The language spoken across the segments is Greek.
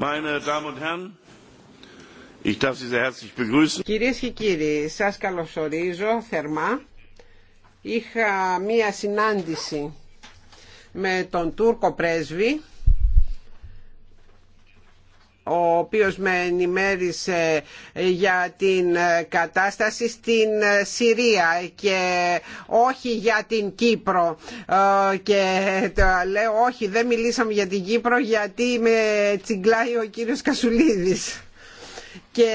Meine Damen und Herren, ich darf Sie herzlich begrüßen. Κυρίες και κύριοι, σας καλωσορίζω θερμά. Είχα μία συνάντηση με τον Τούρκο πρέσβη οποίος με ενημέρισε ε, για την ε, κατάσταση στην ε, Συρία και όχι για την Κύπρο και λέω όχι δεν μιλήσαμε για την Κύπρο γιατί με τσιγκλάει ο κύριος Κασουλίδης και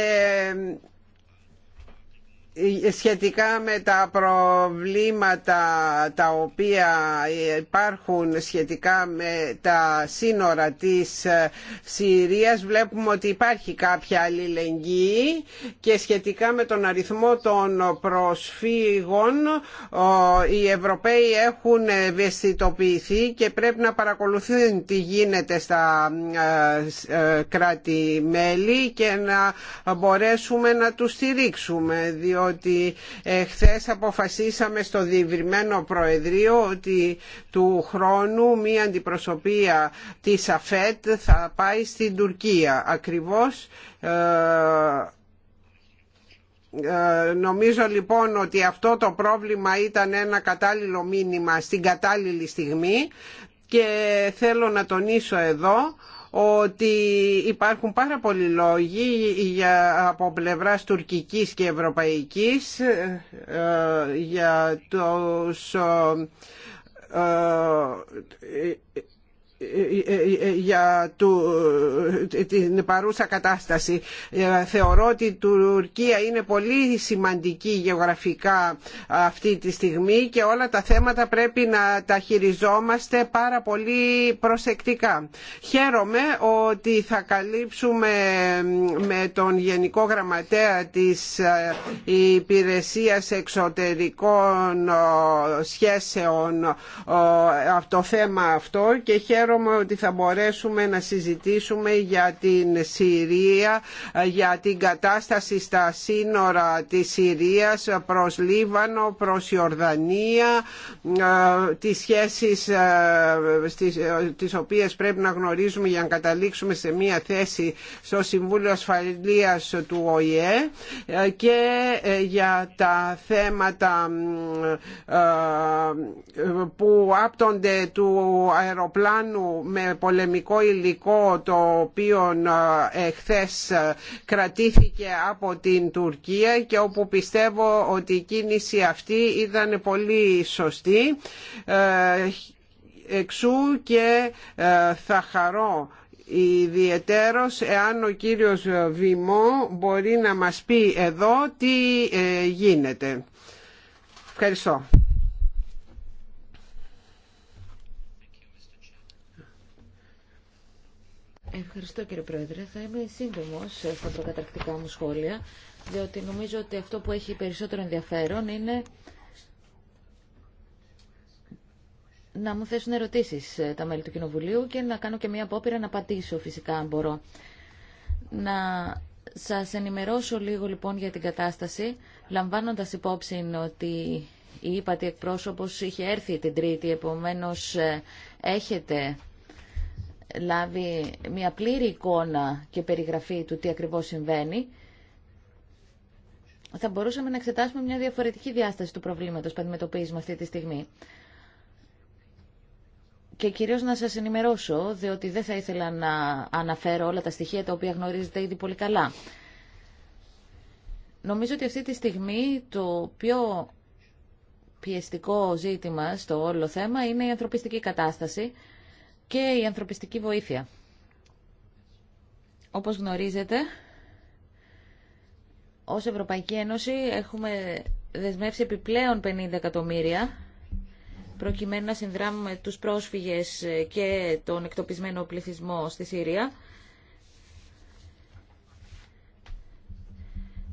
ε, σχετικά με τα προβλήματα τα οποία υπάρχουν σχετικά με τα σύνορα της ε, Συρίας βλέπουμε ότι υπάρχει κάποια αλληλεγγύη και σχετικά με τον αριθμό των προσφύγων οι Ευρωπαίοι έχουν ευαισθητοποιηθεί και πρέπει να παρακολουθούν τι γίνεται στα ε, κράτη-μέλη και να μπορέσουμε να τους στηρίξουμε διότι ότι ε, χθε αποφασίσαμε στο διευρυμένο Προεδρείο ότι του χρόνου μία αντιπροσωπεία της ΑΦΕΤ θα πάει στην Τουρκία. Ακριβώς ε, ε, νομίζω λοιπόν ότι αυτό το πρόβλημα ήταν ένα κατάλληλο μήνυμα στην κατάλληλη στιγμή και θέλω να τονίσω εδώ ότι υπάρχουν πάρα πολλοί λόγοι για, από πλευράς τουρκικής και ευρωπαϊκής ε, ε, για τους ε, για την παρούσα κατάσταση. Ε, θεωρώ ότι η Τουρκία είναι πολύ σημαντική γεωγραφικά αυτή τη στιγμή και όλα τα θέματα πρέπει να τα χειριζόμαστε πάρα πολύ προσεκτικά. Χαίρομαι ότι θα καλύψουμε με τον Γενικό Γραμματέα της ε, Υπηρεσίας Εξωτερικών ε, Σχέσεων το θέμα αυτό και χαίρομαι χαίρομαι ότι θα μπορέσουμε να συζητήσουμε για την Συρία, για την κατάσταση στα σύνορα της Συρίας προς Λίβανο, προς Ιορδανία, ε, τις σχέσεις ε, ε, τις οποίες πρέπει να γνωρίζουμε για να καταλήξουμε σε μία θέση στο Συμβούλιο Ασφαλείας του ΟΗΕ και για τα θέματα που άπτονται του αεροπλάνου με πολεμικό υλικό το οποίο ε, εχθές ε, κρατήθηκε από την Τουρκία και όπου πιστεύω ότι η κίνηση αυτή ήταν πολύ σωστή ε, εξού και θα χαρώ ιδιαιτέρως εάν ο κύριος Βημό μπορεί να μας πει εδώ τι γίνεται. Ευχαριστώ. Ευχαριστώ κύριε Πρόεδρε. Θα είμαι σύντομο στα προκαταρκτικά μου σχόλια, διότι νομίζω ότι αυτό που έχει περισσότερο ενδιαφέρον είναι να μου θέσουν ερωτήσει ε, τα μέλη του Κοινοβουλίου και να κάνω και μια απόπειρα να απαντήσω φυσικά αν μπορώ. Να σα ενημερώσω λίγο λοιπόν για την κατάσταση, λαμβάνοντα υπόψη ότι η ύπατη εκπρόσωπος είχε έρθει την Τρίτη, επομένως ε, έχετε λάβει μια πλήρη εικόνα και περιγραφή του τι ακριβώς συμβαίνει, θα μπορούσαμε να εξετάσουμε μια διαφορετική διάσταση του προβλήματος που αντιμετωπίζουμε αυτή τη στιγμή. Και κυρίως να σας ενημερώσω, διότι δεν θα ήθελα να αναφέρω όλα τα στοιχεία τα οποία γνωρίζετε ήδη πολύ καλά. Νομίζω ότι αυτή τη στιγμή το πιο πιεστικό ζήτημα στο όλο θέμα είναι η ανθρωπιστική κατάσταση, και η ανθρωπιστική βοήθεια. Όπως γνωρίζετε, ως Ευρωπαϊκή Ένωση έχουμε δεσμεύσει επιπλέον 50 εκατομμύρια προκειμένου να συνδράμουμε τους πρόσφυγες και τον εκτοπισμένο πληθυσμό στη Συρία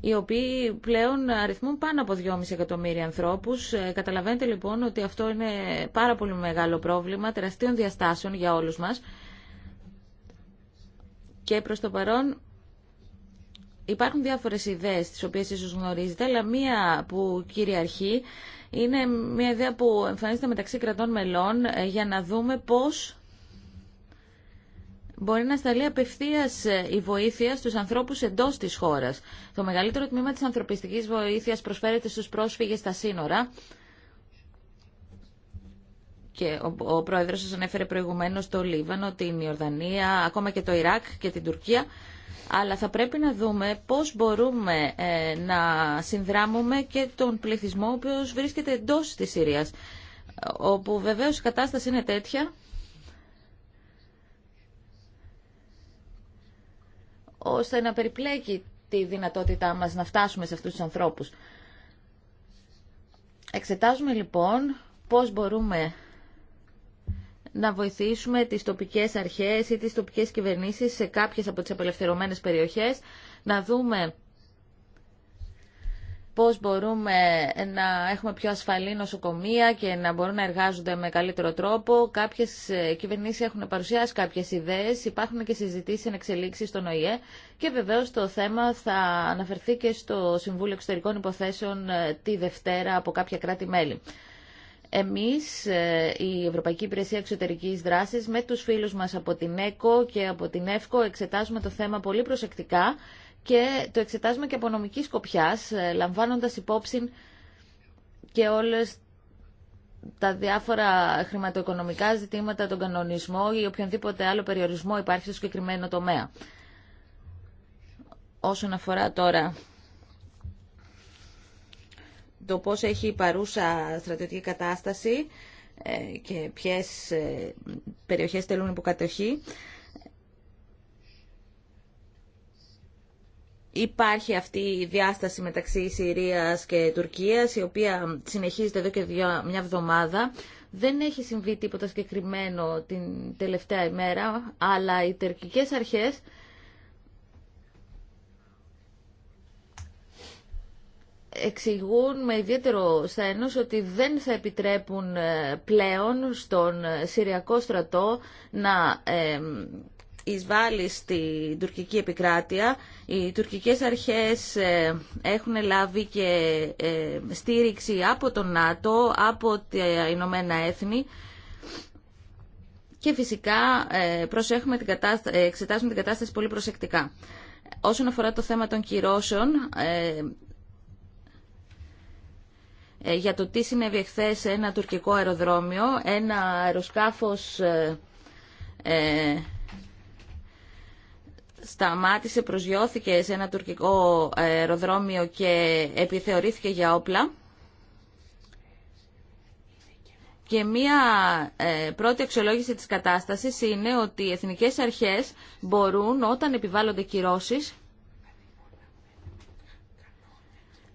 οι οποίοι πλέον αριθμούν πάνω από 2,5 εκατομμύρια ανθρώπους. Ε, καταλαβαίνετε λοιπόν ότι αυτό είναι πάρα πολύ μεγάλο πρόβλημα, τεραστίων διαστάσεων για όλους μας. Και προ το παρόν υπάρχουν διάφορες ιδέες τις οποίες ίσως γνωρίζετε, αλλά μία που κυριαρχεί είναι μία ιδέα που εμφανίζεται μεταξύ κρατών μελών ε, για να δούμε πώς μπορεί να σταλεί απευθεία ε, η βοήθεια στου ανθρώπου εντό τη χώρα. Το μεγαλύτερο τμήμα τη ανθρωπιστική βοήθεια προσφέρεται στου πρόσφυγε στα σύνορα. Και ο, ο πρόεδρο σα ανέφερε προηγουμένω το Λίβανο, την Ιορδανία, ακόμα και το Ιράκ και την Τουρκία. Αλλά θα πρέπει να δούμε πώς μπορούμε ε, να συνδράμουμε και τον πληθυσμό ο οποίος βρίσκεται εντός της Συρίας, όπου βεβαίως η κατάσταση είναι τέτοια ώστε να περιπλέκει τη δυνατότητά μας να φτάσουμε σε αυτούς τους ανθρώπους. Εξετάζουμε λοιπόν πώς μπορούμε να βοηθήσουμε τις τοπικές αρχές ή τις τοπικές κυβερνήσεις σε κάποιες από τις απελευθερωμένες περιοχές, να δούμε πώς μπορούμε να έχουμε πιο ασφαλή νοσοκομεία και να μπορούν να εργάζονται με καλύτερο τρόπο. Κάποιες ε, κυβερνήσεις έχουν παρουσιάσει κάποιες ιδέες, υπάρχουν και συζητήσεις εν εξελίξει στον ΟΗΕ και βεβαίως το θέμα θα αναφερθεί και στο Συμβούλιο Εξωτερικών Υποθέσεων ε, τη Δευτέρα από κάποια κράτη-μέλη. Εμείς, ε, η Ευρωπαϊκή Υπηρεσία Εξωτερικής Δράσης, με τους φίλους μας από την ΕΚΟ και από την ΕΦΚΟ εξετάζουμε το θέμα πολύ προσεκτικά και το εξετάζουμε και από νομική σκοπιά, ε, λαμβάνοντας υπόψη και όλες τα διάφορα χρηματοοικονομικά ζητήματα, τον κανονισμό ή οποιονδήποτε άλλο περιορισμό υπάρχει στο συγκεκριμένο τομέα. Όσον αφορά τώρα το πώς έχει η παρούσα στρατιωτική κατάσταση ε, και ποιες ε, περιοχές τελούν υποκατοχή, Υπάρχει αυτή η διάσταση μεταξύ Συρίας και Τουρκίας, η οποία συνεχίζεται εδώ και μια εβδομάδα. Δεν έχει συμβεί τίποτα συγκεκριμένο την τελευταία ημέρα, αλλά οι τουρκικές αρχές εξηγούν με ιδιαίτερο σένος ότι δεν θα επιτρέπουν ε, πλέον στον ε, Συριακό στρατό να ε, εισβάλλει στην τουρκική επικράτεια. Οι τουρκικές αρχές ε, έχουν λάβει και ε, στήριξη από τον ΝΑΤΟ, από τα Ηνωμένα Έθνη και φυσικά ε, προσέχουμε την εξετάζουμε την κατάσταση πολύ προσεκτικά. Όσον αφορά το θέμα των κυρώσεων, για το τι συνέβη εχθές σε ένα τουρκικό αεροδρόμιο, ένα αεροσκάφος σταμάτησε, προσγειώθηκε σε ένα τουρκικό αεροδρόμιο και επιθεωρήθηκε για όπλα. Και μία ε, πρώτη αξιολόγηση της κατάστασης είναι ότι οι εθνικές αρχές μπορούν όταν επιβάλλονται κυρώσεις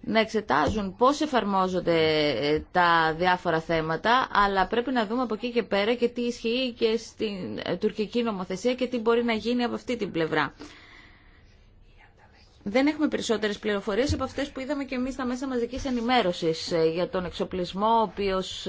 να εξετάζουν πώς εφαρμόζονται ε, τα διάφορα θέματα, αλλά πρέπει να δούμε από εκεί και πέρα και τι ισχύει και στην ε, τουρκική νομοθεσία και τι μπορεί να γίνει από αυτή την πλευρά. Δεν έχουμε περισσότερες πληροφορίες από αυτές που είδαμε και εμείς στα μέσα μαζικής ενημέρωσης ε, για τον εξοπλισμό, ο οποίος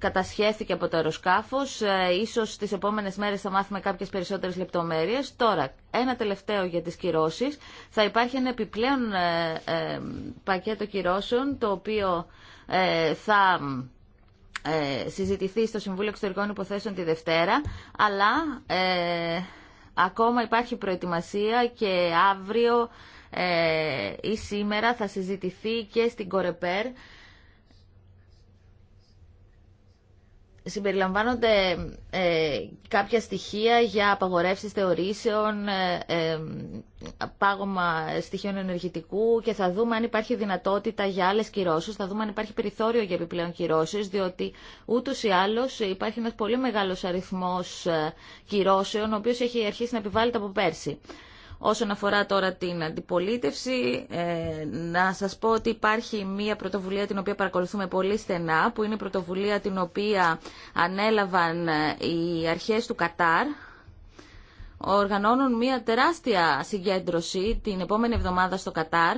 κατασχέθηκε από το αεροσκάφος. Ε, ίσως τις επόμενες μέρες θα μάθουμε κάποιες περισσότερες λεπτομέρειες. Τώρα, ένα τελευταίο για τις κυρώσει Θα υπάρχει ένα επιπλέον ε, ε, πακέτο κυρώσεων, το οποίο θα συζητηθεί στο Συμβούλιο Εξωτερικών Υποθέσεων τη Δευτέρα, αλλά ακόμα υπάρχει προετοιμασία και αύριο ή σήμερα θα συζητηθεί και στην Κορεπέρ συμπεριλαμβάνονται ε, κάποια στοιχεία για απαγορεύσεις θεωρήσεων, ε, ε, πάγωμα στοιχείων ενεργητικού και θα δούμε αν υπάρχει δυνατότητα για άλλες κυρώσεις, θα δούμε αν υπάρχει περιθώριο για επιπλέον κυρώσεις, διότι ούτως ή άλλως υπάρχει ένας πολύ μεγάλος αριθμός ε, κυρώσεων, ο οποίος έχει αρχίσει να επιβάλλεται από πέρσι. Όσον αφορά τώρα την αντιπολίτευση, ε, να σας πω ότι υπάρχει μία πρωτοβουλία την οποία παρακολουθούμε πολύ στενά, που είναι η πρωτοβουλία την οποία ανέλαβαν ε, οι αρχές του Κατάρ, οργανώνουν μια τεράστια συγκέντρωση την επόμενη εβδομάδα στο Κατάρ.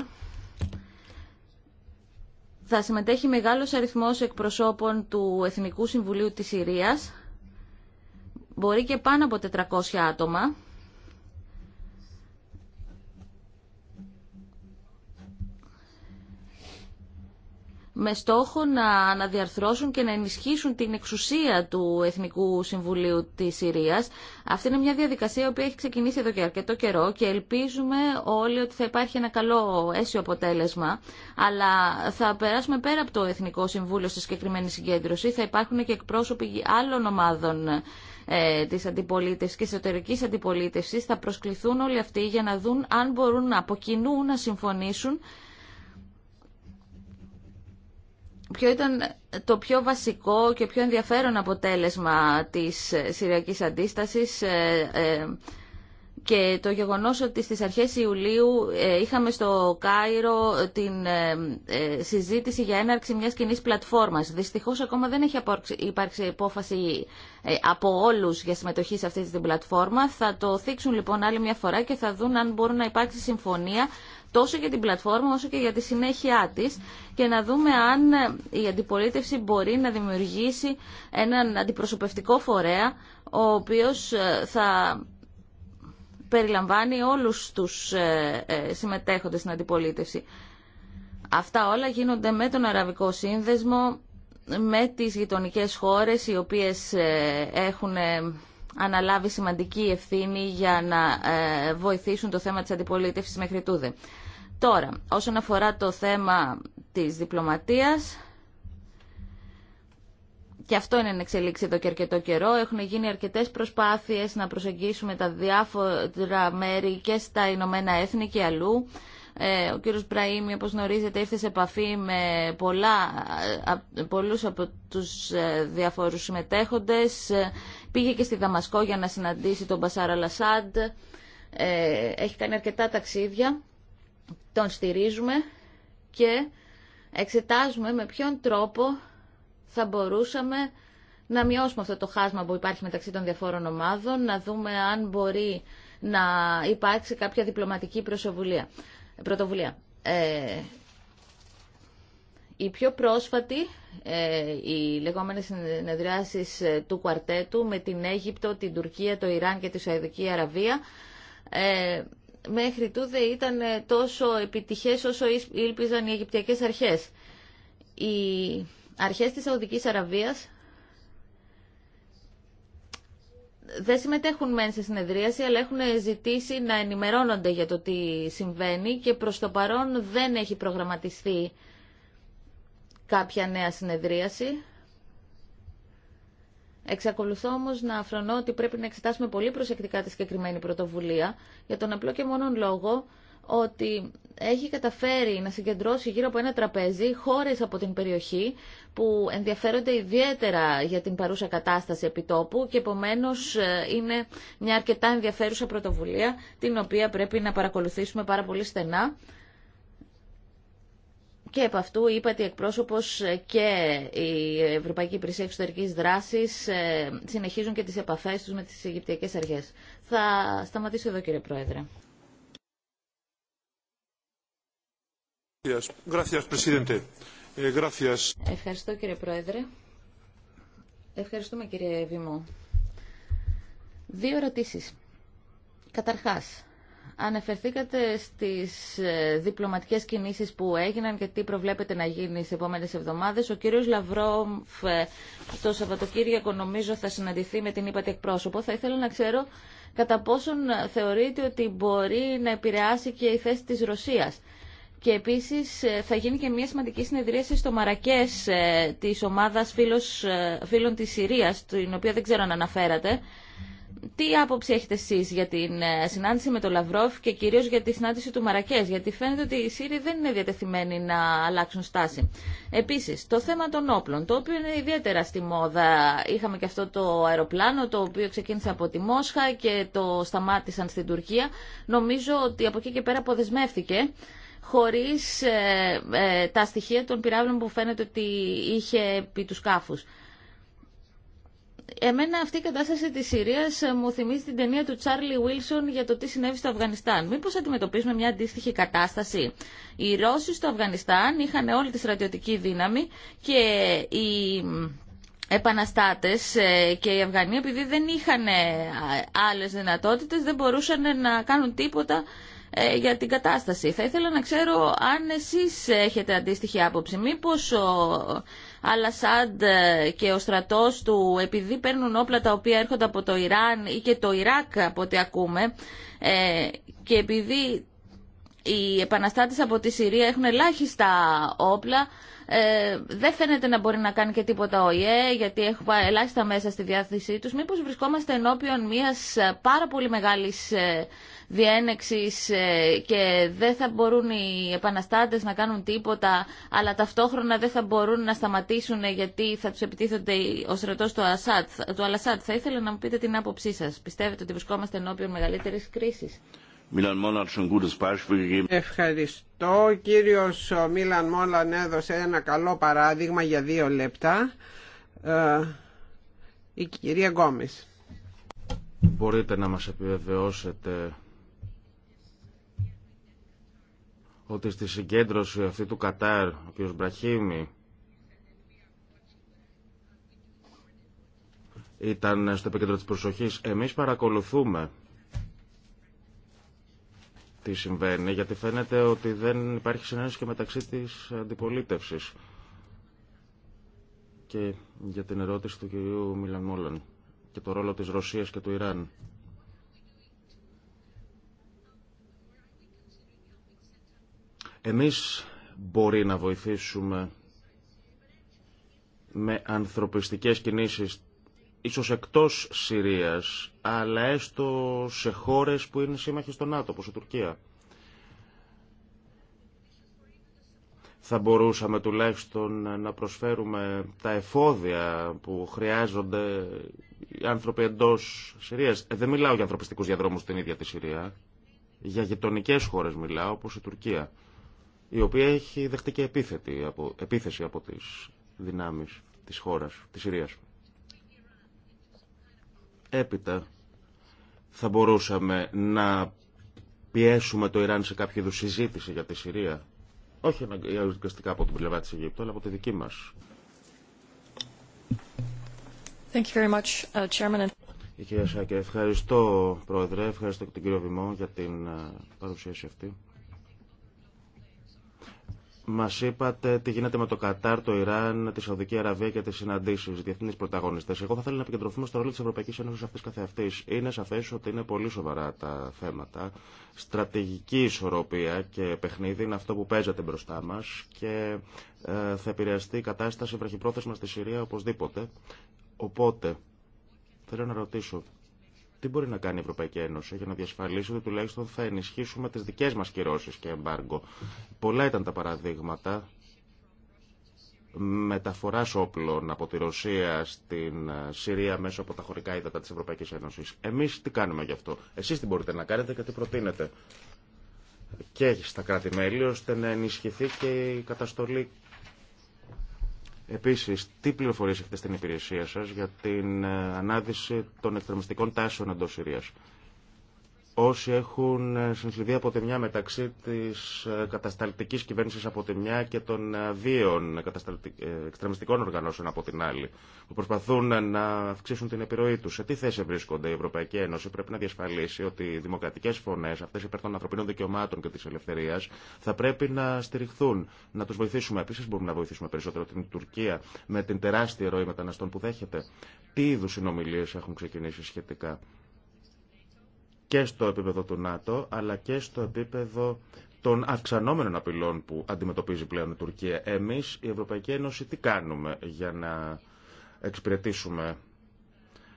Θα συμμετέχει μεγάλος αριθμός εκπροσώπων του Εθνικού Συμβουλίου της Συρίας. Μπορεί και πάνω από 400 άτομα. με στόχο να αναδιαρθρώσουν και να ενισχύσουν την εξουσία του Εθνικού Συμβουλίου της Συρίας. Αυτή είναι μια διαδικασία που έχει ξεκινήσει εδώ και αρκετό καιρό και ελπίζουμε όλοι ότι θα υπάρχει ένα καλό αίσιο αποτέλεσμα, αλλά θα περάσουμε πέρα από το Εθνικό Συμβούλιο στη συγκεκριμένη συγκέντρωση, θα υπάρχουν και εκπρόσωποι άλλων ομάδων ε, της αντιπολίτευσης και εσωτερικής αντιπολίτευσης, θα προσκληθούν όλοι αυτοί για να δουν αν μπορούν από κοινού να συμφωνήσουν ποιο ήταν το πιο βασικό και πιο ενδιαφέρον αποτέλεσμα της Συριακής Αντίστασης ε, ε, και το γεγονός ότι στις αρχές Ιουλίου ε, είχαμε στο Κάιρο την συζήτηση για έναρξη μιας κοινή πλατφόρμας. Δυστυχώς ακόμα δεν έχει υπάρξει υπόφαση από όλους για συμμετοχή σε αυτή την πλατφόρμα. Θα το θίξουν λοιπόν άλλη μια φορά και θα δουν αν μπορούν να υπάρξει συμφωνία τόσο για την πλατφόρμα όσο και για τη συνέχειά της και να δούμε αν ε, η αντιπολίτευση μπορεί να δημιουργήσει έναν αντιπροσωπευτικό φορέα ο οποίος ε, θα περιλαμβάνει όλους τους ε, συμμετέχοντες στην αντιπολίτευση. Αυτά όλα γίνονται με τον Αραβικό Σύνδεσμο, με τις γειτονικές χώρες οι οποίες έχουν αναλάβει σημαντική ευθύνη για να βοηθήσουν το θέμα της αντιπολίτευσης μέχρι τούδε. Τώρα, όσον αφορά το θέμα της διπλωματίας, και αυτό είναι εξελίξει εδώ και αρκετό καιρό. Έχουν γίνει αρκετές προσπάθειες να προσεγγίσουμε τα διάφορα μέρη και στα Ηνωμένα Έθνη και αλλού. Ε, ο κύριος Μπραήμι, όπως γνωρίζετε, ήρθε σε επαφή με πολλά, πολλούς από τους ε, διαφορούς συμμετέχοντες. Πήγε και στη Δαμασκό για να συναντήσει τον Μπασάρα Λασάντ. Ε, έχει κάνει αρκετά ταξίδια τον στηρίζουμε και εξετάζουμε με ποιον τρόπο θα μπορούσαμε να μειώσουμε αυτό το χάσμα που υπάρχει μεταξύ των διαφόρων ομάδων, να δούμε αν μπορεί να υπάρξει κάποια διπλωματική πρωτοβουλία. Ε, η πιο πρόσφατη, ε, οι λεγόμενες συνεδριάσεις ε, του κουαρτέτου με την Αίγυπτο, την Τουρκία, το Ιράν και τη Σαουδική Αραβία, ε, μέχρι τούδε ήταν ε, τόσο επιτυχές όσο ήλπιζαν οι Αιγυπτιακές αρχές. Οι αρχές της Σαουδικής Αραβίας δεν συμμετέχουν μεν σε συνεδρίαση, αλλά έχουν ζητήσει να ενημερώνονται για το τι συμβαίνει και προς το παρόν δεν έχει προγραμματιστεί κάποια νέα συνεδρίαση. Εξακολουθώ όμω να αφρονώ ότι πρέπει να εξετάσουμε πολύ προσεκτικά τη συγκεκριμένη πρωτοβουλία για τον απλό και μόνον λόγο ότι έχει καταφέρει να συγκεντρώσει γύρω από ένα τραπέζι χώρες από την περιοχή που ενδιαφέρονται ιδιαίτερα για την παρούσα κατάσταση επιτόπου και επομένως ε, είναι μια αρκετά ενδιαφέρουσα πρωτοβουλία την οποία πρέπει να παρακολουθήσουμε πάρα πολύ στενά και επ' αυτού είπα ότι εκπρόσωπος και η Ευρωπαϊκή Υπηρεσία Εξωτερικής Δράσης ε, συνεχίζουν και τις επαφές τους με τις Αιγυπτιακές Αρχές. Θα σταματήσω εδώ κύριε Πρόεδρε. Eh, Ευχαριστώ κύριε Πρόεδρε. Ευχαριστούμε κύριε Βημό. Δύο ερωτήσει: Καταρχάς, Αναφερθήκατε στις ε, διπλωματικές κινήσεις που έγιναν και τι προβλέπετε να γίνει στις επόμενες εβδομάδες. Ο κύριος Λαυρόμφ ε, το Σαββατοκύριακο νομίζω θα συναντηθεί με την ύπατη εκπρόσωπο. Θα ήθελα να ξέρω κατά πόσον θεωρείτε ότι μπορεί να επηρεάσει και η θέση της Ρωσίας. Και επίσης ε, θα γίνει και μια σημαντική συνεδρίαση στο Μαρακές της ομάδας φίλων της Συρίας, την οποία δεν ξέρω αν αναφέρατε τι άποψη έχετε εσείς για την ε, συνάντηση με τον Λαυρόφ και κυρίως για τη συνάντηση του Μαρακές, γιατί φαίνεται ότι οι Σύριοι δεν είναι διατεθειμένοι να αλλάξουν στάση. Επίσης, το θέμα των όπλων, το οποίο είναι ιδιαίτερα στη μόδα. Είχαμε και αυτό το αεροπλάνο, το οποίο ξεκίνησε από τη Μόσχα και το σταμάτησαν στην Τουρκία. Νομίζω ότι από εκεί και πέρα αποδεσμεύτηκε χωρίς ε, ε, τα στοιχεία των πυράβλων που φαίνεται ότι είχε επί του σκάφους. Εμένα αυτή η κατάσταση της Συρίας ε, μου θυμίζει την ταινία του Τσάρλι Βίλσον για το τι συνέβη στο Αφγανιστάν. Μήπως αντιμετωπίζουμε μια αντίστοιχη κατάσταση. Οι Ρώσοι στο Αφγανιστάν είχαν όλη τη στρατιωτική δύναμη και οι επαναστάτες ε, και οι Αφγανοί επειδή δεν είχαν ε, άλλες δυνατότητες δεν μπορούσαν να κάνουν τίποτα για την κατάσταση. Θα ήθελα να ξέρω αν εσείς έχετε αντίστοιχη άποψη. Μήπως αλλά Σαντ ε, και ο στρατός του, επειδή παίρνουν όπλα τα οποία έρχονται από το Ιράν ή και το Ιράκ από ό,τι ακούμε, ε, και επειδή οι επαναστάτες από τη Συρία έχουν ελάχιστα όπλα, ε, δεν φαίνεται να μπορεί να κάνει και τίποτα ο ΙΕ, γιατί έχουν ελάχιστα μέσα στη διάθεσή τους. Μήπως βρισκόμαστε ενώπιον μιας πάρα πολύ μεγάλης διένεξης ε, και δεν θα μπορούν οι επαναστάτες να κάνουν τίποτα, αλλά ταυτόχρονα δεν θα μπορούν να σταματήσουν γιατί θα τους επιτίθεται ο στρατός του, Ασάτ, του Αλασάτ. Θα ήθελα να μου πείτε την άποψή σας. Πιστεύετε ότι βρισκόμαστε ενώπιον μεγαλύτερης κρίσης. Ευχαριστώ. Ο κύριος Μίλαν Μόλαν έδωσε ένα καλό παράδειγμα για δύο λεπτά. Ε, η κυρία Γκόμης. Μπορείτε να μας επιβεβαιώσετε ότι στη συγκέντρωση αυτή του Κατάρ, ο κ. Μπραχίμη, ήταν στο επίκεντρο της προσοχής. Εμείς παρακολουθούμε τι συμβαίνει, γιατί φαίνεται ότι δεν υπάρχει συνένωση και μεταξύ της αντιπολίτευσης. Και για την ερώτηση του κυρίου Μιλαν και το ρόλο της Ρωσίας και του Ιράν. Εμείς μπορεί να βοηθήσουμε με ανθρωπιστικές κινήσεις ίσως εκτός Συρίας, αλλά έστω σε χώρες που είναι σύμμαχοι στον ΝΑΤΟ, όπως η Τουρκία. Θα μπορούσαμε τουλάχιστον να προσφέρουμε τα εφόδια που χρειάζονται οι άνθρωποι εντός Συρίας. Ε, δεν μιλάω για ανθρωπιστικούς διαδρόμους στην ίδια τη Συρία. Για γειτονικέ χώρες μιλάω, όπως η Τουρκία η οποία έχει δεχτεί και από, επίθεση από τις δυνάμεις της χώρας, της Συρίας. Έπειτα θα μπορούσαμε να πιέσουμε το Ιράν σε κάποια είδου συζήτηση για τη Συρία. Όχι αναγκαστικά από την πλευρά της Αιγύπτου, αλλά από τη δική μας. Thank you very much, uh, Chairman. ευχαριστώ Πρόεδρε, ευχαριστώ και τον κύριο Βημό για την ε, παρουσίαση αυτή. Μα είπατε τι γίνεται με το Κατάρ, το Ιράν, τη Σαουδική Αραβία και τι συναντήσει διεθνεί πρωταγωνιστέ. Εγώ θα θέλω να επικεντρωθούμε στο ρόλο τη Ευρωπαϊκή Ένωση αυτή καθεαυτή. Είναι σαφέ ότι είναι πολύ σοβαρά τα θέματα. Στρατηγική ισορροπία και παιχνίδι είναι αυτό που παίζεται μπροστά μα και ε, θα επηρεαστεί η κατάσταση βραχυπρόθεσμα στη Συρία οπωσδήποτε. Οπότε θέλω να ρωτήσω τι μπορεί να κάνει η Ευρωπαϊκή Ένωση για να διασφαλίσει ότι τουλάχιστον θα ενισχύσουμε τι δικέ μα κυρώσει και εμπάργκο. Πολλά ήταν τα παραδείγματα μεταφοράς όπλων από τη Ρωσία στην ε, Συρία μέσω από τα χωρικά ύδατα της Ευρωπαϊκής Ένωσης. Εμείς τι κάνουμε γι' αυτό. Εσείς τι μπορείτε να κάνετε και τι προτείνετε και στα κράτη-μέλη ώστε να ενισχυθεί και η καταστολή Επίσης, τι πληροφορίες έχετε στην υπηρεσία σας για την ε, ανάδυση των εκτρεμιστικών τάσεων εντός Συρίας όσοι έχουν ε, συνθλιβεί από τη μια μεταξύ της ε, κατασταλτικής κυβέρνησης από τη μια και των ε, δύο εξτρεμιστικών οργανώσεων από την άλλη, που προσπαθούν να αυξήσουν την επιρροή τους. Σε τι θέση βρίσκονται η Ευρωπαϊκή Ένωση πρέπει να διασφαλίσει ότι οι δημοκρατικές φωνές, αυτές υπέρ των ανθρωπινών δικαιωμάτων και της ελευθερίας, θα πρέπει να στηριχθούν, να τους βοηθήσουμε. Επίσης μπορούμε να βοηθήσουμε περισσότερο την Τουρκία με την τεράστια ροή μεταναστών που δέχεται. Τι είδου συνομιλίε έχουν ξεκινήσει σχετικά και στο επίπεδο του ΝΑΤΟ, αλλά και στο επίπεδο των αυξανόμενων απειλών που αντιμετωπίζει πλέον η Τουρκία. Εμείς, η Ευρωπαϊκή Ένωση, τι κάνουμε για να εξυπηρετήσουμε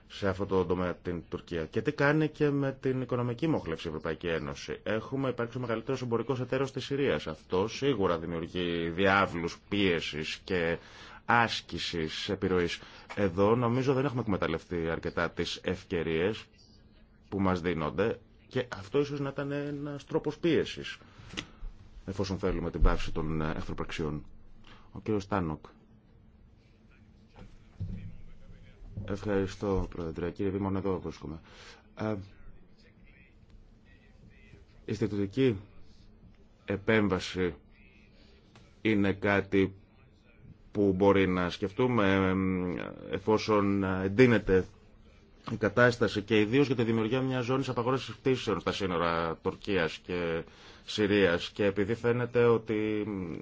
σε αυτό το τομέα την Τουρκία. Και τι κάνει και με την οικονομική μόχλευση η Ευρωπαϊκή Ένωση. Έχουμε υπάρξει ο μεγαλύτερο εμπορικό εταίρο τη Συρία. Αυτό σίγουρα δημιουργεί διάβλου πίεση και άσκηση επιρροή. Εδώ νομίζω δεν έχουμε εκμεταλλευτεί αρκετά τι ευκαιρίε που μας δίνονται και αυτό ίσως να ήταν ένας τρόπος πίεσης εφόσον θέλουμε την πάυση των εχθροπραξιών. Ο κύριος Τάνοκ. Ευχαριστώ, Πρόεδρε. Κύριε Βήμον, εδώ βρίσκομαι. Ε, η επέμβαση είναι κάτι που μπορεί να σκεφτούμε εφόσον εντείνεται η κατάσταση και ιδίω για τη δημιουργία μια ζώνη απαγόρευση πτήσεων στα σύνορα Τουρκία και Συρία. Και επειδή φαίνεται ότι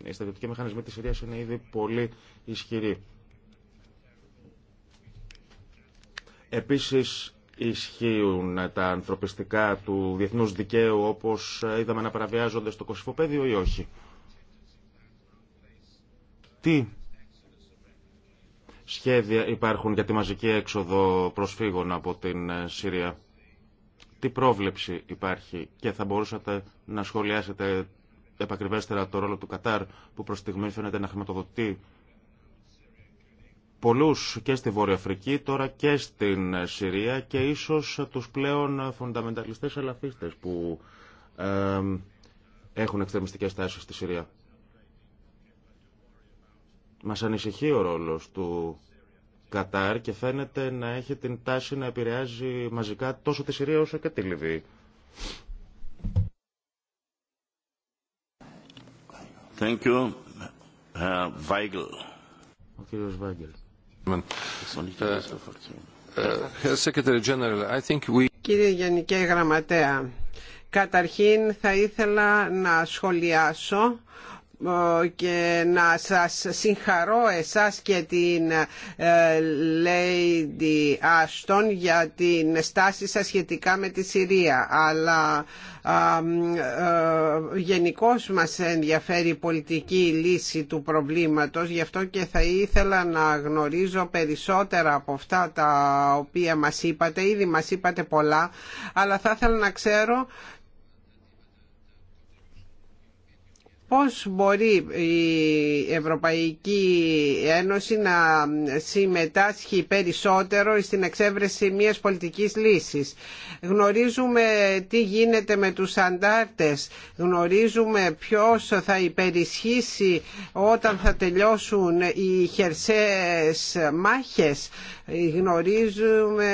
οι στρατιωτικοί μηχανισμοί τη Συρία είναι ήδη πολύ ισχυροί. Επίση, ισχύουν τα ανθρωπιστικά του διεθνούς δικαίου όπως είδαμε να παραβιάζονται στο κοσυφοπέδιο ή όχι. Τι σχέδια υπάρχουν για τη μαζική έξοδο προσφύγων από την ε, Συρία. Τι πρόβλεψη υπάρχει και θα μπορούσατε να σχολιάσετε επακριβέστερα το ρόλο του Κατάρ που προς στιγμή φαίνεται να χρηματοδοτεί πολλούς και στη Βόρεια Αφρική, τώρα και στην ε, Συρία και ίσως τους πλέον φονταμενταλιστές αλαφίστες που ε, έχουν εξτρεμιστικές τάσεις στη Συρία. Μας ανησυχεί ο ρόλος του Κατάρ και φαίνεται να έχει την τάση να επηρεάζει μαζικά τόσο τη Συρία όσο και τη Λιβύη. Thank you. Κύριε Γενική Γραμματέα, καταρχήν θα ήθελα να σχολιάσω και να σας συγχαρώ εσάς και την ε, Lady Ashton για την στάση σας σχετικά με τη Συρία αλλά ε, γενικώ μας ενδιαφέρει η πολιτική λύση του προβλήματος γι' αυτό και θα ήθελα να γνωρίζω περισσότερα από αυτά τα οποία μας είπατε ήδη μας είπατε πολλά αλλά θα ήθελα να ξέρω πώς μπορεί η Ευρωπαϊκή Ένωση να συμμετάσχει περισσότερο στην εξέβρεση μιας πολιτικής λύσης. Γνωρίζουμε τι γίνεται με τους αντάρτες, γνωρίζουμε ποιος θα υπερισχύσει όταν θα τελειώσουν οι χερσαίες μάχες, γνωρίζουμε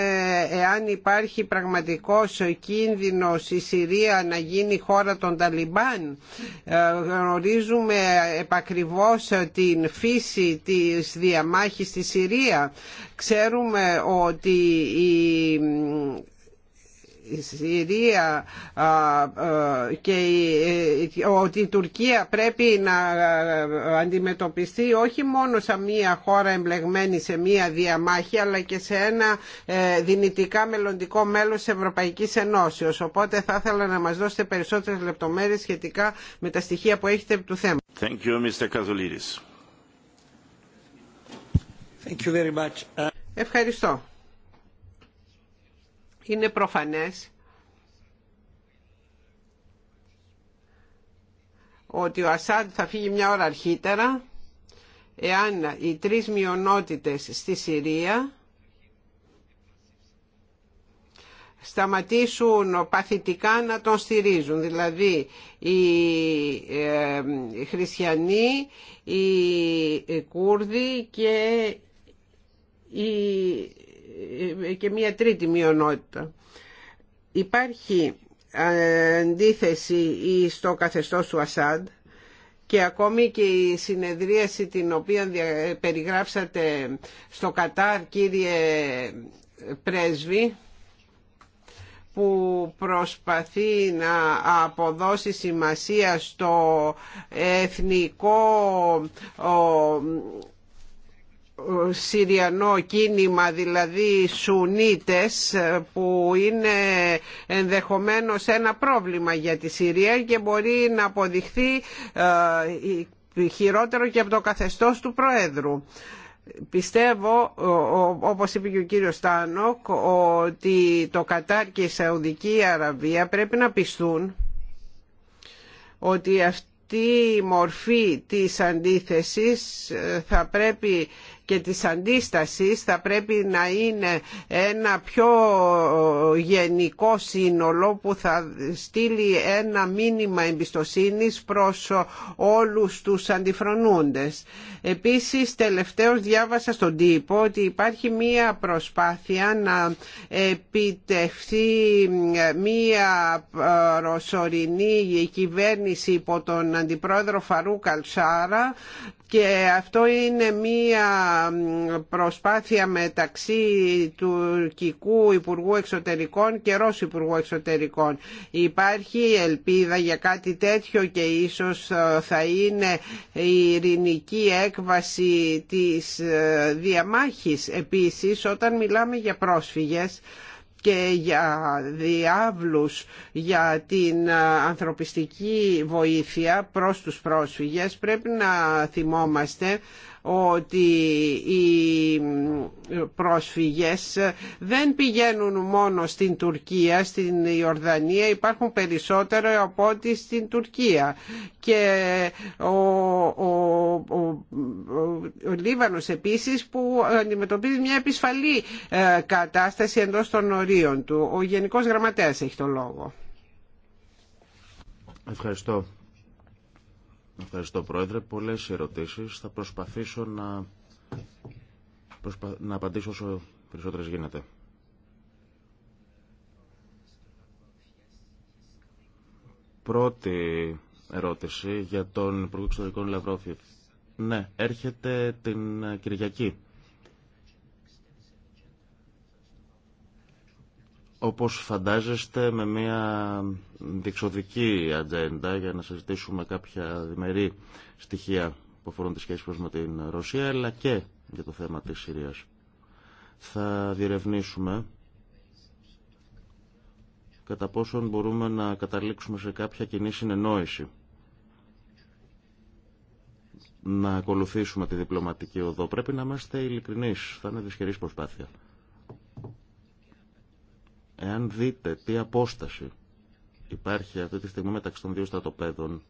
εάν υπάρχει πραγματικός κίνδυνος η Συρία να γίνει χώρα των Ταλιμπάν, ε, γνωρίζουμε επακριβώς την φύση της διαμάχης στη Συρία. Ξέρουμε ότι η η Συρία και ότι η Τουρκία πρέπει να αντιμετωπιστεί όχι μόνο σαν μια χώρα εμπλεγμένη σε μια διαμάχη αλλά και σε ένα ε, δυνητικά μελλοντικό μέλος της Ευρωπαϊκής Ενώσεως. Οπότε θα ήθελα να μας δώσετε περισσότερες λεπτομέρειες σχετικά με τα στοιχεία που έχετε του θέμα. Thank you, Mr. Thank you very much. Ευχαριστώ είναι προφανές ότι ο Ασάντ θα φύγει μια ώρα αρχίτερα εάν οι τρεις μειονότητες στη Συρία σταματήσουν παθητικά να τον στηρίζουν. Δηλαδή οι ε, χριστιανοί, οι Κούρδοι και οι και μία τρίτη μειονότητα. Υπάρχει ε, αντίθεση στο καθεστώς του Ασάντ και ακόμη και η συνεδρίαση την οποία περιγράψατε στο Κατάρ κύριε Πρέσβη που προσπαθεί να αποδώσει σημασία στο εθνικό Συριανό κίνημα δηλαδή Σουνίτες που είναι ενδεχομένως ένα πρόβλημα για τη Συρία και μπορεί να αποδειχθεί ε, χειρότερο και από το καθεστώς του Προέδρου. Πιστεύω, όπως είπε και ο κύριος Τάνοκ, ότι το Κατάρ και η Σαουδική Αραβία πρέπει να πιστούν ότι αυτή η μορφή της αντίθεσης ε, θα πρέπει και της αντίστασης θα πρέπει να είναι ένα πιο γενικό σύνολο που θα στείλει ένα μήνυμα εμπιστοσύνης προς όλους τους αντιφρονούντες. Επίσης τελευταίως διάβασα στον τύπο ότι υπάρχει μία προσπάθεια να επιτευχθεί μία προσωρινή κυβέρνηση υπό τον αντιπρόεδρο Φαρού Καλσάρα και αυτό είναι μία προσπάθεια μεταξύ τουρκικού Υπουργού Εξωτερικών και Ρώσου Υπουργού Εξωτερικών. Υπάρχει ελπίδα για κάτι τέτοιο και ίσως ε, θα είναι η ειρηνική έκβαση της ε, διαμάχης. Επίσης, όταν μιλάμε για πρόσφυγες, και για διάβλους για την ανθρωπιστική βοήθεια προς τους πρόσφυγες πρέπει να θυμόμαστε ότι οι πρόσφυγες δεν πηγαίνουν μόνο στην Τουρκία, στην Ιορδανία, υπάρχουν περισσότερο από ό,τι στην Τουρκία. Και ο, ο, ο, Λίβανος επίσης που αντιμετωπίζει μια επισφαλή ε, κατάσταση εντός των ορίων του. Ο Γενικός Γραμματέας έχει το λόγο. Ευχαριστώ Ευχαριστώ Πρόεδρε. Πολλές ερωτήσεις. Θα προσπαθήσω να, να απαντήσω όσο περισσότερες γίνεται. Πρώτη ερώτηση για τον Υπουργό Εξωτερικών Λαυρόφιεφ. Ναι, έρχεται την Κυριακή Όπως φαντάζεστε με μια διεξοδική ατζέντα για να συζητήσουμε κάποια διμερή στοιχεία που αφορούν τη σχέση μας με την Ρωσία αλλά και για το θέμα της Συρίας. Θα διερευνήσουμε κατά πόσον μπορούμε να καταλήξουμε σε κάποια κοινή συνεννόηση να ακολουθήσουμε τη διπλωματική οδό. Πρέπει να είμαστε ειλικρινεί. Θα είναι δυσχερή προσπάθεια. Εάν δείτε τι απόσταση υπάρχει αυτή τη στιγμή μεταξύ των δύο στρατοπέδων,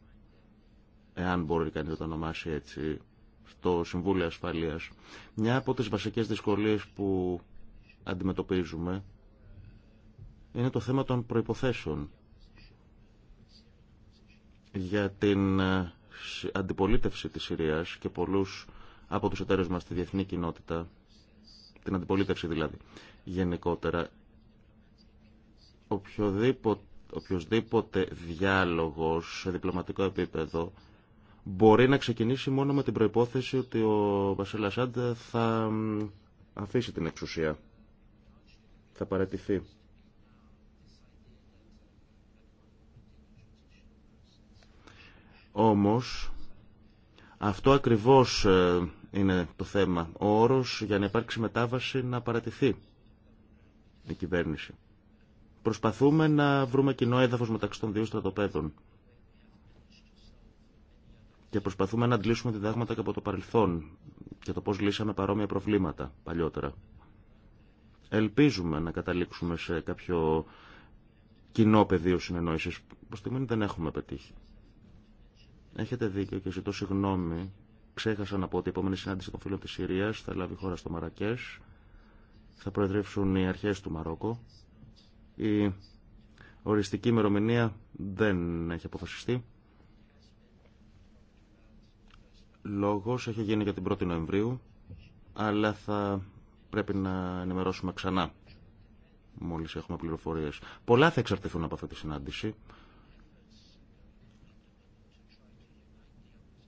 εάν μπορεί κανείς να το ονομάσει έτσι, στο Συμβούλιο Ασφαλείας, μια από τις βασικές δυσκολίες που αντιμετωπίζουμε είναι το θέμα των προϋποθέσεων για την ε, αντιπολίτευση της Συρίας και πολλούς από τους εταίρους μας στη διεθνή κοινότητα, την αντιπολίτευση δηλαδή γενικότερα, οποιοδήποτε, οποιοδήποτε διάλογος σε διπλωματικό επίπεδο μπορεί να ξεκινήσει μόνο με την προϋπόθεση ότι ο Βασίλ Ασάντ θα αφήσει την εξουσία. Θα παρατηθεί. Όμως, αυτό ακριβώς ε, είναι το θέμα. Ο όρος για να υπάρξει μετάβαση να παρατηθεί η κυβέρνηση. Προσπαθούμε να βρούμε κοινό έδαφος μεταξύ των δύο στρατοπέδων και προσπαθούμε να αντλήσουμε διδάγματα και από το παρελθόν και το πώς λύσαμε παρόμοια προβλήματα παλιότερα. Ελπίζουμε να καταλήξουμε σε κάποιο κοινό πεδίο συνεννόησης. που στιγμή δεν έχουμε πετύχει. Έχετε δίκιο και ζητώ συγγνώμη. Ξέχασα να πω ότι η επόμενη συνάντηση των φίλων της Συρίας θα λάβει χώρα στο Μαρακές. Θα προεδρεύσουν οι αρχές του Μαρόκο η οριστική ημερομηνία δεν έχει αποφασιστεί. Λόγος έχει γίνει για την 1η Νοεμβρίου, αλλά θα πρέπει να ενημερώσουμε ξανά μόλις έχουμε πληροφορίες. Πολλά θα εξαρτηθούν από αυτή τη συνάντηση.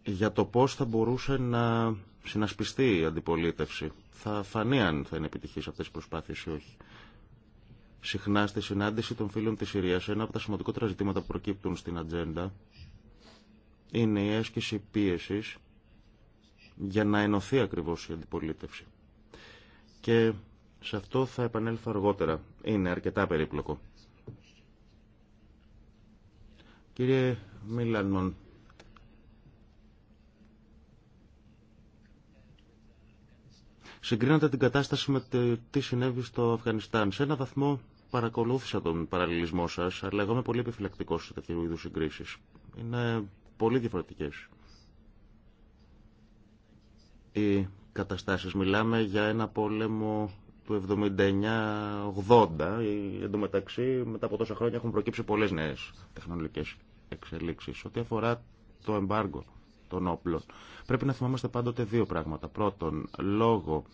για το πώς θα μπορούσε να συνασπιστεί η αντιπολίτευση. Θα φανεί αν θα είναι επιτυχής αυτές οι προσπάθειες ή όχι συχνά στη συνάντηση των φίλων της Συρίας. Ένα από τα σημαντικότερα ζητήματα που προκύπτουν στην ατζέντα είναι η άσκηση πίεσης για να ενωθεί ακριβώς η αντιπολίτευση. Και σε αυτό θα επανέλθω αργότερα. Είναι αρκετά περίπλοκο. Κύριε Μίλανμον, συγκρίνατε την κατάσταση με τι συνέβη στο Αφγανιστάν. Σε ένα βαθμό παρακολούθησα τον παραλληλισμό σα, αλλά εγώ είμαι πολύ επιφυλακτικό σε τέτοιου είδου συγκρίσει. Είναι πολύ διαφορετικέ Οι καταστάσει. Μιλάμε για ένα πόλεμο του 79-80. Εν τω μεταξύ, μετά από τόσα χρόνια έχουν προκύψει πολλέ νέε τεχνολογικέ εξελίξει. Ό,τι αφορά το εμπάργκο των όπλων, πρέπει να θυμάμαστε πάντοτε δύο πράγματα. Πρώτον, λόγω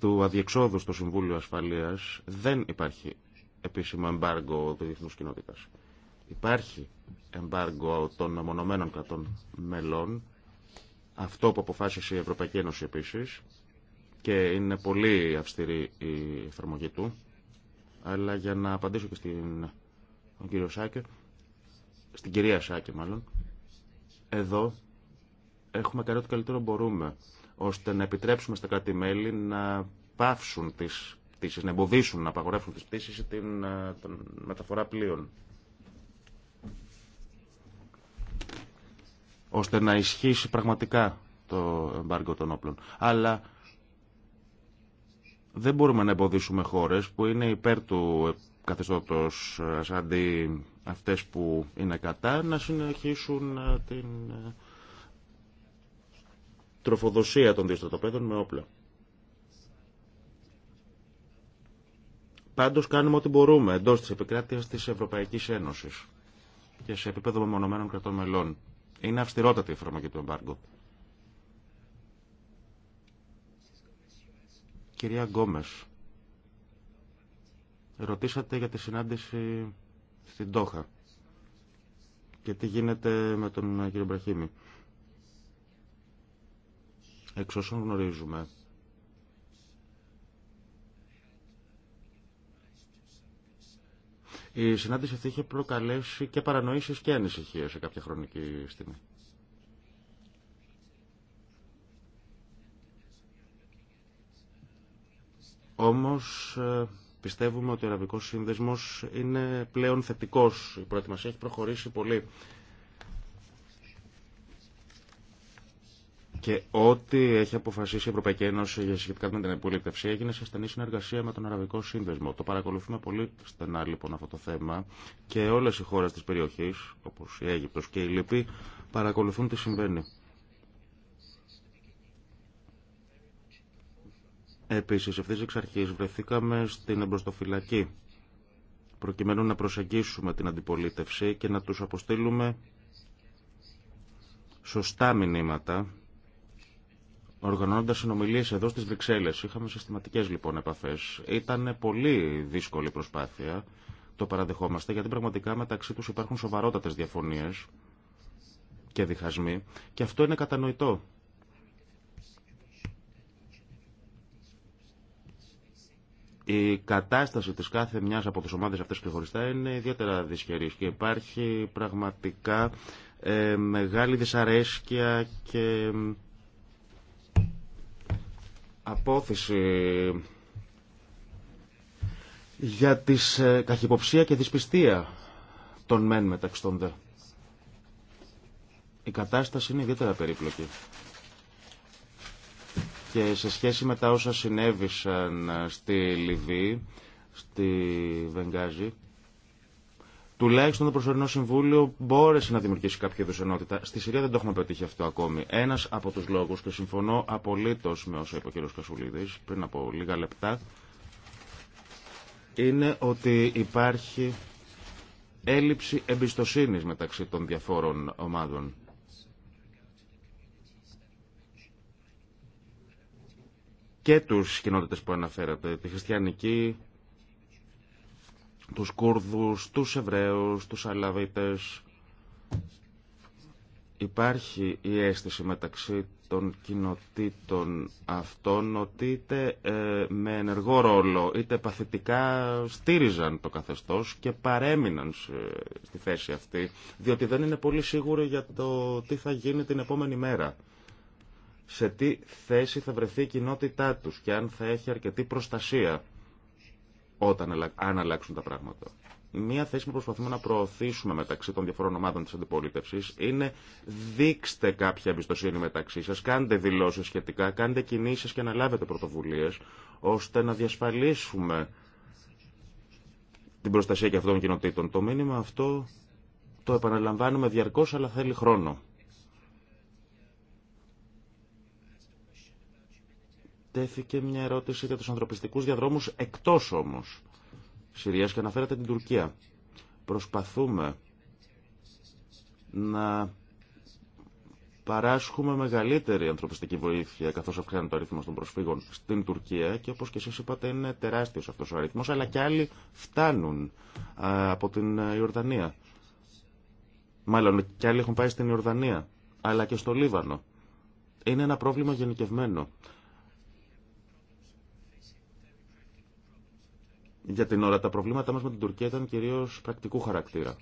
του αδιεξόδου στο Συμβούλιο Ασφαλείας δεν υπάρχει επίσημο εμπάργκο του διεθνούς κοινότητας. Υπάρχει εμπάργκο των μονομενων κρατών μελών, αυτό που αποφάσισε η Ευρωπαϊκή Ένωση επίσης, και είναι πολύ αυστηρή η εφαρμογή του, αλλά για να απαντήσω και στην τον κύριο Σάκε, στην κυρία Σάκε μάλλον, εδώ έχουμε κάνει ό,τι καλύτερο μπορούμε, ώστε να επιτρέψουμε στα κράτη-μέλη να πάυσουν τις να εμποδίσουν, να απαγορεύσουν τις πτήσεις ή την, ε, μεταφορά πλοίων. ώστε να ισχύσει πραγματικά το εμπάργκο των όπλων. Αλλά δεν μπορούμε να εμποδίσουμε χώρες που είναι υπέρ του καθεστώτος ε, αντί αυτές που είναι κατά να συνεχίσουν ε, την τροφοδοσία των διαστρατοπέδων με όπλα. Πάντως κάνουμε ό,τι μπορούμε εντός της επικράτειας της Ευρωπαϊκής Ένωσης και σε επίπεδο μεμονωμένων κρατών μελών. Είναι αυστηρότατη η εφαρμογή του εμπάργου. Κυρία Γκόμες, ρωτήσατε για τη συνάντηση στην Τόχα και τι γίνεται με τον κύριο Μπραχήμη. Εξ όσων γνωρίζουμε, Η συνάντηση αυτή είχε προκαλέσει και παρανοήσεις και ανησυχίε σε κάποια χρονική στιγμή. Όμως ε, πιστεύουμε ότι ο Αραβικός Σύνδεσμος είναι πλέον θετικός. Η προετοιμασία έχει προχωρήσει πολύ Και ό,τι έχει αποφασίσει η Ευρωπαϊκή Ένωση για σχετικά με την επολίτευση έγινε σε στενή συνεργασία με τον Αραβικό Σύνδεσμο. Το παρακολουθούμε πολύ στενά λοιπόν αυτό το θέμα και όλες οι χώρες της περιοχής, όπως η Αίγυπτος και η Λιπή, παρακολουθούν τι συμβαίνει. Επίσης, ευθύ εξ αρχής βρεθήκαμε στην εμπροστοφυλακή προκειμένου να προσεγγίσουμε την αντιπολίτευση και να τους αποστείλουμε σωστά μηνύματα Οργανώνοντα συνομιλίες εδώ στις Βρυξέλλες. Είχαμε συστηματικές λοιπόν επαφές. Ήταν πολύ δύσκολη προσπάθεια, το παραδεχόμαστε, γιατί πραγματικά μεταξύ τους υπάρχουν σοβαρότατες διαφωνίε και διχασμοί και αυτό είναι κατανοητό. Η κατάσταση της κάθε μιας από τις ομάδες αυτές ξεχωριστά είναι ιδιαίτερα δυσχερής και υπάρχει πραγματικά ε, μεγάλη δυσαρέσκεια και απόθεση για τις ε, καχυποψία και δυσπιστία των μεν μεταξύ των δε. Η κατάσταση είναι ιδιαίτερα περίπλοκη. Και σε σχέση με τα όσα συνέβησαν στη Λιβύη, στη Βενγάζη, τουλάχιστον το προσωρινό συμβούλιο μπόρεσε να δημιουργήσει κάποια είδου Στη Συρία δεν το έχουμε πετύχει αυτό ακόμη. Ένα από του λόγου, και συμφωνώ απολύτω με όσα είπε ο κ. Κασουλίδη πριν από λίγα λεπτά, είναι ότι υπάρχει έλλειψη εμπιστοσύνης μεταξύ των διαφόρων ομάδων. Και τους κοινότητες που αναφέρατε, τη χριστιανική, τους Κούρδους, τους Εβραίους, τους Αλαβίτες. Υπάρχει η αίσθηση μεταξύ των κοινοτήτων αυτών ότι είτε ε, με ενεργό ρόλο είτε παθητικά στήριζαν το καθεστώς και παρέμειναν στη θέση αυτή διότι δεν είναι πολύ σίγουροι για το τι θα γίνει την επόμενη μέρα σε τι θέση θα βρεθεί η κοινότητά τους και αν θα έχει αρκετή προστασία όταν, αν αλλάξουν τα πράγματα. Μία θέση που προσπαθούμε να προωθήσουμε μεταξύ των διαφορών ομάδων της αντιπολίτευσης είναι δείξτε κάποια εμπιστοσύνη μεταξύ σας, κάντε δηλώσεις σχετικά, κάντε κινήσεις και αναλάβετε πρωτοβουλίε, ώστε να διασφαλίσουμε την προστασία και αυτών των κοινοτήτων. Το μήνυμα αυτό το επαναλαμβάνουμε διαρκώ αλλά θέλει χρόνο. τέθηκε μια ερώτηση για τους ανθρωπιστικούς διαδρόμους εκτός όμως Συρίας και αναφέρατε την Τουρκία. Προσπαθούμε να παράσχουμε μεγαλύτερη ανθρωπιστική βοήθεια καθώς αυξάνει το αριθμό των προσφύγων στην Τουρκία και όπως και εσείς είπατε είναι τεράστιος αυτός ο αριθμός αλλά και άλλοι φτάνουν από την ε, Ιορδανία. Μάλλον και άλλοι έχουν πάει στην Ιορδανία αλλά και στο Λίβανο. Είναι ένα πρόβλημα γενικευμένο. Για την ώρα τα προβλήματά μας με την Τουρκία ήταν κυρίως πρακτικού χαρακτήρα.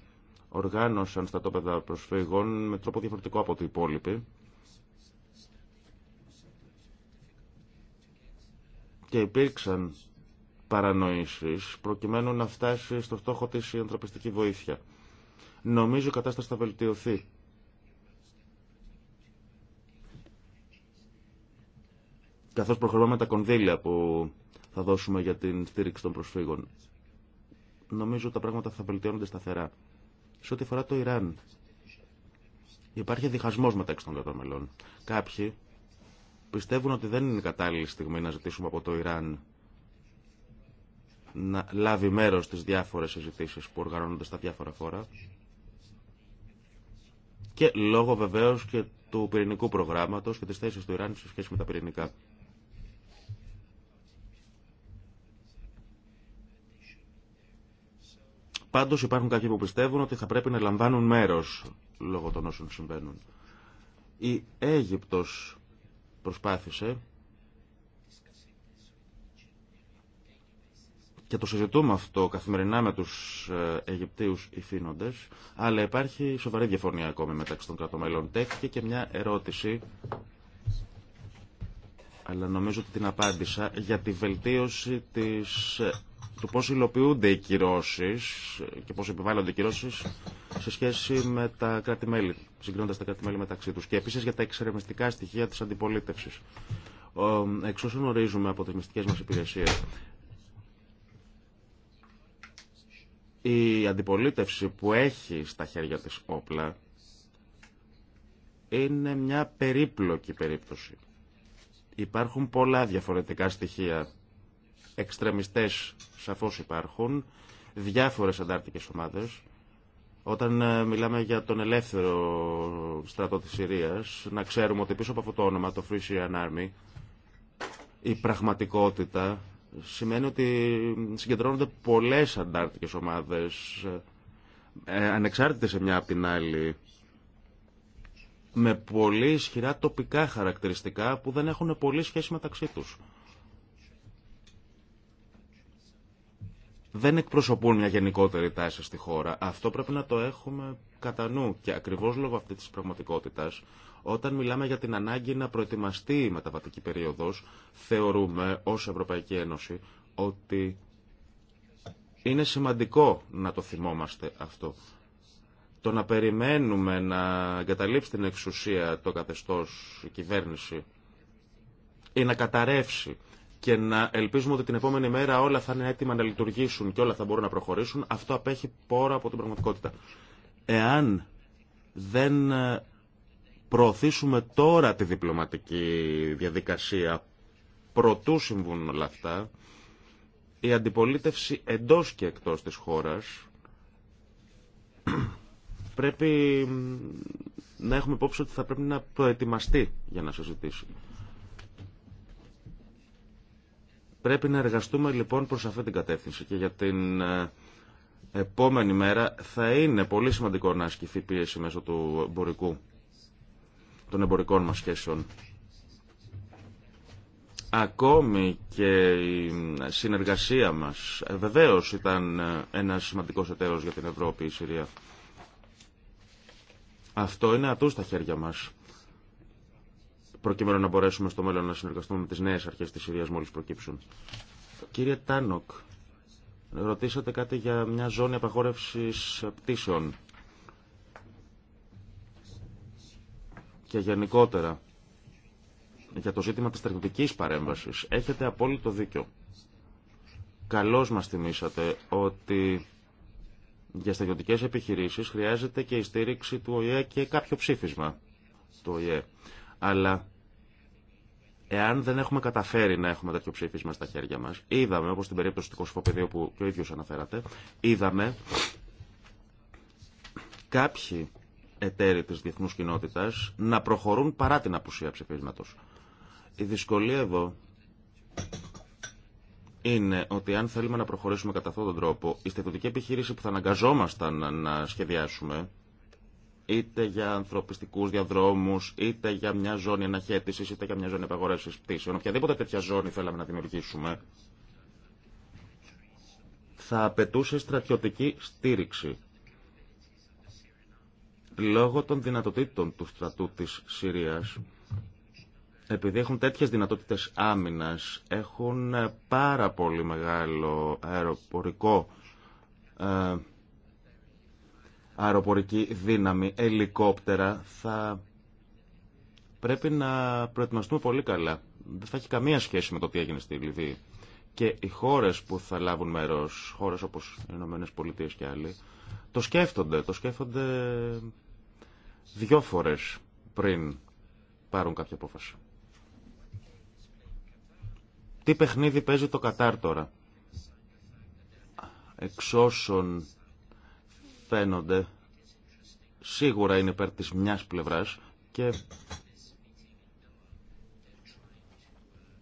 Οργάνωσαν στα τόπεδα προσφύγων με τρόπο διαφορετικό από το υπόλοιπο Και υπήρξαν παρανοήσεις προκειμένου να φτάσει στο στόχο της η ανθρωπιστική βοήθεια. Νομίζω η κατάσταση θα βελτιωθεί. Καθώς προχωρούμε με τα κονδύλια που θα δώσουμε για την στήριξη των προσφύγων. Νομίζω ότι τα πράγματα θα βελτιώνονται σταθερά. Σε ό,τι αφορά το Ιράν, υπάρχει διχασμός μεταξύ των κατομελών. Κάποιοι πιστεύουν ότι δεν είναι κατάλληλη στιγμή να ζητήσουμε από το Ιράν να λάβει μέρος στις διάφορες συζητήσεις που οργανώνονται στα διάφορα φόρα. Και λόγω βεβαίως και του πυρηνικού προγράμματος και της θέσης του Ιράν σε σχέση με τα πυρηνικά. Πάντω υπάρχουν κάποιοι που πιστεύουν ότι θα πρέπει να λαμβάνουν μέρο λόγω των όσων συμβαίνουν. Η Αίγυπτος προσπάθησε και το συζητούμε αυτό καθημερινά με τους ε, Αιγυπτίους υφήνοντες, αλλά υπάρχει σοβαρή διαφωνία ακόμη μεταξύ των κρατομέλων. Τέχθηκε και μια ερώτηση αλλά νομίζω ότι την απάντησα, για τη βελτίωση της, του πώς υλοποιούνται οι κυρώσεις και πώς επιβάλλονται οι κυρώσεις σε σχέση με τα κράτη-μέλη, συγκρίνοντας τα κράτη-μέλη μεταξύ τους και επίσης για τα εξερευνητικά στοιχεία της αντιπολίτευσης. Εξ όσων ορίζουμε από τις μυστικές μας υπηρεσίες, η αντιπολίτευση που έχει στα χέρια της όπλα είναι μια περίπλοκη περίπτωση. Υπάρχουν πολλά διαφορετικά στοιχεία. Εξτρεμιστές σαφώς υπάρχουν, διάφορες αντάρτικες ομάδες. Όταν ε, μιλάμε για τον ελεύθερο στρατό της Συρίας, να ξέρουμε ότι πίσω από αυτό το όνομα, το Free Syrian Army, η πραγματικότητα σημαίνει ότι συγκεντρώνονται πολλές αντάρτικες ομάδες, ε, ε ανεξάρτητες σε μια από την άλλη με πολύ ισχυρά τοπικά χαρακτηριστικά που δεν έχουν πολύ σχέση μεταξύ τους. δεν εκπροσωπούν μια γενικότερη τάση στη χώρα. Αυτό πρέπει να το έχουμε κατά νου. Και ακριβώς λόγω αυτή της πραγματικότητας, όταν μιλάμε για την ανάγκη να προετοιμαστεί η μεταβατική περίοδος, θεωρούμε ως Ευρωπαϊκή Ένωση ότι είναι σημαντικό να το θυμόμαστε αυτό. Το να περιμένουμε να εγκαταλείψει την εξουσία το καθεστώς η κυβέρνηση ή να καταρρεύσει και να ελπίζουμε ότι την επόμενη μέρα όλα θα είναι έτοιμα να λειτουργήσουν και όλα θα μπορούν να προχωρήσουν, αυτό απέχει πόρα από την πραγματικότητα. Εάν δεν ε, προωθήσουμε τώρα τη διπλωματική διαδικασία προτού συμβούν όλα αυτά, η αντιπολίτευση εντός και εκτός της χώρας Πρέπει να έχουμε υπόψη ότι θα πρέπει να προετοιμαστεί για να συζητήσει. Πρέπει να εργαστούμε λοιπόν προς αυτή την κατεύθυνση και για την ε, επόμενη μέρα θα είναι πολύ σημαντικό να ασκηθεί πίεση μέσω του εμπορικού, των εμπορικών μας σχέσεων. Ακόμη και η συνεργασία μας, ε, βεβαίως ήταν ε, ένας σημαντικός εταίρος για την Ευρώπη η Συρία. Αυτό είναι ατού στα χέρια μας προκειμένου να μπορέσουμε στο μέλλον να συνεργαστούμε με τις νέες αρχές της Συρίας μόλις προκύψουν. Κύριε Τάνοκ, ρωτήσατε κάτι για μια ζώνη απαγόρευσης πτήσεων και γενικότερα για το ζήτημα της στρατιωτικής παρέμβασης. Έχετε απόλυτο δίκιο. Καλώς μας θυμήσατε ότι για στρατιωτικές επιχειρήσεις χρειάζεται και η στήριξη του ΟΗΕ και κάποιο ψήφισμα του ΟΗΕ. Αλλά εάν δεν έχουμε καταφέρει να έχουμε τέτοιο ψήφισμα στα χέρια μας, είδαμε, όπως στην περίπτωση του Κωσυφοπεδίου που και ο ίδιος αναφέρατε, είδαμε κάποιοι εταίροι της διεθνούς κοινότητας να προχωρούν παρά την απουσία ψηφίσματος. Η δυσκολία εδώ είναι ότι αν θέλουμε να προχωρήσουμε κατά αυτόν τον τρόπο, η στρατιωτική επιχείρηση που θα αναγκαζόμασταν να σχεδιάσουμε, είτε για ανθρωπιστικού διαδρόμου, είτε για μια ζώνη αναχέτηση, είτε για μια ζώνη απαγορεύση πτήσεων, οποιαδήποτε τέτοια ζώνη θέλαμε να δημιουργήσουμε, θα απαιτούσε στρατιωτική στήριξη. Λόγω των δυνατοτήτων του στρατού της Συρίας, επειδή έχουν τέτοιε δυνατότητες άμυνα, έχουν ε, πάρα πολύ μεγάλο αεροπορικό ε, αεροπορική δύναμη, ελικόπτερα, θα πρέπει να προετοιμαστούμε πολύ καλά. Δεν θα έχει καμία σχέση με το τι έγινε στη Λιβύη. Και οι χώρες που θα λάβουν μέρος, χώρες όπως οι Ηνωμένε Πολιτείες και άλλοι, το σκέφτονται, το σκέφτονται δυο φορές πριν πάρουν κάποια απόφαση. Τι παιχνίδι παίζει το Κατάρ τώρα. Εξ όσων φαίνονται, σίγουρα είναι υπέρ της μιας πλευράς και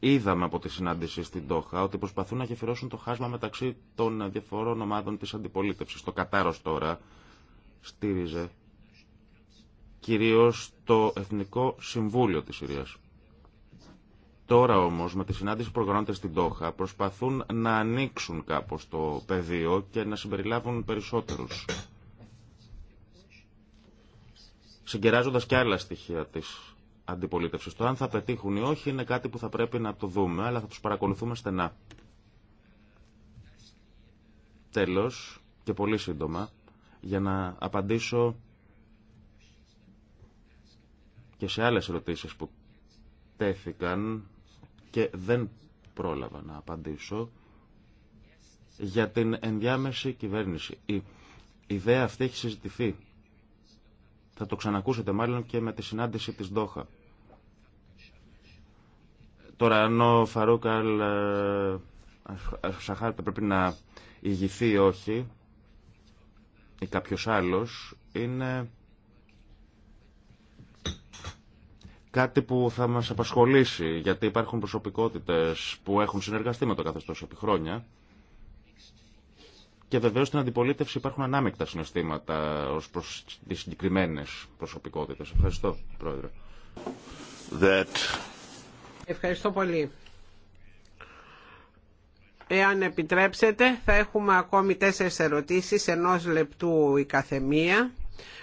είδαμε από τη συνάντηση στην Τόχα ότι προσπαθούν να γεφυρώσουν το χάσμα μεταξύ των διαφορών ομάδων της αντιπολίτευσης. Το Κατάρος τώρα στήριζε κυρίως το Εθνικό Συμβούλιο της Συρίας. Τώρα όμως με τη συνάντηση που την στην Τόχα προσπαθούν να ανοίξουν κάπως το πεδίο και να συμπεριλάβουν περισσότερους. Συγκεράζοντας και άλλα στοιχεία της αντιπολίτευσης. Το αν θα πετύχουν ή όχι είναι κάτι που θα πρέπει να το δούμε, αλλά θα τους παρακολουθούμε στενά. Τέλος, και πολύ σύντομα, για να απαντήσω και σε άλλες ερωτήσεις που τέθηκαν και δεν πρόλαβα να απαντήσω για την ενδιάμεση κυβέρνηση. Η ιδέα αυτή έχει συζητηθεί. Θα το ξανακούσετε μάλλον και με τη συνάντηση της Δόχα. Τώρα, αν ο Φαρούκαλ ε, Σαχάρ πρέπει να ηγηθεί ή όχι, ή κάποιος άλλος, είναι κάτι που θα μας απασχολήσει, γιατί υπάρχουν προσωπικότητες που έχουν συνεργαστεί με το καθεστώς επί χρόνια και βεβαίως στην αντιπολίτευση υπάρχουν ανάμεικτα συναισθήματα ως προς τις συγκεκριμένες προσωπικότητες. Ευχαριστώ, Πρόεδρε. Ευχαριστώ πολύ. Εάν επιτρέψετε, θα έχουμε ακόμη τέσσερις ερωτήσεις, ενός λεπτού η καθεμία.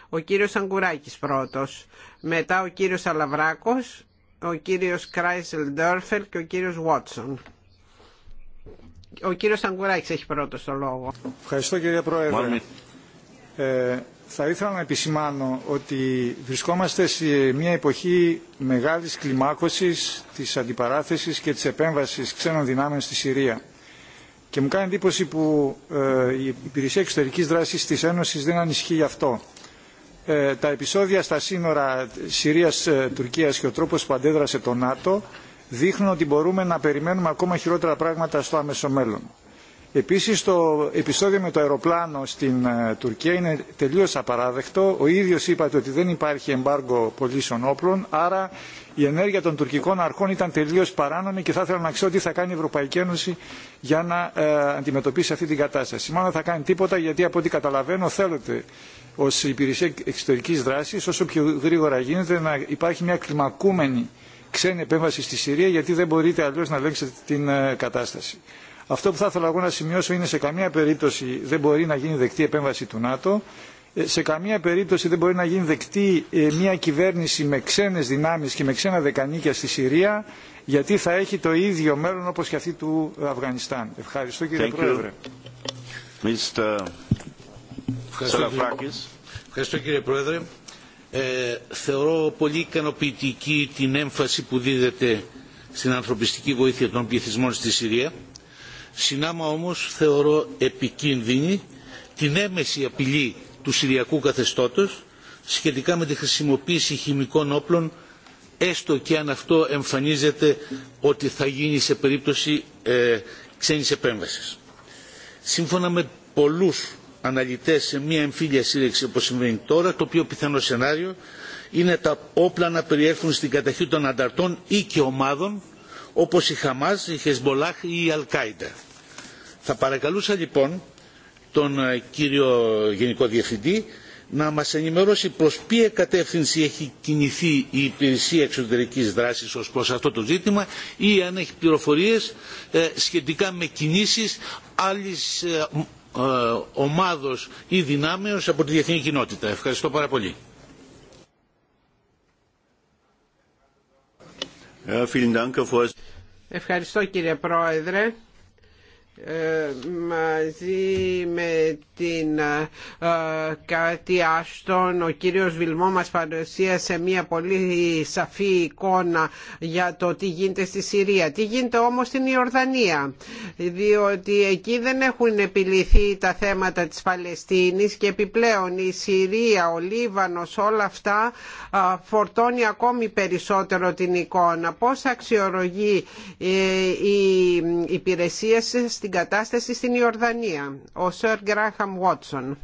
Ο κύριος Αγκουράκης πρώτος, μετά ο κύριος Αλαβράκος, ο κύριος Κράισελ Ντόρφελ και ο κύριος Βότσον. Ο κύριος Αγκουράκης έχει πρώτος το λόγο. Ευχαριστώ κύριε Πρόεδρε. Ε, θα ήθελα να επισημάνω ότι βρισκόμαστε σε μια εποχή μεγάλης κλιμάκωσης της αντιπαράθεσης και της επέμβασης ξένων δυνάμεων στη Συρία. Και μου κάνει εντύπωση που ε, η Υπηρεσία Εξωτερικής Δράσης της Ένωσης δεν ανισχύει γι' αυτό. Ε, τα επεισόδια στα σύνορα Συρίας-Τουρκίας ε, και ο τρόπος που αντέδρασε το ΝΑΤΟ δείχνουν ότι μπορούμε να περιμένουμε ακόμα χειρότερα πράγματα στο άμεσο μέλλον. Επίσης το επεισόδιο με το αεροπλάνο στην ε, Τουρκία είναι τελείως απαράδεκτο. Ο ίδιος είπατε ότι δεν υπάρχει εμπάργκο πωλήσεων όπλων, άρα η ενέργεια των τουρκικών αρχών ήταν τελείως παράνομη και θα ήθελα να ξέρω τι θα κάνει η Ευρωπαϊκή Ένωση για να αντιμετωπίσει αυτή την κατάσταση. Μάλλον θα κάνει τίποτα γιατί από ό,τι καταλαβαίνω θέλετε ως υπηρεσία εξωτερικής δράσης όσο πιο γρήγορα γίνεται να υπάρχει μια κλιμακούμενη ξένη επέμβαση στη Συρία γιατί δεν μπορείτε αλλιώς να λέξετε την ε, κατάσταση. Αυτό που θα ήθελα εγώ να σημειώσω είναι σε καμία περίπτωση δεν μπορεί να γίνει δεκτή επέμβαση του ΝΑΤΟ ε, σε καμία περίπτωση δεν μπορεί να γίνει δεκτή ε, μια κυβέρνηση με ξένε δυνάμει και με ξένα δεκανίκια στη Συρία γιατί θα έχει το ίδιο μέλλον όπω και αυτή του Αφγανιστάν. Ευχαριστώ κύριε Thank Πρόεδρε. Ευχαριστώ, κύριε. Πρόεδρε. Ε, θεωρώ πολύ ικανοποιητική την έμφαση που δίδεται στην ανθρωπιστική βοήθεια των πληθυσμών στη Συρία. Συνάμα όμως θεωρώ επικίνδυνη την έμεση απειλή του Συριακού καθεστώτος σχετικά με τη χρησιμοποίηση χημικών όπλων έστω και αν αυτό εμφανίζεται ότι θα γίνει σε περίπτωση ε, ξένης επέμβασης. Σύμφωνα με πολλούς Αναλύτε σε μια εμφύλια σύλληξη όπω συμβαίνει τώρα, το πιο πιθανό σενάριο είναι τα όπλα να περιέχουν στην κατοχή των ανταρτών ή και ομάδων όπως η και ομαδων οπω η Χεσμολάχ ή η Αλκάιντα. Θα παρακαλούσα λοιπόν τον ε, κύριο Γενικό Διευθυντή να μας ενημερώσει προς ποια κατεύθυνση έχει κινηθεί η υπηρεσία εξωτερικής δράσης ως προς αυτό το ζήτημα ή αν έχει πληροφορίες ε, σχετικά με κινήσεις άλλης ε, ε, ομάδος ή δυνάμεως από τη διεθνή κοινότητα. Ευχαριστώ πάρα πολύ. Ε, Ευχαριστώ κύριε Πρόεδρε. Ε, μαζί με την ε, Κάτι Άστον ο κύριος Βιλμό μας παρουσίασε μια πολύ σαφή εικόνα για το τι γίνεται στη Συρία τι γίνεται όμως στην Ιορδανία διότι εκεί δεν έχουν επιληθεί τα θέματα της Παλαιστίνης και επιπλέον η Συρία, ο Λίβανος όλα αυτά φορτώνει ακόμη περισσότερο την εικόνα πώς αξιολογεί ε, η υπηρεσία στην κατάσταση στην Ιορδανία, ο Σερ Γκράχαμ Βότσον.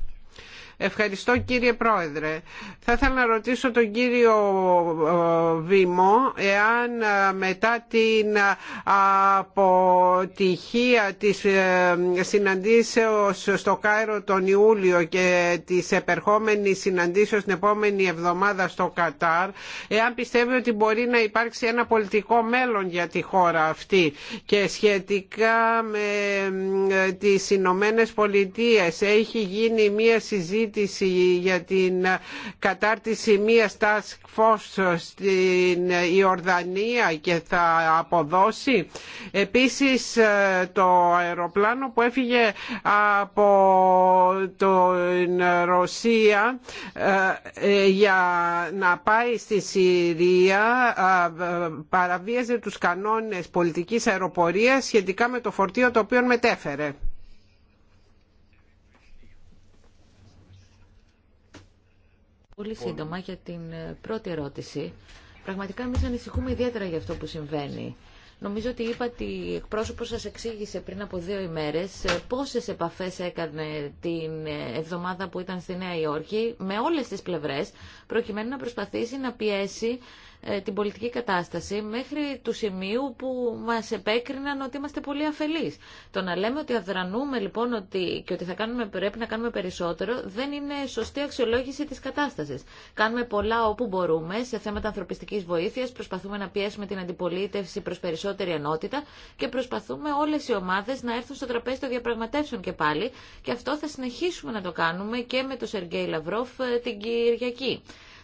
Ευχαριστώ κύριε Πρόεδρε. Θα ήθελα να ρωτήσω τον κύριο ε, Βήμο εάν ε, μετά την ε, αποτυχία της συναντήσεως στο Κάιρο τον Ιούλιο και της επερχόμενης συναντήσεως την επόμενη εβδομάδα στο Κατάρ εάν πιστεύει ότι μπορεί να υπάρξει ένα πολιτικό μέλλον για τη χώρα αυτή και σχετικά με τις Ηνωμένε Πολιτείες έχει γίνει μια συζήτηση για την κατάρτιση μιας task force στην Ιορδανία και θα αποδώσει. Επίσης το αεροπλάνο που έφυγε από την Ρωσία ε, για να πάει στη Συρία ε, παραβίαζε τους κανόνες πολιτικής αεροπορίας σχετικά με το φορτίο το οποίο μετέφερε. Πολύ λοιπόν. σύντομα για την ε, πρώτη ερώτηση. Πραγματικά εμεί ανησυχούμε ιδιαίτερα για αυτό που συμβαίνει. Νομίζω ότι είπα ότι η εκπροσωπο σας εξήγησε πριν από δύο ημέρες ε, πόσε επαφές έκανε την ε, εβδομάδα που ήταν στη Νέα Υόρκη με όλες τις πλευρές προκειμένου να προσπαθήσει να πιέσει ε, την πολιτική κατάσταση μέχρι του σημείου που μας επέκριναν ότι είμαστε πολύ αφελείς. Το να λέμε ότι αδρανούμε λοιπόν ότι, και ότι θα κάνουμε, πρέπει να κάνουμε περισσότερο δεν είναι σωστή αξιολόγηση της κατάστασης. Κάνουμε πολλά όπου μπορούμε σε θέματα ανθρωπιστικής βοήθειας, προσπαθούμε να πιέσουμε την αντιπολίτευση προς περισσότερη ενότητα και προσπαθούμε όλες οι ομάδες να έρθουν στο τραπέζι των διαπραγματεύσεων και πάλι και αυτό θα συνεχίσουμε να το κάνουμε και με τον Σεργέη Λαυρόφ ε, την Κυριακή.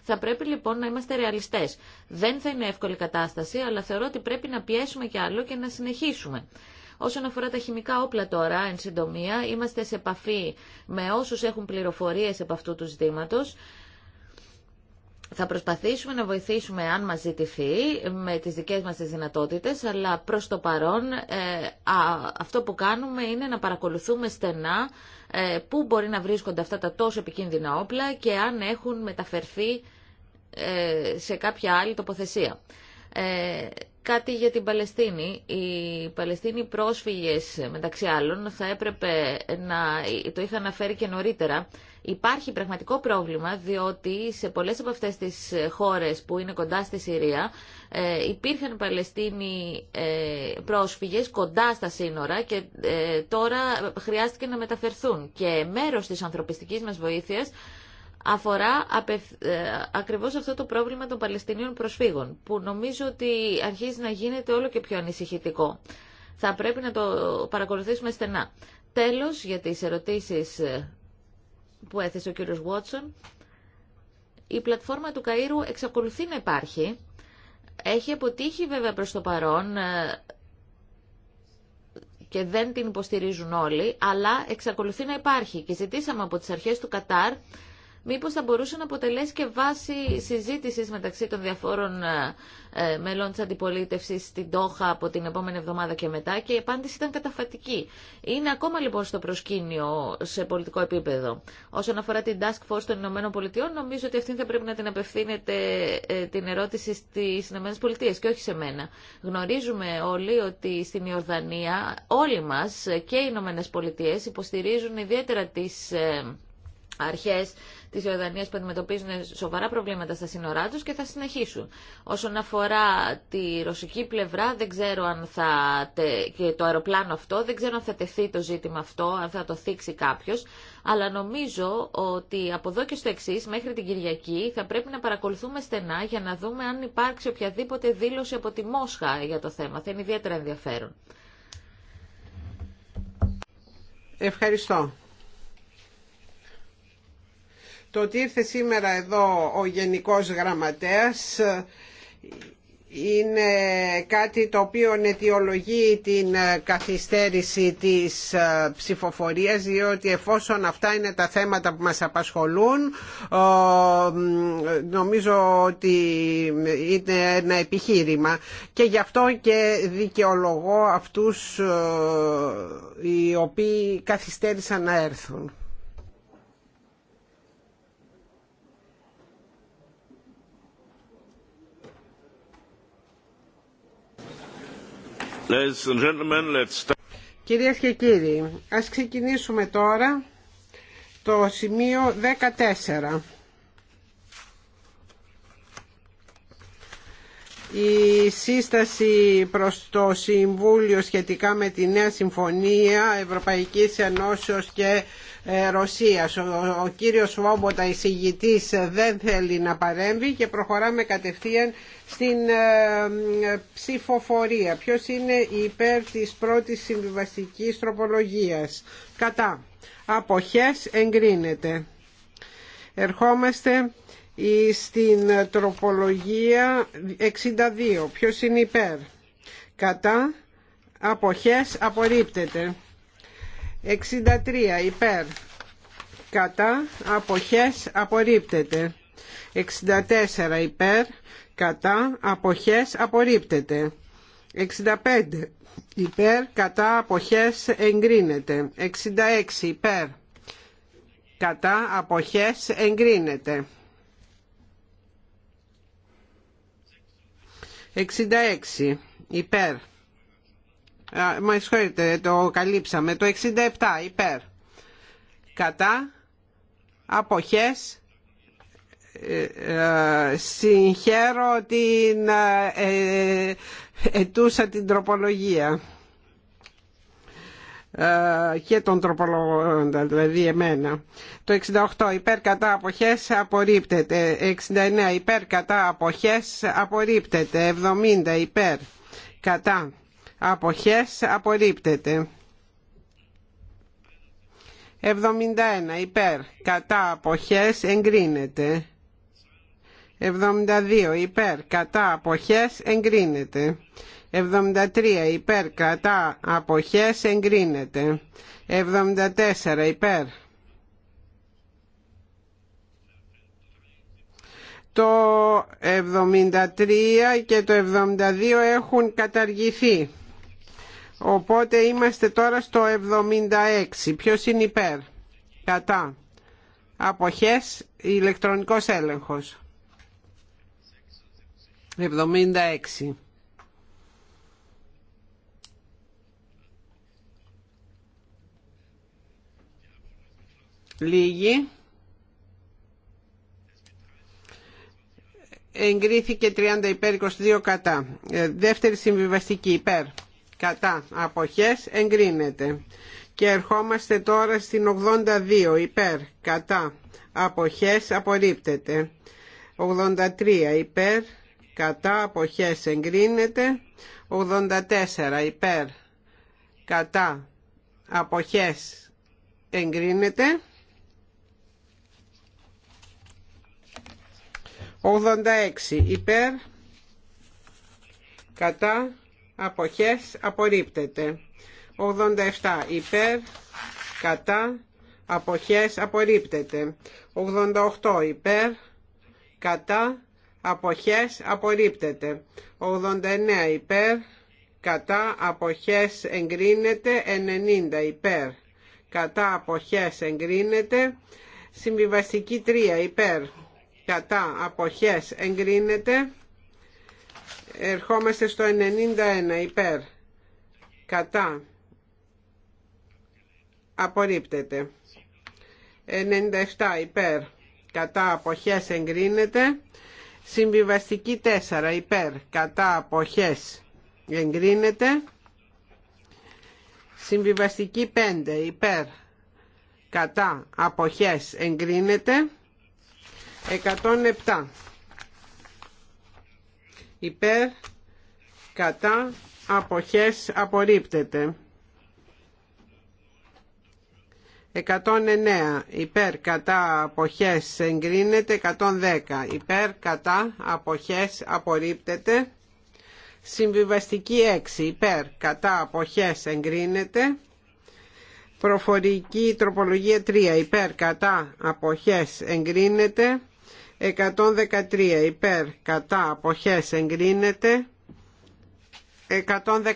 Θα πρέπει λοιπόν να είμαστε ρεαλιστέ. Δεν θα είναι εύκολη κατάσταση, αλλά θεωρώ ότι πρέπει να πιέσουμε κι άλλο και να συνεχίσουμε. Όσον αφορά τα χημικά όπλα τώρα, εν συντομία, είμαστε σε επαφή με όσους έχουν πληροφορίες από αυτού του ζητήματος. Θα προσπαθήσουμε να βοηθήσουμε αν μας ζητηθεί με τις δικές μας τις δυνατότητες, αλλά προς το παρόν ε, αυτό που κάνουμε είναι να παρακολουθούμε στενά ε, πού μπορεί να βρίσκονται αυτά τα τόσο επικίνδυνα όπλα και αν έχουν μεταφερθεί ε, σε κάποια άλλη τοποθεσία. Ε, κάτι για την Παλαιστίνη. Οι Παλαιστίνοι πρόσφυγες, μεταξύ άλλων, θα έπρεπε να το είχα αναφέρει και νωρίτερα. Υπάρχει πραγματικό πρόβλημα, διότι σε πολλές από αυτές τις χώρες που είναι κοντά στη Συρία ε, υπήρχαν Παλαιστίνοι ε, πρόσφυγες κοντά στα σύνορα και ε, τώρα χρειάστηκε να μεταφερθούν. Και μέρος της ανθρωπιστικής μας βοήθειας αφορά ε, ακριβώς αυτό το πρόβλημα των Παλαιστινίων προσφύγων, που νομίζω ότι αρχίζει να γίνεται όλο και πιο ανησυχητικό. Θα πρέπει να το παρακολουθήσουμε στενά. Τέλος, για τις ερωτήσεις ε, που έθεσε ο κύριος Βότσον, η πλατφόρμα του Καΐρου εξακολουθεί να υπάρχει. Έχει αποτύχει βέβαια προς το παρόν ε, και δεν την υποστηρίζουν όλοι, αλλά εξακολουθεί να υπάρχει. Και ζητήσαμε από τις αρχές του Κατάρ μήπως θα μπορούσε να αποτελέσει και βάση συζήτησης μεταξύ των διαφόρων ε, ε, μελών της αντιπολίτευσης στην Τόχα από την επόμενη εβδομάδα και μετά και η απάντηση ήταν καταφατική. Είναι ακόμα λοιπόν στο προσκήνιο σε πολιτικό επίπεδο. Όσον αφορά την Task Force των Ηνωμένων Πολιτειών, νομίζω ότι αυτή θα πρέπει να την απευθύνεται ε, την ερώτηση στις Ηνωμένες Πολιτείες και όχι σε μένα. Γνωρίζουμε όλοι ότι στην Ιορδανία όλοι μας και οι Ηνωμένες Πολιτείες υποστηρίζουν ιδιαίτερα τις αρχές τη Ιορδανία που αντιμετωπίζουν σοβαρά προβλήματα στα σύνορά του και θα συνεχίσουν. Όσον αφορά τη ρωσική πλευρά, δεν ξέρω αν θα. και το αεροπλάνο αυτό, δεν ξέρω αν θα τεθεί το ζήτημα αυτό, αν θα το θίξει κάποιο. Αλλά νομίζω ότι από εδώ και στο εξή, μέχρι την Κυριακή, θα πρέπει να παρακολουθούμε στενά για να δούμε αν υπάρξει οποιαδήποτε δήλωση από τη Μόσχα για το θέμα. Θα είναι ιδιαίτερα ενδιαφέρον. Ευχαριστώ. Το ότι ήρθε σήμερα εδώ ο Γενικός Γραμματέας είναι κάτι το οποίο αιτιολογεί την καθυστέρηση της ψηφοφορίας διότι εφόσον αυτά είναι τα θέματα που μας απασχολούν νομίζω ότι είναι ένα επιχείρημα και γι' αυτό και δικαιολογώ αυτούς οι οποίοι καθυστέρησαν να έρθουν. Κυρίες και κύριοι, ας ξεκινήσουμε τώρα το σημείο 14. η σύσταση προς το Συμβούλιο σχετικά με τη νέα συμφωνία Ευρωπαϊκής Ενώσεως και ε, Ρωσίας. Ο κύριος Σουόμποτα, εισηγητής, ε, δεν θέλει να παρέμβει και προχωράμε κατευθείαν στην ε, ψηφοφορία. Ποιος είναι υπέρ της πρώτης συμβιβαστικής τροπολογίας. Κατά. Αποχές εγκρίνεται. Ερχόμαστε στην τροπολογία 62. Ποιος είναι υπέρ. Κατά. Αποχές απορρίπτεται. 63 υπέρ κατά αποχές απορρίπτεται 64 υπέρ κατά αποχές απορρίπτεται 65 υπέρ κατά αποχές εγκρίνεται 66 υπέρ κατά αποχές εγκρίνεται 66 υπέρ Μα το καλύψαμε. Το 67 υπέρ. Κατά. Αποχές. Ε, ε, συγχαίρω την ε, ετούσα την τροπολογία και τον τροπολογόντα, δηλαδή εμένα. Το 68 υπέρ κατά αποχές απορρίπτεται, 69 υπέρ κατά αποχές απορρίπτεται, 70 υπέρ κατά αποχές απορρίπτεται 71 υπέρ κατά αποχές εγκρίνεται 72 υπέρ κατά αποχές εγκρίνεται 73 υπέρ κατά αποχές εγκρίνεται 74 υπέρ το 73 και το 72 έχουν καταργηθεί Οπότε είμαστε τώρα στο 76. Ποιος είναι υπέρ. Κατά. Αποχές ηλεκτρονικός έλεγχος. 76. Λίγη. Εγκρίθηκε 30 υπέρ 22 κατά. Ε, δεύτερη συμβιβαστική υπέρ κατά αποχές εγκρίνεται και ερχόμαστε τώρα στην 82 υπέρ κατά αποχές απορρίπτεται 83 υπέρ κατά αποχές εγκρίνεται 84 υπέρ κατά αποχές εγκρίνεται 86 υπέρ κατά αποχές απορρίπτεται. 87 υπέρ, κατά, αποχές απορρίπτεται. 88 υπέρ, κατά, αποχές απορρίπτεται. 89 υπέρ, κατά, αποχές εγκρίνεται. 90 υπέρ, κατά, αποχές εγκρίνεται. Συμβιβαστική 3 υπέρ, κατά, αποχές εγκρίνεται. Ερχόμαστε στο 91 υπέρ. Κατά. Απορρίπτεται. 97 υπέρ. Κατά αποχές εγκρίνεται. Συμβιβαστική 4 υπέρ. Κατά αποχές εγκρίνεται. Συμβιβαστική 5 υπέρ. Κατά αποχές εγκρίνεται. 107 υπέρ κατά αποχές απορρίπτεται 109 υπέρ κατά αποχές εγκρίνεται 110 υπέρ κατά αποχές απορρίπτεται συμβιβαστική 6 υπέρ κατά αποχές εγκρίνεται προφορική τροπολογία 3 υπέρ κατά αποχές εγκρίνεται 113 υπέρ κατά αποχές εγκρίνεται 114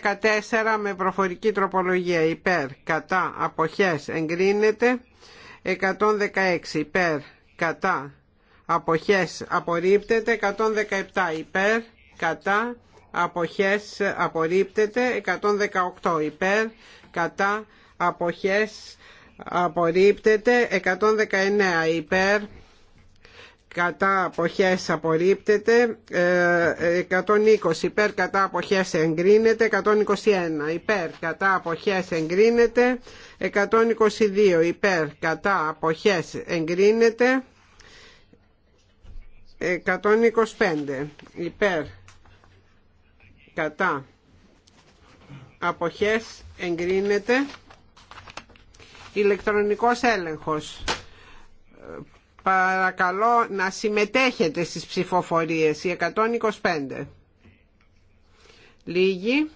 με προφορική τροπολογία υπέρ κατά αποχές εγκρίνεται 116 υπέρ κατά αποχές απορρίπτεται 117 υπέρ κατά αποχές απορρίπτεται 118 υπέρ κατά αποχές απορρίπτεται 119 υπέρ κατά αποχές απορρίπτεται 120 ε, υπέρ κατά αποχές εγκρίνεται 121 υπέρ κατά αποχές εγκρίνεται 122 υπέρ κατά αποχές εγκρίνεται 125 υπέρ κατά αποχές εγκρίνεται ηλεκτρονικός έλεγχος Παρακαλώ να συμμετέχετε στις ψηφοφορίες, οι 125. Λίγοι.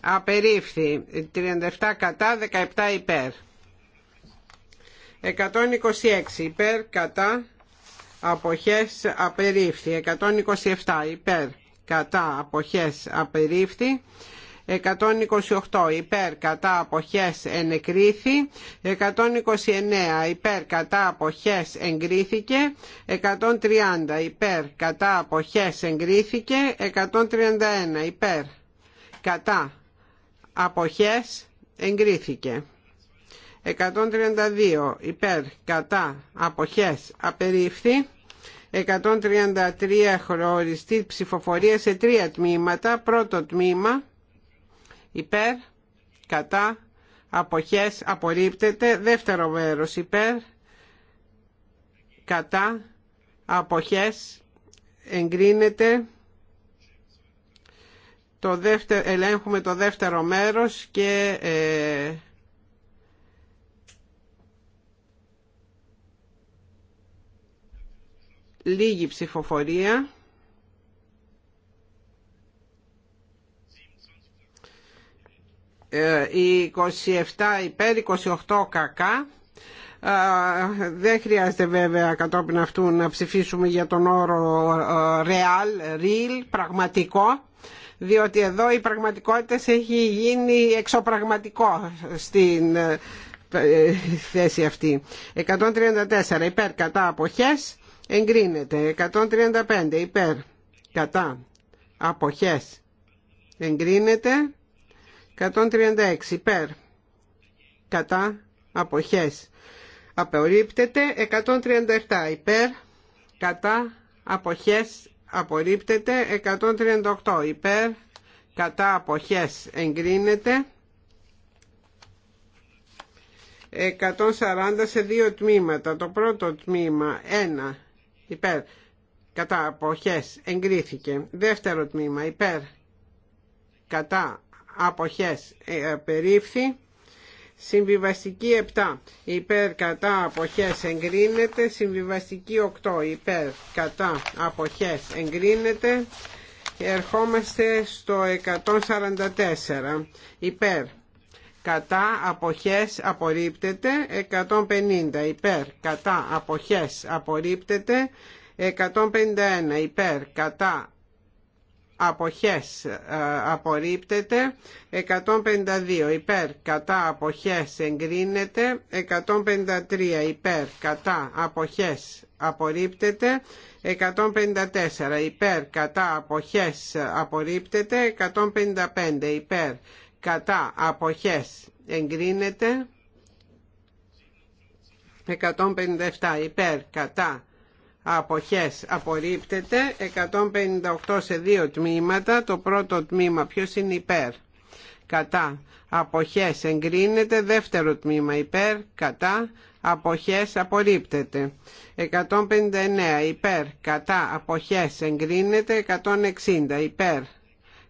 Απερίφθη. 37 κατά, 17 υπέρ. 126 υπέρ, κατά, αποχές, απερίφθη. 127 υπέρ, κατά, αποχές, απερίφθη. 128 υπέρ κατά αποχές ενεκρίθη 129 υπέρ κατά αποχές εγκρίθηκε 130 υπέρ κατά αποχές εγκρίθηκε 131 υπέρ κατά αποχές εγκρίθηκε 132 υπέρ κατά αποχές απερίφθη 133 χρωριστή ψηφοφορία σε τρία τμήματα πρώτο τμήμα υπέρ, κατά, αποχές, απορρίπτεται. Δεύτερο μέρος υπέρ, κατά, αποχές, εγκρίνεται. Το δεύτερο, ελέγχουμε το δεύτερο μέρος και ε, λίγη ψηφοφορία 27 ε, υπέρ, 28 κακά. Ε, δεν χρειάζεται βέβαια κατόπιν αυτού να ψηφίσουμε για τον όρο ε, real, real, πραγματικό διότι εδώ η πραγματικότητα έχει γίνει εξωπραγματικό στην θέση αυτή. 134 υπέρ κατά αποχές εγκρίνεται. 135 υπέρ κατά αποχές εγκρίνεται. 136 υπέρ κατά αποχές απορρίπτεται 137 υπέρ κατά αποχές απορρίπτεται 138 υπέρ κατά αποχές εγκρίνεται 140 σε δύο τμήματα το πρώτο τμήμα 1 υπέρ κατά αποχές εγκρίθηκε δεύτερο τμήμα υπέρ κατά αποχές ε, περίφθη Συμβιβαστική 7 υπέρ κατά αποχές εγκρίνεται Συμβιβαστική 8 υπέρ κατά αποχές εγκρίνεται Ερχόμαστε στο 144 υπέρ κατά αποχές απορρίπτεται 150 υπέρ κατά αποχές απορρίπτεται 151 υπέρ κατά αποχές ε, απορρίπτεται 152 υπέρ κατά αποχές εγκρίνεται 153 υπέρ κατά αποχές απορρίπτεται 154 υπέρ κατά αποχές απορρίπτεται 155 υπέρ κατά αποχές εγκρίνεται 157 υπέρ κατά αποχές απορρίπτεται 158 σε δύο τμήματα το πρώτο τμήμα ποιος είναι υπέρ κατά αποχές εγκρίνεται δεύτερο τμήμα υπέρ κατά αποχές απορρίπτεται 159 υπέρ κατά αποχές εγκρίνεται 160 υπέρ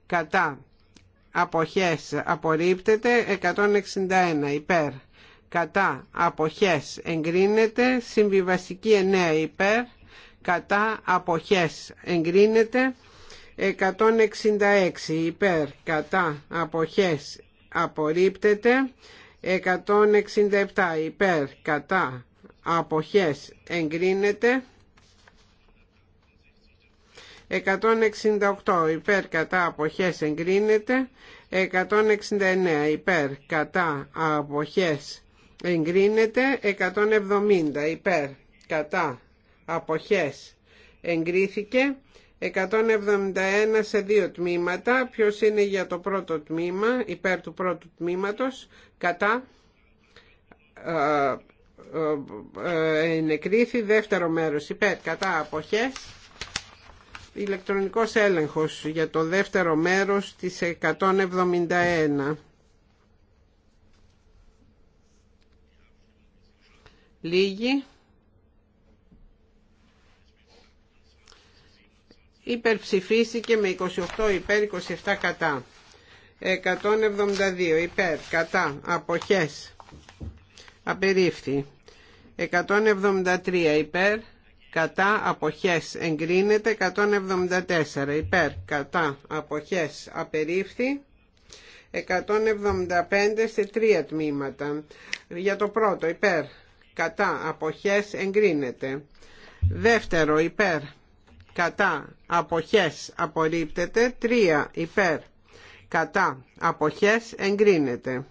κατά αποχές απορρίπτεται 161 υπέρ κατά αποχές εγκρίνεται συμβιβαστική 9 υπέρ κατά αποχές εγκρίνεται 166 υπέρ κατά αποχές απορρίπτεται 167 υπέρ κατά αποχές εγκρίνεται 168 υπέρ κατά αποχές εγκρίνεται 169 υπέρ κατά αποχές εγκρίνεται 170 υπέρ κατά αποχές εγκρίθηκε 171 σε δύο τμήματα ποιος είναι για το πρώτο τμήμα υπέρ του πρώτου τμήματος κατά ε, ε, ε, ενεκρίθη δεύτερο μέρος υπέρ κατά αποχές ηλεκτρονικός έλεγχος για το δεύτερο μέρος της 171 λίγη υπερψηφίστηκε με 28 υπέρ 27 κατά 172 υπέρ κατά αποχές απερίφθη 173 υπέρ κατά αποχές εγκρίνεται 174 υπέρ κατά αποχές απερίφθη 175 σε τρία τμήματα για το πρώτο υπέρ κατά αποχές εγκρίνεται δεύτερο υπέρ κατά αποχές απορρίπτεται 3 υπέρ κατά αποχές εγκρίνεται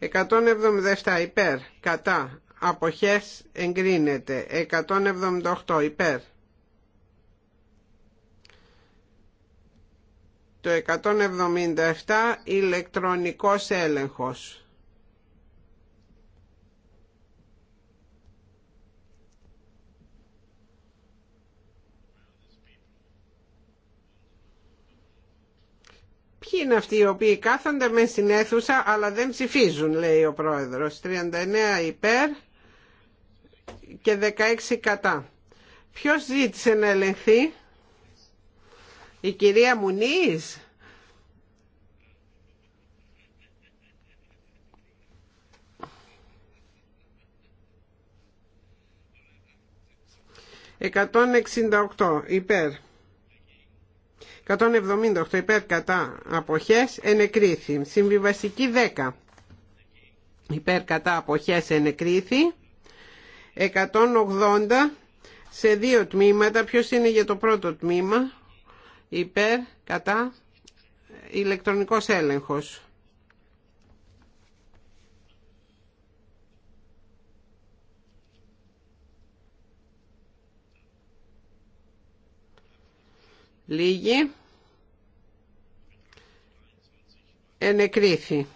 177 υπέρ, κατά, αποχές εγκρίνεται, 178 υπέρ, Το 177 ηλεκτρονικός έλεγχος. Ποιοι είναι αυτοί οι οποίοι κάθονται με στην αίθουσα αλλά δεν ψηφίζουν λέει ο πρόεδρος. 39 υπέρ και 16 κατά. Ποιος ζήτησε να ελεγχθεί. Η κυρία Μουνής. Εκατόν εξήντα οκτώ υπέρ. 178 υπέρ κατά αποχές ενεκρίθη. Συμβιβαστική 10 υπέρ κατά αποχές ενεκρίθη. 180 σε δύο τμήματα. Ποιος είναι για το πρώτο τμήμα υπέρ, κατά, ηλεκτρονικός έλεγχος. Λίγη. Ενεκρίθη.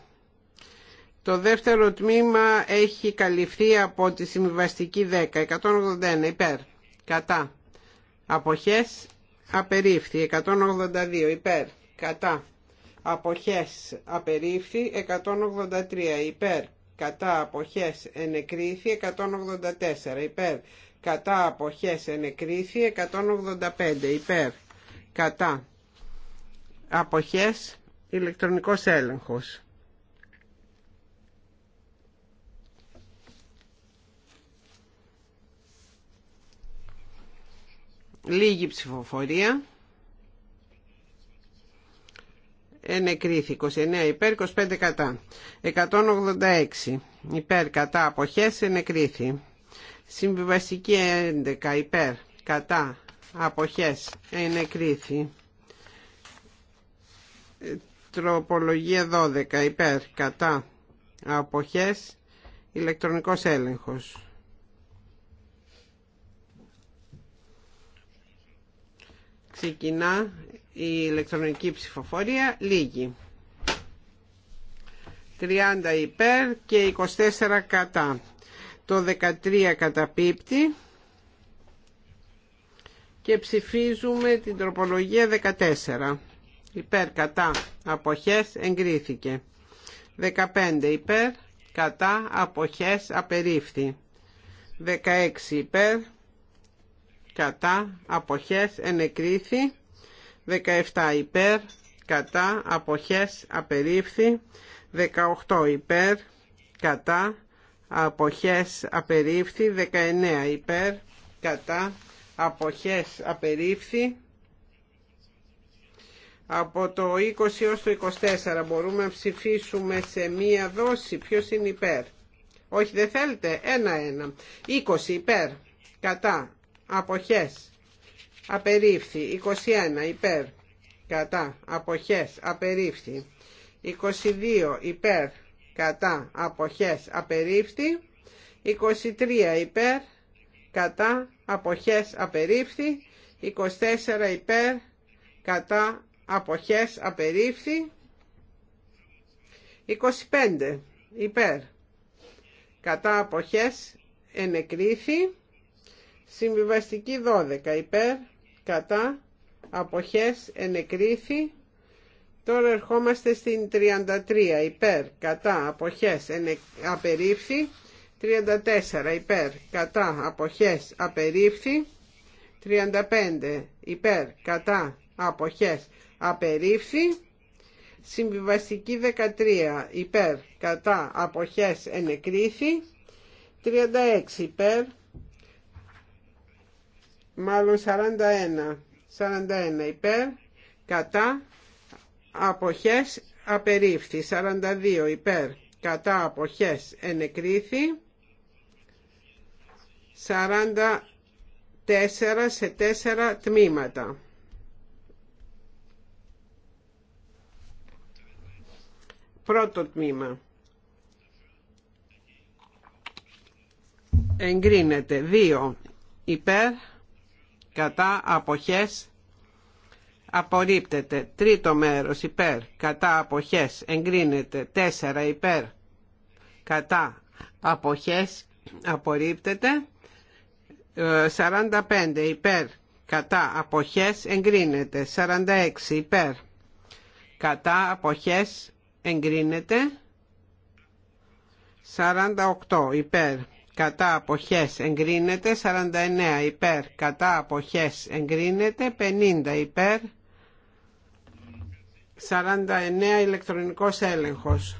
Το δεύτερο τμήμα έχει καλυφθεί από τη συμβιβαστική 10. 181 υπέρ. Κατά. Αποχές απερίφθη 182 υπέρ κατά αποχές απερίφθη 183 υπέρ κατά αποχές ενεκρίθη 184 υπέρ κατά αποχές ενεκρίθη 185 υπέρ κατά αποχές ηλεκτρονικός έλεγχος Λίγη ψηφοφορία. Ενεκρίθη 29 υπέρ, 25 κατά. 186 υπέρ, κατά, αποχές, ενεκρίθη. Συμβιβαστική 11 υπέρ, κατά, αποχές, ενεκρίθη. Τροπολογία 12 υπέρ, κατά, αποχές, ηλεκτρονικός έλεγχος. Ξεκινά η ηλεκτρονική ψηφοφορία. Λίγη. 30 υπέρ και 24 κατά. Το 13 καταπίπτει και ψηφίζουμε την τροπολογία 14. Υπέρ κατά αποχές εγκρίθηκε. 15 υπέρ κατά αποχές απερίφθη. 16 υπέρ κατά αποχές ενεκρίθη 17 υπέρ κατά αποχές απερίφθη 18 υπέρ κατά αποχές απερίφθη 19 υπέρ κατά αποχές απερίφθη από το 20 έως το 24 μπορούμε να ψηφίσουμε σε μία δόση ποιος είναι υπέρ όχι δεν θέλετε ένα ένα 20 υπέρ κατά αποχές απερίφθη 21 υπέρ κατά αποχές απερίφθη 22 υπέρ κατά αποχές απερίφθη 23 υπέρ κατά αποχές απερίφθη 24 υπέρ κατά αποχές απερίφθη 25 υπέρ κατά αποχές ενεκρίθη Συμβιβαστική 12 υπέρ, κατά, αποχές, ενεκρίθη. Τώρα ερχόμαστε στην 33 υπέρ, κατά, αποχές, ενε, απερίφθη. 34 υπέρ, κατά, αποχές, απερίφθη. 35 υπέρ, κατά, αποχές, απερίφθη. Συμβιβαστική 13 υπέρ, κατά, αποχές, ενεκρίθη. 36 υπέρ, μάλλον 41 41 υπέρ κατά αποχές απερίφθη 42 υπέρ κατά αποχές ενεκρίθη 44 σε 4 τμήματα πρώτο τμήμα εγκρίνεται 2 υπέρ κατά αποχές απορρίπτεται. Τρίτο μέρος υπέρ κατά αποχές εγκρίνεται. Τέσσερα υπέρ κατά αποχές απορρίπτεται. 45 υπέρ κατά αποχές εγκρίνεται. 46 υπέρ κατά αποχές εγκρίνεται. 48 υπέρ κατά αποχές εγκρίνεται 49 υπέρ κατά αποχές εγκρίνεται 50 υπέρ 49 ηλεκτρονικός έλεγχος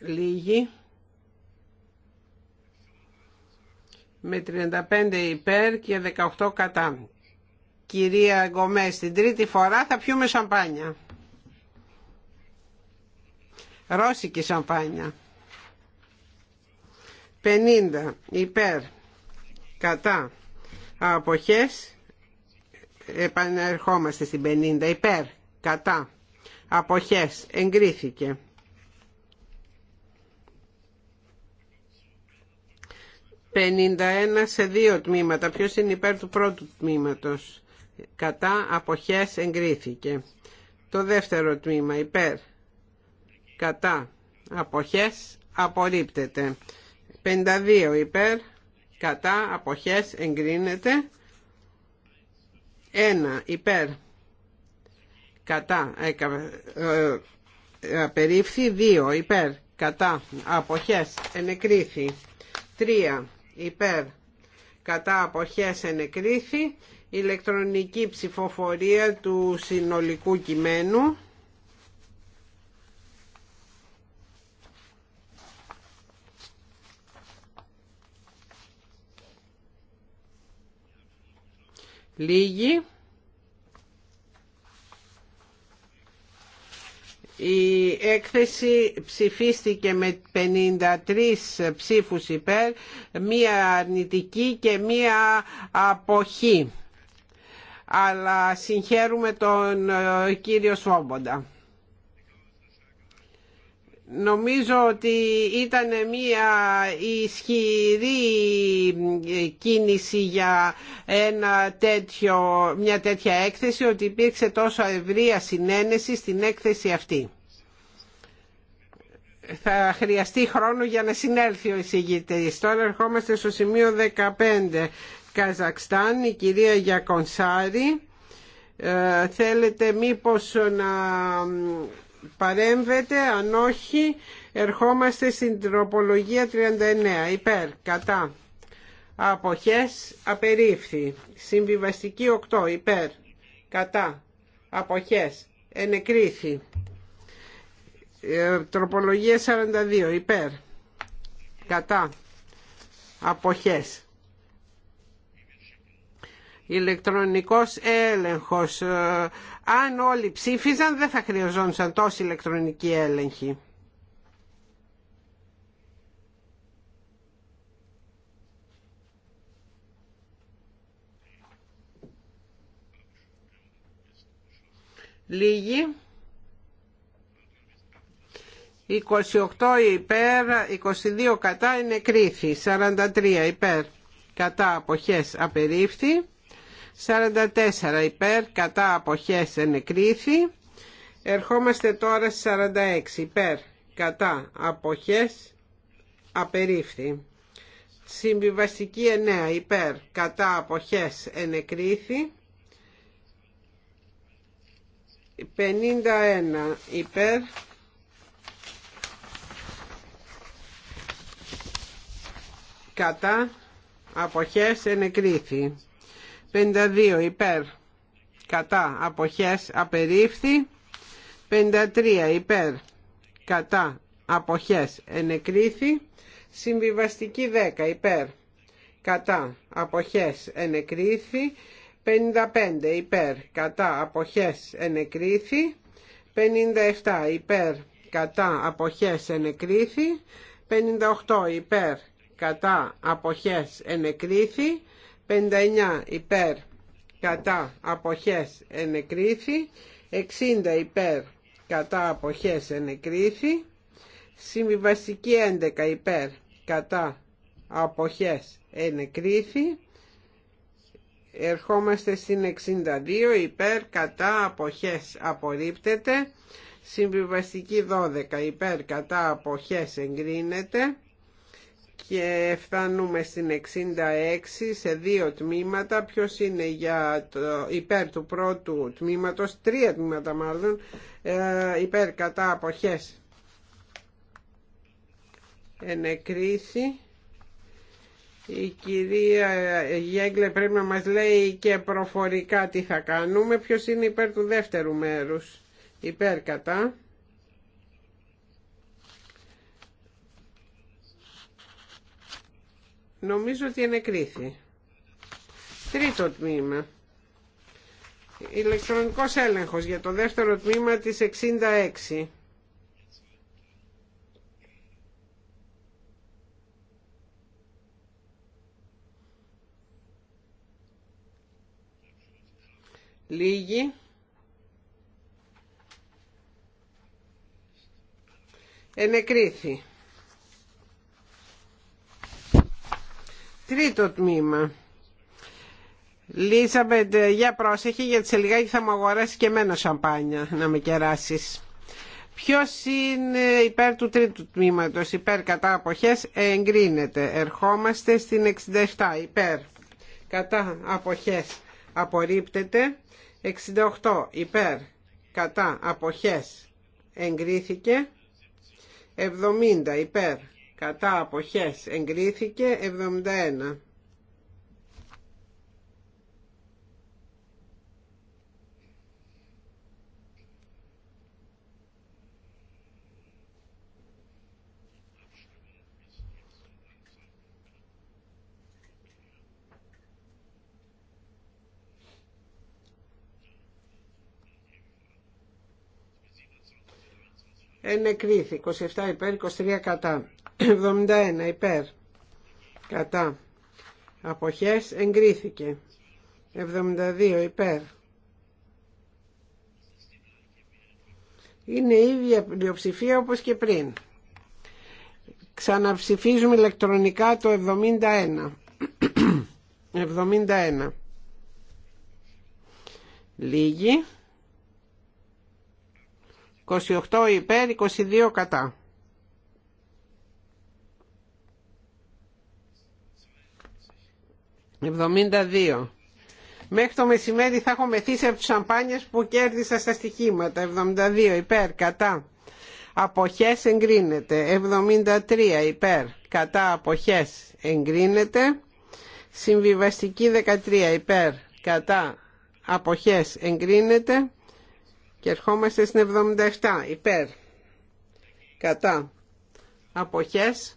λίγη με 35 υπέρ και 18 κατά κυρία Γκομές, την τρίτη φορά θα πιούμε σαμπάνια. Ρώσικη σαμπάνια. 50 υπέρ κατά αποχές επανερχόμαστε στην 50 υπέρ κατά αποχές εγκρίθηκε «51 σε δύο τμήματα. Ποιος είναι υπέρ του πρώτου τμήματος» κατά αποχές εγκρίθηκε. Το δεύτερο τμήμα υπέρ κατά αποχές απορρίπτεται. 52 υπέρ κατά αποχές εγκρίνεται. 1 υπέρ κατά ε, ε, απερίφθη. 2 υπέρ κατά αποχές ενεκρίθη. 3 υπέρ κατά αποχές ενεκρίθη ηλεκτρονική ψηφοφορία του συνολικού κειμένου. Λίγοι. Η έκθεση ψηφίστηκε με 53 ψήφους υπέρ, μία αρνητική και μία αποχή αλλά συγχαίρουμε τον ε, κύριο Σόμποντα. Νομίζω ότι ήταν μια ισχυρή ε, κίνηση για ένα τέτοιο, μια τέτοια έκθεση ότι υπήρξε τόσο ευρία συνένεση στην έκθεση αυτή. Θα χρειαστεί χρόνο για να συνέλθει ο εισηγητής. Τώρα ερχόμαστε στο σημείο 15 Καζακστάν, η κυρία Γιακονσάρη. Ε, θέλετε μήπως να παρέμβετε, αν όχι ερχόμαστε στην τροπολογία 39. Υπέρ, κατά. Αποχές, απερίφθη. Συμβιβαστική 8, υπέρ, κατά. Αποχές, ενεκρίθη. Ε, τροπολογία 42, υπέρ, κατά. Αποχές, ηλεκτρονικός έλεγχος. Ε, αν όλοι ψήφιζαν δεν θα χρειαζόντουσαν τόση ηλεκτρονική έλεγχη. Λίγοι. 28 υπέρ, 22 κατά, είναι κρίθη. 43 υπέρ, κατά, αποχές, απερίφθη. 44 υπέρ κατά αποχές ενεκρίθη. Ερχόμαστε τώρα στις 46 υπέρ κατά αποχές απερίφθη. Συμβιβαστική 9 υπέρ κατά αποχές ενεκρίθη. 51 υπέρ κατά αποχές ενεκρίθη. 52 υπέρ κατά αποχές απερίφθη 53 υπέρ κατά αποχές ενεκρίθη συμβιβαστική 10 υπέρ κατά αποχές ενεκρίθη 55 υπέρ κατά αποχές ενεκρίθη 57 υπέρ κατά αποχές ενεκρίθη 58 υπέρ κατά αποχές ενεκρίθη 59 υπέρ κατά αποχές ενεκρίθη 60 υπέρ κατά αποχές ενεκρίθη συμβιβαστική 11 υπέρ κατά αποχές ενεκρίθη ερχόμαστε στην 62 υπέρ κατά αποχές απορρίπτεται συμβιβαστική 12 υπέρ κατά αποχές εγκρίνεται και φτάνουμε στην 66 σε δύο τμήματα. Ποιος είναι για το, υπέρ του πρώτου τμήματος, τρία τμήματα μάλλον, ε, υπέρ κατά αποχές. Ενεκρίθη. Η κυρία Γέγκλε πρέπει να μας λέει και προφορικά τι θα κάνουμε. Ποιος είναι υπέρ του δεύτερου μέρους. Υπέρ κατά. Νομίζω ότι ενεκρίθη. Τρίτο τμήμα. Ηλεκτρονικός έλεγχος για το δεύτερο τμήμα της 66. Λίγοι. Ενεκρίθη. Τρίτο τμήμα. Λίζαμπετ, για πρόσεχη γιατί σε λιγάκι θα μου αγοράσει και εμένα σαμπάνια να με κεράσεις. Ποιος είναι υπέρ του τρίτου τμήματος, υπέρ κατά αποχές, εγκρίνεται. Ερχόμαστε στην 67, υπέρ κατά απόχέ. απορρίπτεται. 68, υπέρ κατά απόχέ. εγκρίθηκε. 70, υπέρ κατά αποχές εγκρίθηκε 71 ενεκρίθη 27 υπέρ 23 κατά 71 υπέρ κατά αποχές εγκρίθηκε 72 υπέρ είναι η ίδια πλειοψηφία όπως και πριν ξαναψηφίζουμε ηλεκτρονικά το 71 71 λίγη 28 υπέρ, 22 κατά. «72». Μέχρι το μεσημέρι θα έχω μεθύσει από τις σαμπάνιες που κέρδισα στα στοιχήματα. 72 υπέρ, μεθυσει απο τους σαμπανιες Αποχές εγκρίνεται. 73 υπέρ, κατά. Αποχές εγκρίνεται. Συμβιβαστική 13 υπέρ, κατά. Αποχές εγκρίνεται. Και ερχόμαστε στην 77. Υπέρ. Κατά. Αποχές.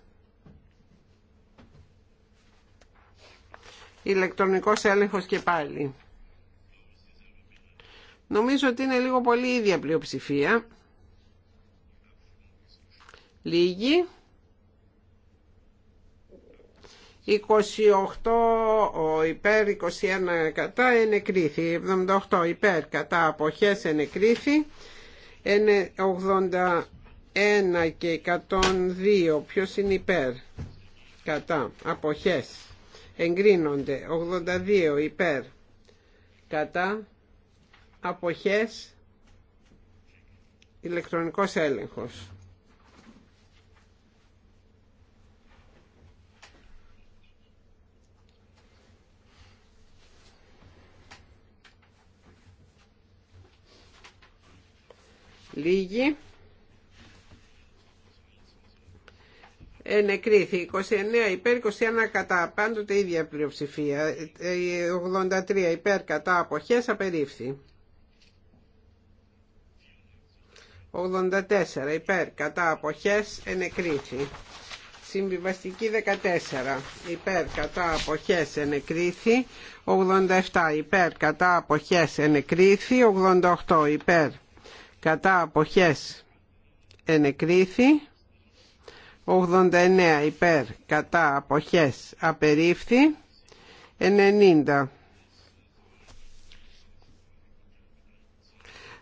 Ηλεκτρονικός έλεγχος και πάλι. Νομίζω ότι είναι λίγο πολύ ίδια πλειοψηφία. Λίγη. 28 υπέρ 21 κατά ενεκρίθη 78 υπέρ κατά αποχές ενεκρίθη 81 και 102 ποιος είναι υπέρ κατά αποχές εγκρίνονται 82 υπέρ κατά αποχές ηλεκτρονικός έλεγχος Λίγη. Ενεκρίθη 29 υπέρ, 21 κατά, πάντοτε ίδια πλειοψηφία, 83 ε, υπέρ κατά αποχές απερίφθη. 84 υπέρ κατά αποχές ενεκρίθη. Συμβιβαστική 14 υπέρ κατά αποχές ενεκρίθη. 87 υπέρ κατά αποχές ενεκρίθη. 88 υπέρ κατά αποχές ενεκρίθη 89 υπέρ κατά αποχές απερίφθη 90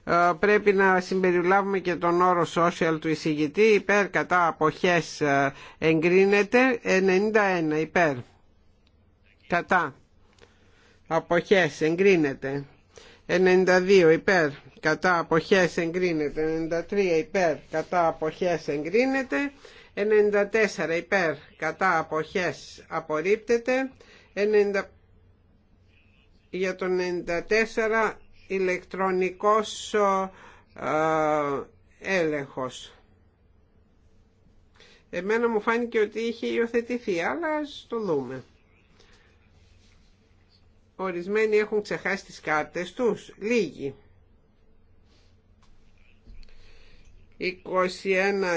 ε, πρέπει να συμπεριλάβουμε και τον όρο social του εισηγητή υπέρ κατά αποχές ε, εγκρίνεται 91 υπέρ κατά αποχές εγκρίνεται 92 υπέρ κατά αποχές εγκρίνεται 93 υπέρ κατά αποχές εγκρίνεται 94 υπέρ κατά αποχές απορρίπτεται 90... για το 94 ηλεκτρονικός έλεγχος εμένα μου φάνηκε ότι είχε υιοθετηθεί αλλά ας το δούμε ορισμένοι έχουν ξεχάσει τις κάρτες τους λίγοι 21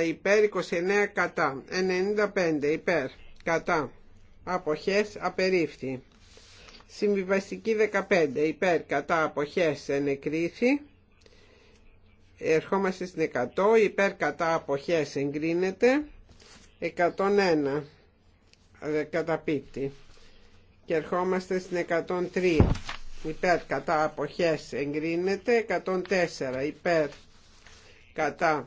υπέρ, 29 κατά, 95 υπέρ, κατά, αποχές, απερίφθη. Συμβιβαστική 15 υπέρ, κατά, αποχές, ενεκρίθη. Ερχόμαστε στην 100, υπέρ, κατά, αποχές, εγκρίνεται. 101 καταπίπτει. Και ερχόμαστε στην 103 υπέρ, κατά, αποχές, εγκρίνεται. 104 υπέρ, κατά,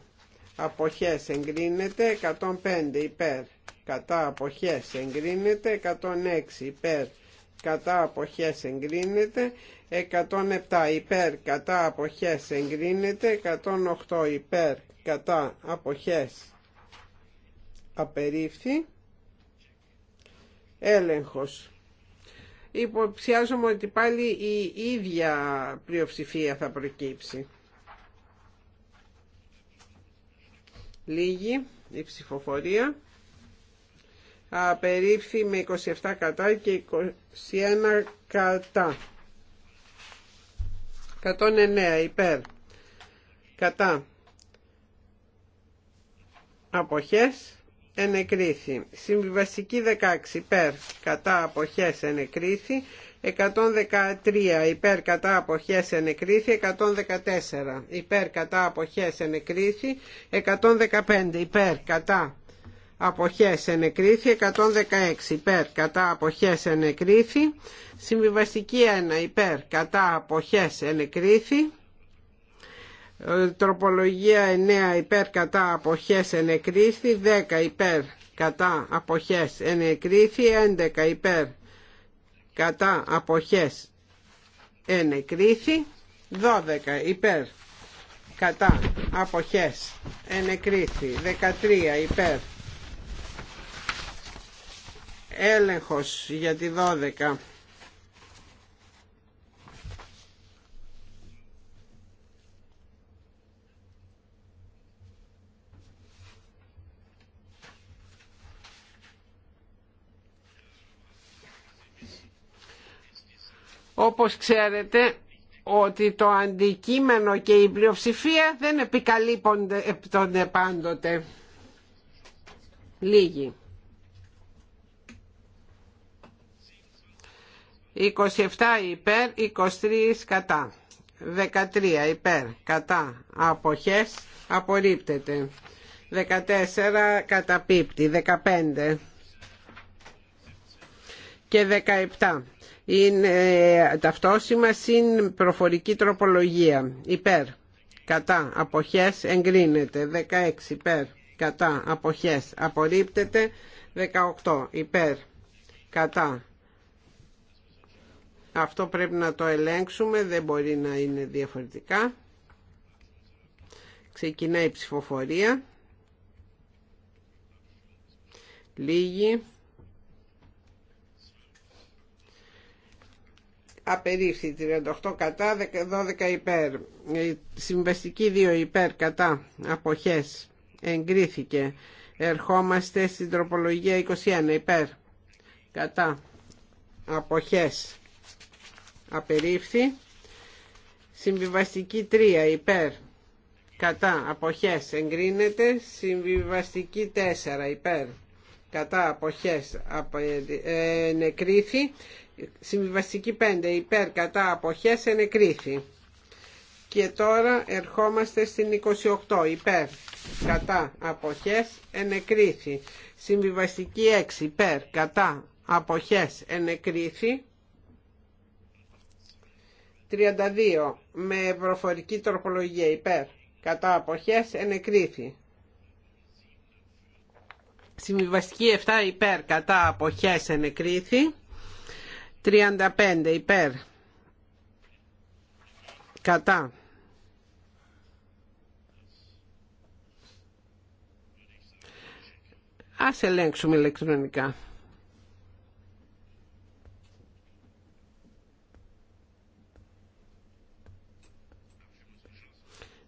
αποχές εγκρίνεται 105 υπέρ κατά αποχές εγκρίνεται 106 υπέρ κατά αποχές εγκρίνεται 107 υπέρ κατά αποχές εγκρίνεται 108 υπέρ κατά αποχές απερίφθη έλεγχος υποψιάζομαι ότι πάλι η ίδια πλειοψηφία θα προκύψει Λίγη η ψηφοφορία. Απερίφθη με 27 κατά και 21 κατά. 109 υπέρ. Κατά. Αποχές ενεκρίθη. Συμβιβαστική 16 υπέρ. Κατά αποχές ενεκρίθη. 113 υπέρ κατά αποχές ενεκρίθη 114 υπέρ κατά αποχές ενεκρίθη 115 υπέρ κατά αποχές ενεκρίθη 116 υπέρ κατά αποχές ενεκρίθη συμβιβαστική 1 υπέρ κατά αποχές ενεκρίθη ε, τροπολογία 9 υπέρ κατά αποχές ενεκρίθη 10 υπέρ κατά αποχές ενεκρίθη 11 υπέρ κατά αποχές ενεκρίθη 12 υπέρ κατά αποχές ενεκρίθη 13 υπέρ έλεγχος για τη 12 Όπως ξέρετε ότι το αντικείμενο και η πλειοψηφία δεν επικαλύπτονται πάντοτε. Λίγοι. 27 υπέρ, 23 κατά. 13 υπέρ, κατά. Αποχές απορρίπτεται. 14 καταπίπτει. 15 και 17 είναι ταυτόσημα συν προφορική τροπολογία υπέρ κατά αποχές εγκρίνεται 16 υπέρ κατά αποχές απορρίπτεται 18 υπέρ κατά αυτό πρέπει να το ελέγξουμε δεν μπορεί να είναι διαφορετικά ξεκινάει η ψηφοφορία λίγη απερίφθη 38 κατά 12 υπέρ συμβαστική 2 υπέρ κατά αποχές εγκρίθηκε ερχόμαστε στην τροπολογία 21 υπέρ κατά αποχές απερίφθη συμβιβαστική 3 υπέρ κατά αποχές εγκρίνεται συμβιβαστική 4 υπέρ κατά αποχές ε, νεκρίθη Συμβιβαστική 5 υπέρ κατά αποχές ενεκρίθη. Και τώρα ερχόμαστε στην 28 υπέρ κατά αποχές ενεκρίθη. Συμβιβαστική 6 υπέρ κατά αποχές ενεκρίθη. 32 με προφορική τροπολογία υπέρ κατά αποχές ενεκρίθη. Συμβιβαστική 7 υπέρ κατά αποχές ενεκρίθη. 35 υπέρ κατά Ας ελέγξουμε ηλεκτρονικά.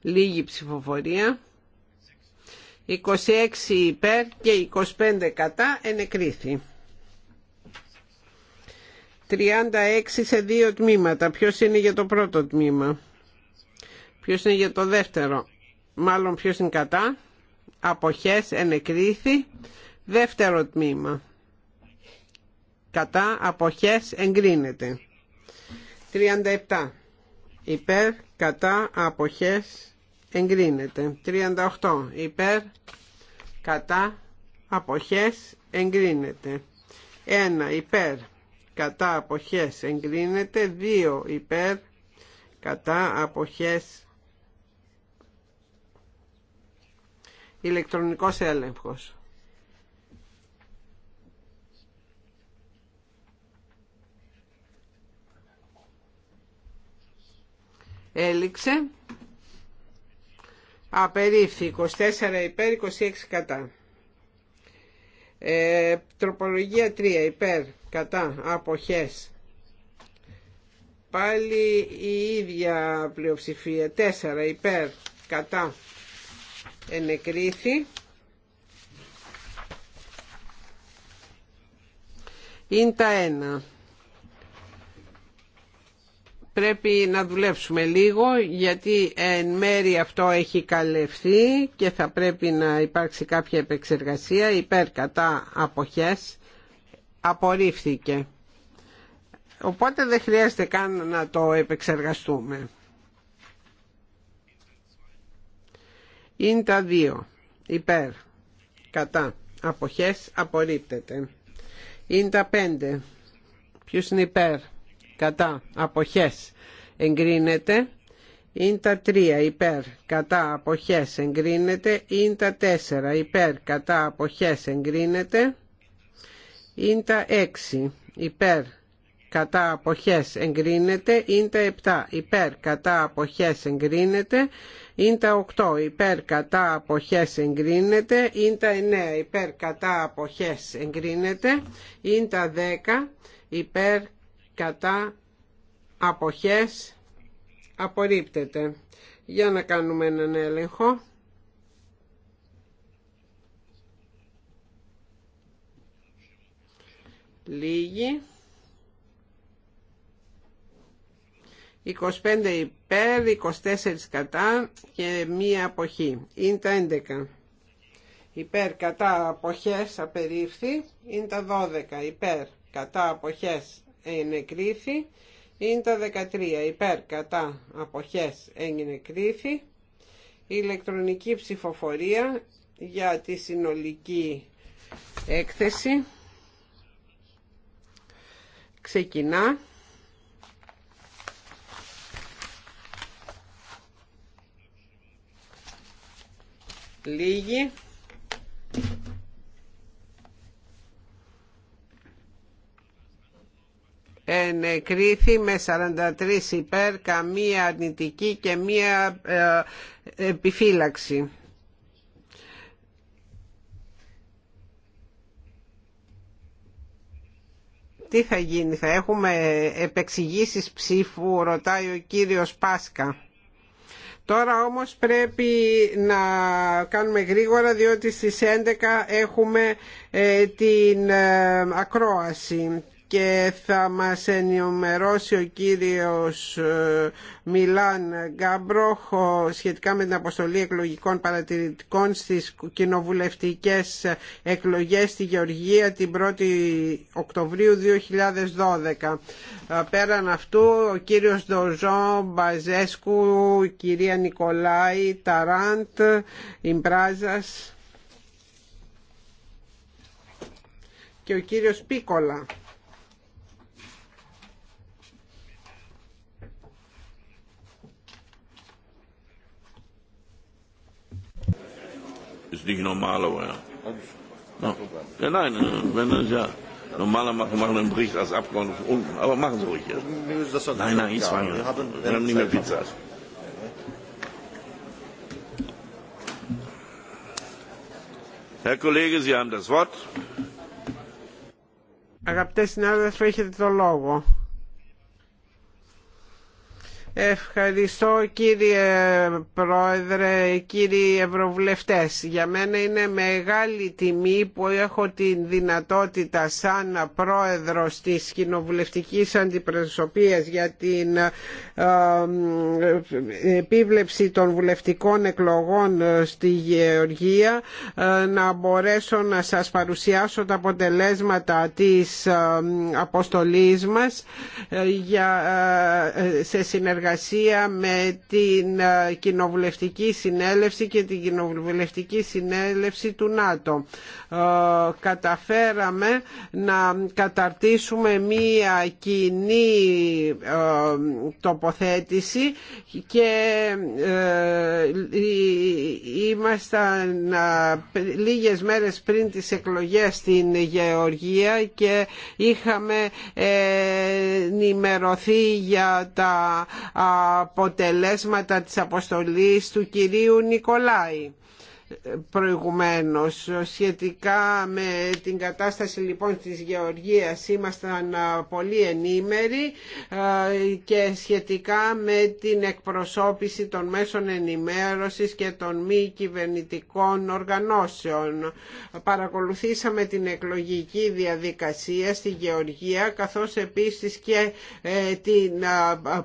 Λίγη ψηφοφορία. 26 υπέρ και 25 κατά ενεκρίθη. 36 σε δύο τμήματα. Ποιος είναι για το πρώτο τμήμα. Ποιος είναι για το δεύτερο. Μάλλον ποιος είναι κατά. Αποχές ενεκρίθη. Δεύτερο τμήμα. Κατά αποχές εγκρίνεται. 37. Υπέρ κατά αποχές εγκρίνεται. 38. Υπέρ κατά αποχές εγκρίνεται. 1. Υπέρ κατά αποχές εγκρίνεται 2 υπέρ κατά αποχές ηλεκτρονικός έλεγχος έληξε απερίφθη 24 υπέρ 26 κατά ε, τροπολογία 3 υπέρ κατά αποχές πάλι η ίδια πλειοψηφία τέσσερα. υπέρ κατά ενεκρίθη είναι τα ένα πρέπει να δουλέψουμε λίγο γιατί εν μέρη αυτό έχει καλευθεί και θα πρέπει να υπάρξει κάποια επεξεργασία υπέρ κατά αποχές απορρίφθηκε. Οπότε δεν χρειάζεται καν να το επεξεργαστούμε. Είναι τα δύο. Υπέρ. Κατά. Αποχές απορρίπτεται. Είναι τα πέντε. Ποιος είναι υπέρ. Κατά. Αποχές. Εγκρίνεται. Είναι τα τρία υπέρ κατά αποχές εγκρίνεται. Είναι τα τέσσερα υπέρ κατά αποχές εγκρίνεται. Ίντα 6 υπέρ κατά αποχές εγκρίνεται. Ίντα 7 υπέρ κατά αποχές εγκρίνεται. Ίντα 8 υπέρ κατά αποχές εγκρίνεται. Ίντα 9 υπέρ κατά αποχές εγκρίνεται. Ίντα 10 υπέρ κατά αποχές απορρίπτεται. Για να κάνουμε έναν έλεγχο. Λίγοι. 25 υπέρ, 24 κατά και μία αποχή. Είναι τα 11. Υπέρ, κατά, αποχές, απερίφθη. Είναι τα 12. Υπέρ, κατά, αποχές, κρίθη, Είναι τα 13. Υπέρ, κατά, αποχές, ενεκρίθη. Ηλεκτρονική ψηφοφορία για τη συνολική έκθεση ξεκινά. Λίγη. Ενεκρίθη με 43 υπέρ, καμία αρνητική και μία ε, επιφύλαξη. Τι θα γίνει, θα έχουμε επεξηγήσεις ψήφου, ρωτάει ο κύριος Πάσκα. Τώρα όμως πρέπει να κάνουμε γρήγορα διότι στις 11 έχουμε ε, την ε, ακρόαση και θα μας ενημερώσει ο κύριος ε, Μιλάν Γκάμπροχ σχετικά με την αποστολή εκλογικών παρατηρητικών στις κοινοβουλευτικές εκλογές στη Γεωργία την 1η Οκτωβρίου 2012. Ε, πέραν αυτού ο κύριος Ντοζό Μπαζέσκου, η κυρία Νικολάη Ταράντ, νικολαη ταραντ η μπραζας και ο κύριος Πίκολα. Ist nicht normal, aber ja. No. Ja, nein, wenn das ja. Normaler machen, machen einen Bericht als Abgeordneter von unten. Aber machen Sie ruhig jetzt. Nein, nein, ich fange. Wir haben, wir haben nicht mehr Pizza. Herr Kollege, Sie haben das Wort. Αγαπητέ συνάδελφε, έχετε το λόγο. Ευχαριστώ κύριε Πρόεδρε, κύριοι Ευρωβουλευτές. Για μένα είναι μεγάλη τιμή που έχω την δυνατότητα σαν Πρόεδρος της Κοινοβουλευτικής Αντιπροσωπείας για την επίβλεψη των βουλευτικών εκλογών ε, στη Γεωργία ε, να μπορέσω να σας παρουσιάσω τα αποτελέσματα της ε, αποστολής μας σε συνεργασία συνεργασία με την ε, Κοινοβουλευτική Συνέλευση και την Κοινοβουλευτική Συνέλευση του ΝΑΤΟ. Ε, καταφέραμε να καταρτήσουμε μία κοινή ε, τοποθέτηση και ήμασταν λίγες μέρες πριν τις εκλογές στην Γεωργία και είχαμε ενημερωθεί για τα αποτελέσματα της αποστολής του κυρίου Νικολάη προηγουμένως σχετικά με την κατάσταση λοιπόν της γεωργίας ήμασταν πολύ ενήμεροι και σχετικά με την εκπροσώπηση των μέσων ενημέρωσης και των μη κυβερνητικών οργανώσεων. Παρακολουθήσαμε την εκλογική διαδικασία στη γεωργία καθώς επίσης και ε, την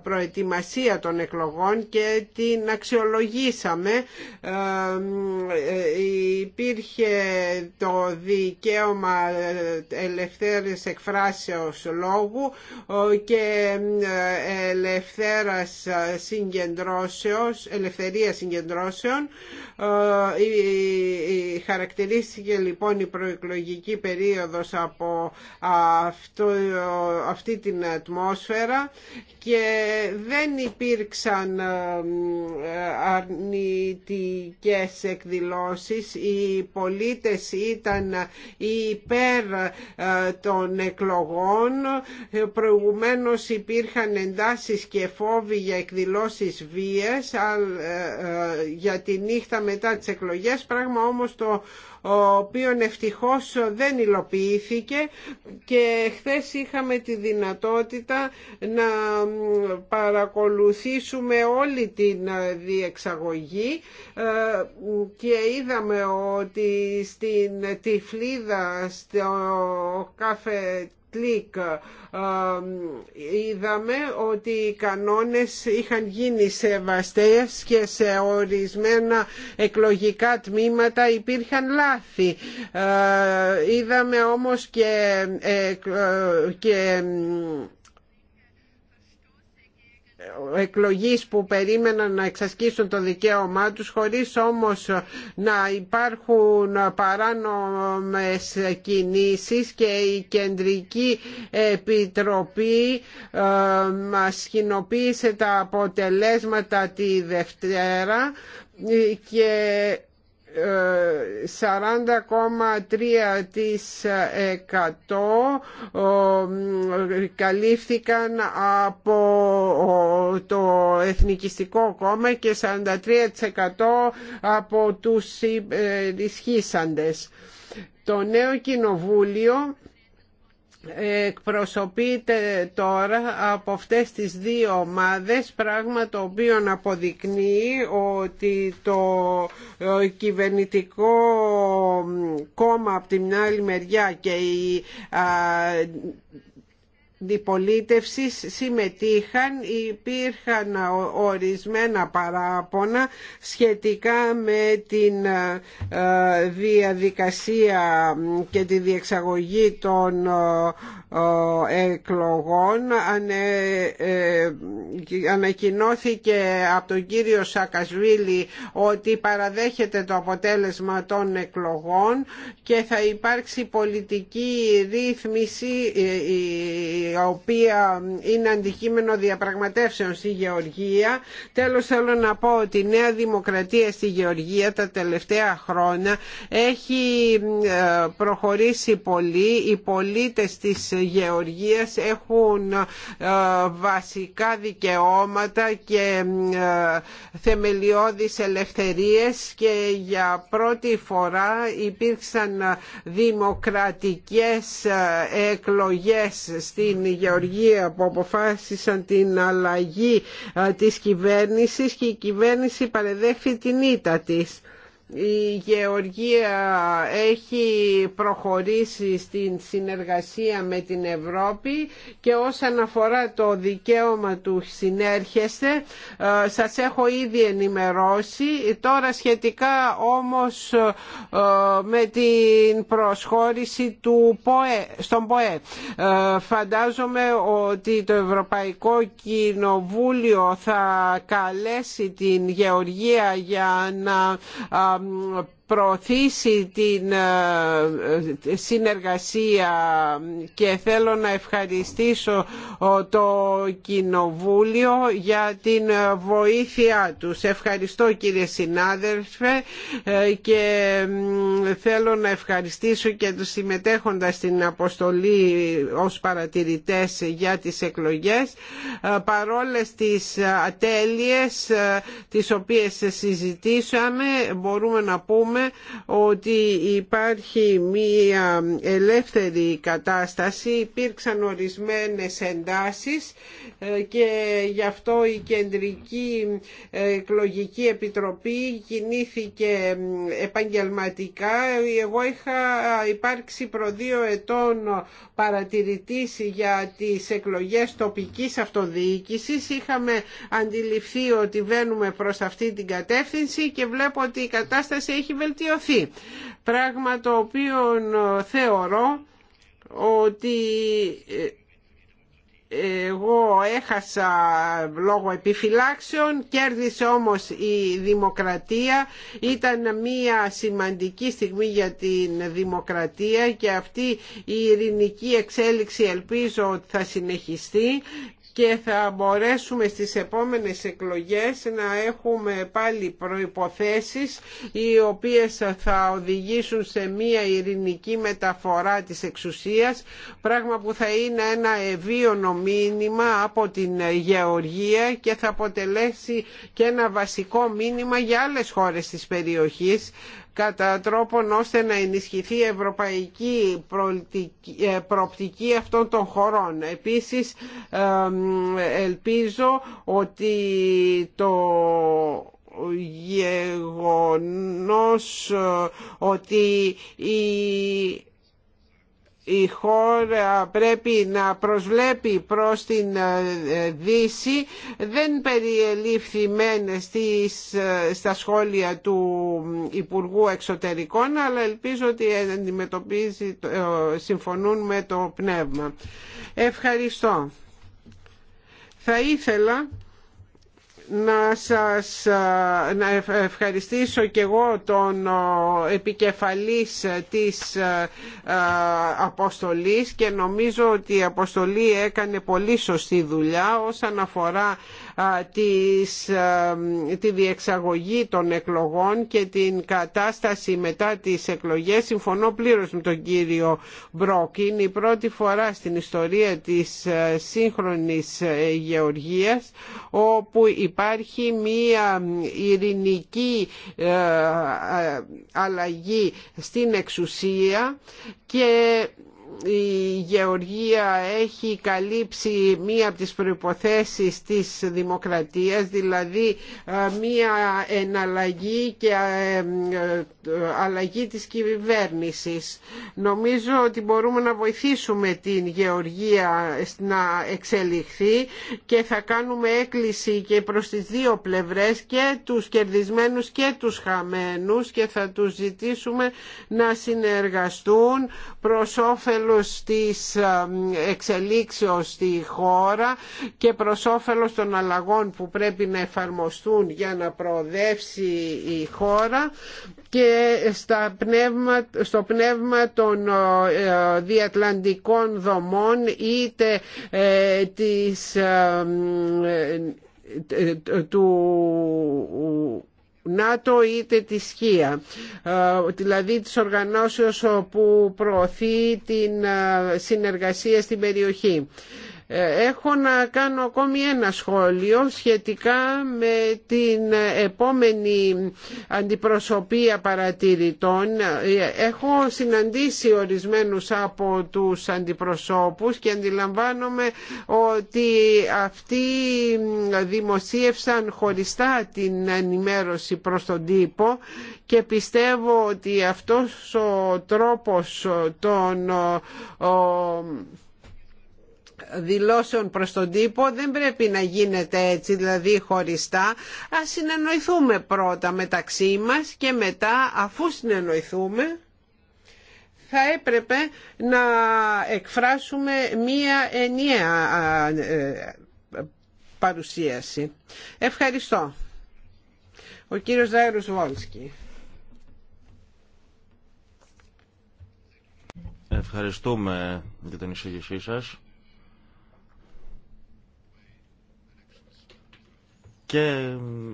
προετοιμασία των εκλογών και την αξιολογήσαμε ε, υπήρχε το δικαίωμα ε, ελευθέρης εκφράσεως λόγου και ε, ελευθέρας συγκεντρώσεως, ελευθερία συγκεντρώσεων ε, χαρακτηρίστηκε λοιπόν η προεκλογική περίοδος από αυτό, αυτή την ατμόσφαιρα και δεν υπήρξαν ε, αρνητικές εκδηλώσεις. Οι πολίτες ήταν υπέρ ε, των εκλογών. Προηγουμένως υπήρχαν εντάσεις και φόβοι για εκδηλώσεις βίας για τη νύχτα με μετά τις εκλογές, πράγμα όμως το οποίο ευτυχώς δεν υλοποιήθηκε και χθες είχαμε τη δυνατότητα να παρακολουθήσουμε όλη την διεξαγωγή ε, και είδαμε ότι στην Τυφλίδα, στο καφέ κλικ είδαμε ότι οι κανόνες είχαν γίνει σεβαστές και σε ορισμένα εκλογικά τμήματα υπήρχαν λάθη. Είδαμε όμως και, ε, και ε, εκλογής που περίμεναν να εξασκήσουν το δικαίωμά τους χωρίς όμως να υπάρχουν παράνομες κινήσεις και η Κεντρική Επιτροπή ε, μας κοινοποίησε τα αποτελέσματα τη Δευτέρα και 40,3% καλύφθηκαν από το Εθνικιστικό Κόμμα και 43% από τους ε, ισχύσαντες. Το νέο κοινοβούλιο εκπροσωπείται τώρα από αυτές τις δύο ομάδες πράγμα το οποίο αποδεικνύει ότι το ε, κυβερνητικό κόμμα από τη άλλη μεριά και η αντιπολίτευσης συμμετείχαν υπήρχαν ορισμένα παράπονα σχετικά με την ε, διαδικασία και τη διεξαγωγή των ε, ε, εκλογών ανακοινώθηκε από τον κύριο Σακασβίλη ότι παραδέχεται το αποτέλεσμα των εκλογών και θα υπάρξει πολιτική ρύθμιση οποία είναι αντικείμενο διαπραγματεύσεων στη Γεωργία. Τέλος θέλω να πω ότι η Νέα Δημοκρατία στη Γεωργία τα τελευταία χρόνια έχει ε, προχωρήσει πολύ. Οι πολίτες της Γεωργίας έχουν ε, βασικά δικαιώματα και ε, θεμελιώδεις ελευθερίες και για πρώτη φορά υπήρξαν δημοκρατικές εκλογές στην η Γεωργία που αποφάσισαν την αλλαγή ε, της κυβέρνησης και η κυβέρνηση παρεδέχθη την ήττα της η Γεωργία έχει προχωρήσει στην συνεργασία με την Ευρώπη και όσον αφορά το δικαίωμα του συνέρχεστε ε, σας έχω ήδη ενημερώσει τώρα σχετικά όμως ε, με την προσχώρηση του ΠΟΕ, στον ΠΟΕ ε, φαντάζομαι ότι το Ευρωπαϊκό Κοινοβούλιο θα καλέσει την Γεωργία για να από προωθήσει την ε, ε, συνεργασία και θέλω να ευχαριστήσω το Κοινοβούλιο για την βοήθειά τους. Ευχαριστώ κύριε συνάδελφε ε, και θέλω να ευχαριστήσω και τους συμμετέχοντας στην αποστολή ως παρατηρητές για τις εκλογές παρόλες τις ατέλειες τις οποίες συζητήσαμε μπορούμε να πούμε ότι υπάρχει μία ελεύθερη κατάσταση, υπήρξαν ορισμένες εντάσεις ε, και γι' αυτό η Κεντρική Εκλογική Επιτροπή κινήθηκε επαγγελματικά. Εγώ είχα υπάρξει προ δύο ετών παρατηρητής για τις εκλογές τοπικής αυτοδιοίκησης. Είχαμε αντιληφθεί ότι βαίνουμε προς αυτή την κατεύθυνση και βλέπω ότι η κατάσταση έχει βελτιωθεί βελτιωθεί. Πράγμα το οποίο ε, θεωρώ ότι ε, εγώ έχασα λόγω επιφυλάξεων, κέρδισε όμως η δημοκρατία, ήταν μια σημαντική στιγμή για την δημοκρατία και αυτή η ειρηνική εξέλιξη ελπίζω ότι θα συνεχιστεί και θα μπορέσουμε στις επόμενες εκλογές να έχουμε πάλι προϋποθέσεις οι οποίες θα οδηγήσουν σε μία ειρηνική μεταφορά της εξουσίας πράγμα που θα είναι ένα ευίωνο μήνυμα από την Γεωργία και θα αποτελέσει και ένα βασικό μήνυμα για άλλες χώρες της περιοχής κατά τρόπον ώστε να ενισχυθεί η ευρωπαϊκή ε, προοπτική αυτών των χωρών. Επίσης ελπίζω ότι το γεγονός ότι η χώρα πρέπει να προσβλέπει προς την ε, ε, Δύση δεν περιελήφθημένες ε, στα σχόλια του Υπουργού Εξωτερικών αλλά ελπίζω ότι αντιμετωπίζει, συμφωνούν με το πνεύμα. Ευχαριστώ. Θα ήθελα να σας να ευχαριστήσω και εγώ τον επικεφαλής της αποστολής και νομίζω ότι η αποστολή έκανε πολύ σωστή δουλειά όσον αφορά τη διεξαγωγή των εκλογών και την κατάσταση μετά τις εκλογές συμφωνώ πλήρως με τον κύριο Μπρόκ η πρώτη φορά στην ιστορία της σύγχρονης γεωργίας όπου υπάρχει μία ειρηνική αλλαγή στην εξουσία και η γεωργία έχει καλύψει μία από τις προϋποθέσεις της δημοκρατίας, δηλαδή ε, μία εναλλαγή και ε, ε, αλλαγή της κυβέρνησης. Νομίζω ότι μπορούμε να βοηθήσουμε την γεωργία να εξελιχθεί και θα κάνουμε έκκληση και προς τις δύο πλευρές και τους κερδισμένους και τους χαμένους και θα τους ζητήσουμε να συνεργαστούν προς όφελο όφελος της ε, εξελίξεως στη χώρα και προς όφελος των αλλαγών που πρέπει να εφαρμοστούν για να προοδεύσει η χώρα και στο πνεύμα των ε, διατλαντικών δομών είτε ε, της του ΝΑΤΟ είτε τη ΣΧΙΑ, ε, δηλαδή της οργανώσεως που προωθεί την ε, συνεργασία στην περιοχή. Ε, έχω να κάνω ακόμη ένα σχόλιο σχετικά με την επόμενη αντιπροσωπεία παρατηρητών. Ε, έχω συναντήσει ορισμένους από τους αντιπροσώπους και αντιλαμβάνομαι ότι αυτοί δημοσίευσαν χωριστά την ενημέρωση προς τον τύπο και πιστεύω ότι αυτός ο τρόπος των δηλώσεων προς τον τύπο δεν πρέπει να γίνεται έτσι δηλαδή χωριστά ας συνεννοηθούμε πρώτα μεταξύ μας και μετά αφού συνεννοηθούμε θα έπρεπε να εκφράσουμε μία ενιαία ε, παρουσίαση. Ευχαριστώ. Ο κύριος Ζάιρος Βόλσκι. Ευχαριστούμε για την εισήγησή σας. και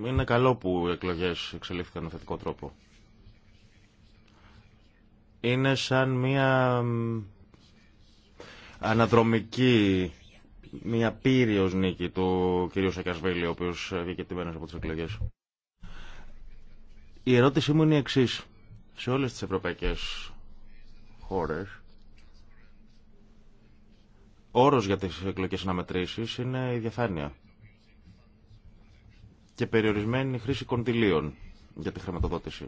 είναι καλό που οι εκλογές εξελίχθηκαν με θετικό τρόπο. Είναι σαν μια αναδρομική, μια πύριος νίκη του κυρίου Σακασβέλη, ο οποίος βγήκε από τις εκλογές. Η ερώτησή μου είναι η εξής. Σε όλες τις ευρωπαϊκές χώρες, όρος για τις εκλογικές αναμετρήσεις είναι η διαφάνεια και περιορισμένη χρήση κοντιλίων για τη χρηματοδότηση.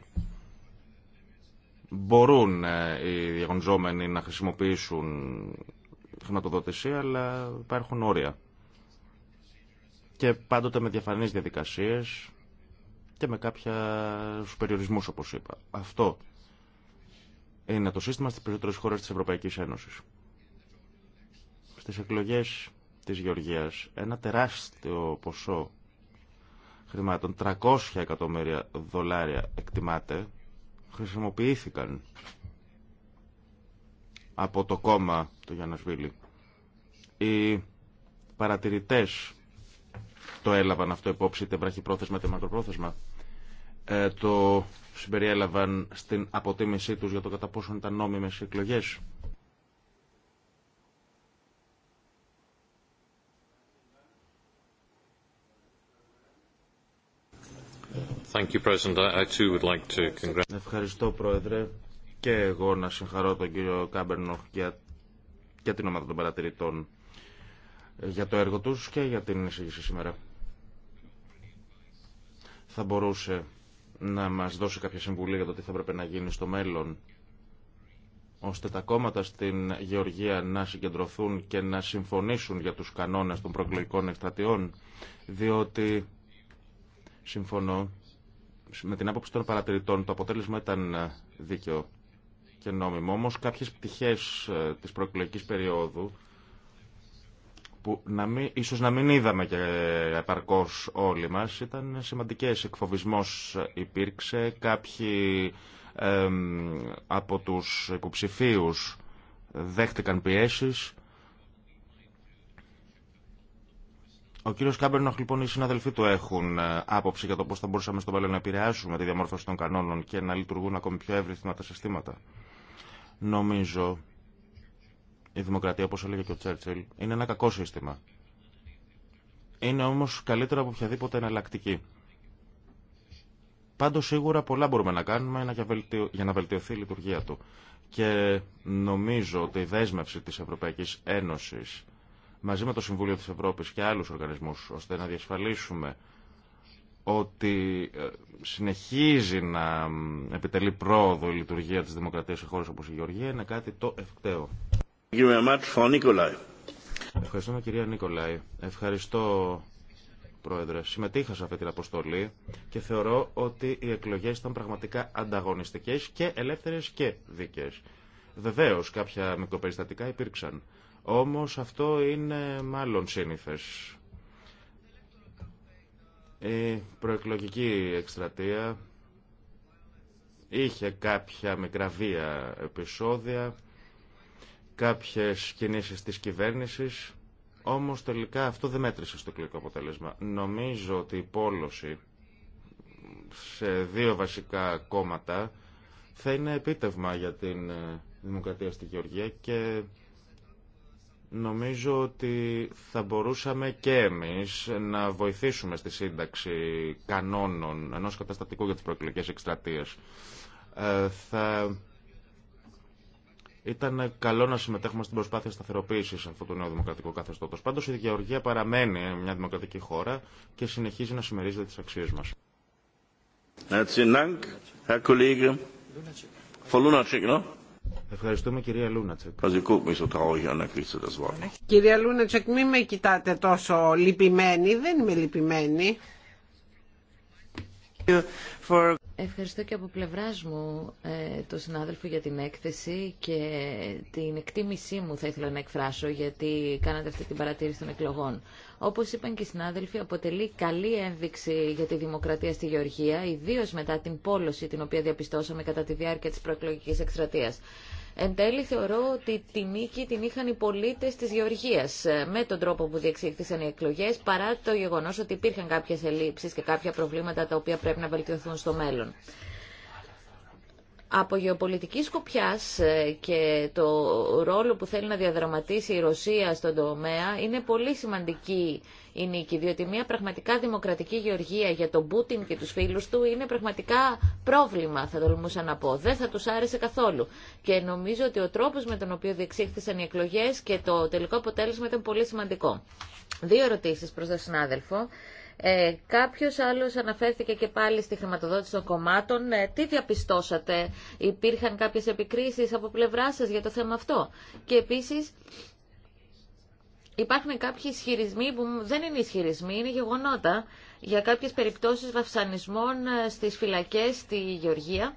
Μπορούν ε, οι διαγωνιζόμενοι να χρησιμοποιήσουν χρηματοδότηση, αλλά υπάρχουν όρια. Και πάντοτε με διαφανείς διαδικασίες και με κάποια περιορισμούς, όπως είπα. Αυτό είναι το σύστημα στις περισσότερες χώρες της Ευρωπαϊκής Ένωσης. Στις εκλογές της Γεωργίας ένα τεράστιο ποσό χρημάτων, 300 εκατομμύρια δολάρια εκτιμάται, χρησιμοποιήθηκαν από το κόμμα του Γιάννασβίλη. Οι παρατηρητές το έλαβαν αυτό υπόψη, είτε βραχυπρόθεσμα είτε μακροπρόθεσμα. Ε, το συμπεριέλαβαν στην αποτίμησή τους για το κατά πόσο ήταν νόμιμες εκλογές. Ευχαριστώ, Πρόεδρε. Και εγώ να συγχαρώ τον κύριο Κάμπερνοχ για, την ομάδα των παρατηρητών για το έργο τους και για την εισήγηση σήμερα. Θα μπορούσε να μας δώσει κάποια συμβουλή για το τι θα έπρεπε να γίνει στο μέλλον ώστε τα κόμματα στην Γεωργία να συγκεντρωθούν και να συμφωνήσουν για τους κανόνες των προεκλογικών εκστρατιών, διότι συμφωνώ με την άποψη των παρατηρητών το αποτέλεσμα ήταν ε, δίκαιο και νόμιμο, όμω, κάποιε πτυχές ε, της προεκλογική περίοδου που να μην, ίσως να μην είδαμε και επαρκώς όλοι μας ήταν σημαντικές. Εκφοβισμός ε, υπήρξε, κάποιοι από τους υποψηφίους δέχτηκαν πιέσεις Ο κύριο Κάμπερνοχ λοιπόν οι συναδελφοί του έχουν ε, άποψη για το πώ θα μπορούσαμε στο μέλλον να επηρεάσουμε τη διαμόρφωση των κανόνων και να λειτουργούν ακόμη πιο εύρυθμα τα συστήματα. Νομίζω η δημοκρατία όπω έλεγε και ο Τσέρτσιλ είναι ένα κακό σύστημα. Είναι όμω καλύτερα από οποιαδήποτε εναλλακτική. Πάντω σίγουρα πολλά μπορούμε να κάνουμε για να βελτιωθεί η λειτουργία του. Και νομίζω ότι η δέσμευση της Ευρωπαϊκή Ένωσης μαζί με το Συμβούλιο της Ευρώπης και άλλους οργανισμούς ώστε να διασφαλίσουμε ότι ε, συνεχίζει να επιτελεί πρόοδο η λειτουργία της δημοκρατίας σε χώρες όπως η Γεωργία είναι κάτι το ευκταίο. Ευχαριστούμε κυρία Νίκολαη. Ευχαριστώ Πρόεδρε. Συμμετείχα σε αυτή την αποστολή και θεωρώ ότι οι εκλογές ήταν πραγματικά ανταγωνιστικές και ελεύθερες και δίκαιες. Βεβαίως κάποια μικροπεριστατικά υπήρξαν. Όμως αυτό είναι μάλλον σύνηθες. Η προεκλογική εκστρατεία είχε κάποια μικραβία επεισόδια, κάποιες κινήσεις της κυβέρνησης, όμως τελικά αυτό δεν μέτρησε στο κλικό αποτέλεσμα. Νομίζω ότι η πόλωση σε δύο βασικά κόμματα θα είναι επίτευμα για την ε, δημοκρατία στη Γεωργία και Νομίζω ότι θα μπορούσαμε και εμείς να βοηθήσουμε στη σύνταξη κανόνων ενός καταστατικού για τις προεκλογικές εκστρατείες. Ε, θα... Ήταν καλό να συμμετέχουμε στην προσπάθεια σταθεροποίηση αυτού του νέου δημοκρατικού καθεστώτο. Πάντω η Γεωργία παραμένει μια δημοκρατική χώρα και συνεχίζει να συμμερίζεται τι αξίε μα. Ευχαριστούμε κυρία Λούνατσεκ. Κυρία Λούνατσεκ, μην με κοιτάτε τόσο λυπημένη. Δεν είμαι λυπημένη. Ευχαριστώ και από πλευράς μου ε, τον συνάδελφο για την έκθεση και την εκτίμησή μου θα ήθελα να εκφράσω γιατί κάνατε αυτή την παρατήρηση των εκλογών. Όπως είπαν και οι συνάδελφοι, αποτελεί καλή ένδειξη για τη δημοκρατία στη Γεωργία, ιδίως μετά την πόλωση την οποία διαπιστώσαμε κατά τη διάρκεια της προεκλογικής εκστρατείας. Εν τέλει θεωρώ ότι τη νίκη την είχαν οι πολίτες της Γεωργίας ε, με τον τρόπο που διεξήχθησαν οι εκλογές παρά το γεγονός ότι υπήρχαν κάποιες ελλείψεις και κάποια προβλήματα τα οποία πρέπει να βελτιωθούν στο μέλλον. Από γεωπολιτική σκοπιά ε, και το ρόλο που θέλει να διαδραματίσει η Ρωσία στον τομέα είναι πολύ σημαντική η νίκη, διότι μια πραγματικά δημοκρατική γεωργία για τον Πούτιν και τους φίλους του είναι πραγματικά πρόβλημα, θα τολμούσα να πω. Δεν θα τους άρεσε καθόλου. Και νομίζω ότι ο τρόπος με τον οποίο διεξήχθησαν οι εκλογές και το τελικό αποτέλεσμα ήταν πολύ σημαντικό. Δύο ερωτήσεις προς τον συνάδελφο. Ε, κάποιος άλλος αναφέρθηκε και πάλι στη χρηματοδότηση των κομμάτων. Ε, τι διαπιστώσατε, υπήρχαν κάποιες επικρίσεις από πλευρά σας για το θέμα αυτό. Και επίσης, υπάρχουν κάποιοι ισχυρισμοί που δεν είναι ισχυρισμοί, είναι γεγονότα για κάποιες περιπτώσεις βαφσανισμών ε, στις φυλακές στη Γεωργία.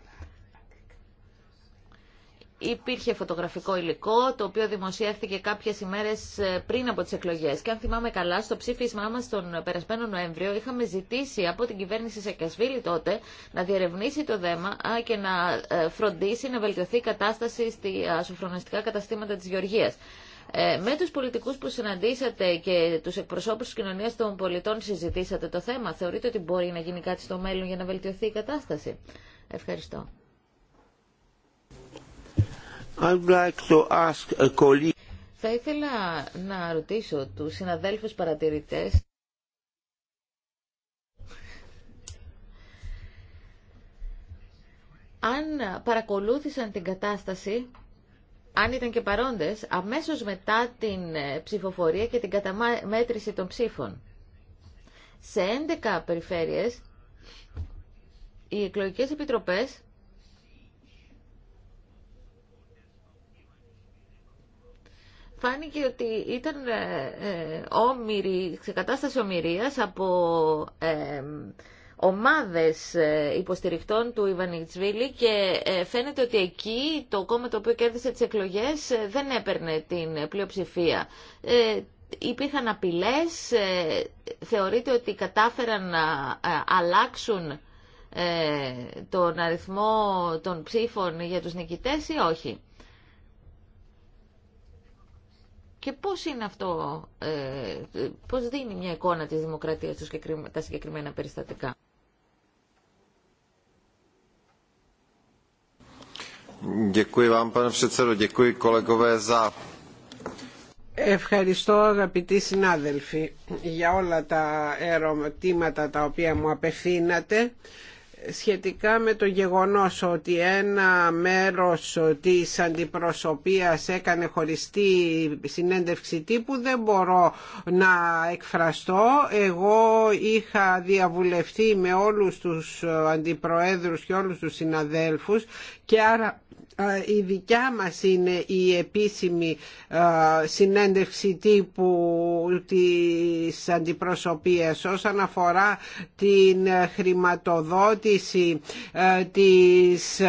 Υπήρχε φωτογραφικό υλικό, το οποίο δημοσιεύθηκε κάποιες ημέρες ε, πριν από τις εκλογές. Και αν θυμάμαι καλά, στο ψήφισμά μας τον περασμένο Νοέμβριο είχαμε ζητήσει από την κυβέρνηση Σεκασβίλη τότε να διερευνήσει το δέμα και να ε, φροντίσει να βελτιωθεί η κατάσταση στα σοφρονιστικά καταστήματα της Γεωργίας. Ε, με τους πολιτικούς που συναντήσατε και τους εκπροσώπους της κοινωνίας των πολιτών συζητήσατε το θέμα. Θεωρείτε ότι μπορεί να γίνει κάτι στο μέλλον για να βελτιωθεί η κατάσταση. Ευχαριστώ. like to ask a colleague. Θα ήθελα να ρωτήσω τους συναδέλφους παρατηρητές αν παρακολούθησαν την κατάσταση αν ήταν και παρόντες, αμέσως μετά την ε, ψηφοφορία και την καταμέτρηση των ψήφων. Σε 11 περιφέρειες, οι εκλογικές επιτροπές φάνηκε ότι ήταν ε, ε, σε κατάσταση ομοιρίας από ε, ομάδες ε, υποστηριχτών του Ιβανιτσβίλη και ε, φαίνεται ότι εκεί το κόμμα το οποίο κέρδισε τις εκλογές ε, δεν έπαιρνε την πλειοψηφία. Υπήρχαν απειλές, θεωρείται ότι κατάφεραν να αλλάξουν τον αριθμό των ψήφων για τους νικητές ή όχι. Και πώς είναι αυτό, πώς δίνει μια εικόνα της δημοκρατίας τα συγκεκριμένα περιστατικά. Děkuji vám, pane předsedo, děkuji kolegové za Ευχαριστώ αγαπητοί συνάδελφοι για όλα τα ερωτήματα τα οποία μου απευθύνατε σχετικά με το γεγονός ότι ένα μέρος της αντιπροσωπείας έκανε χωριστή συνέντευξη τύπου δεν μπορώ να εκφραστώ. Εγώ είχα διαβουλευτεί με όλους τους αντιπροέδρους και όλους τους συναδέλφους και άρα η δικιά μας είναι η επίσημη συνέντευξη τύπου της αντιπροσωπείας όσον αφορά την χρηματοδότηση της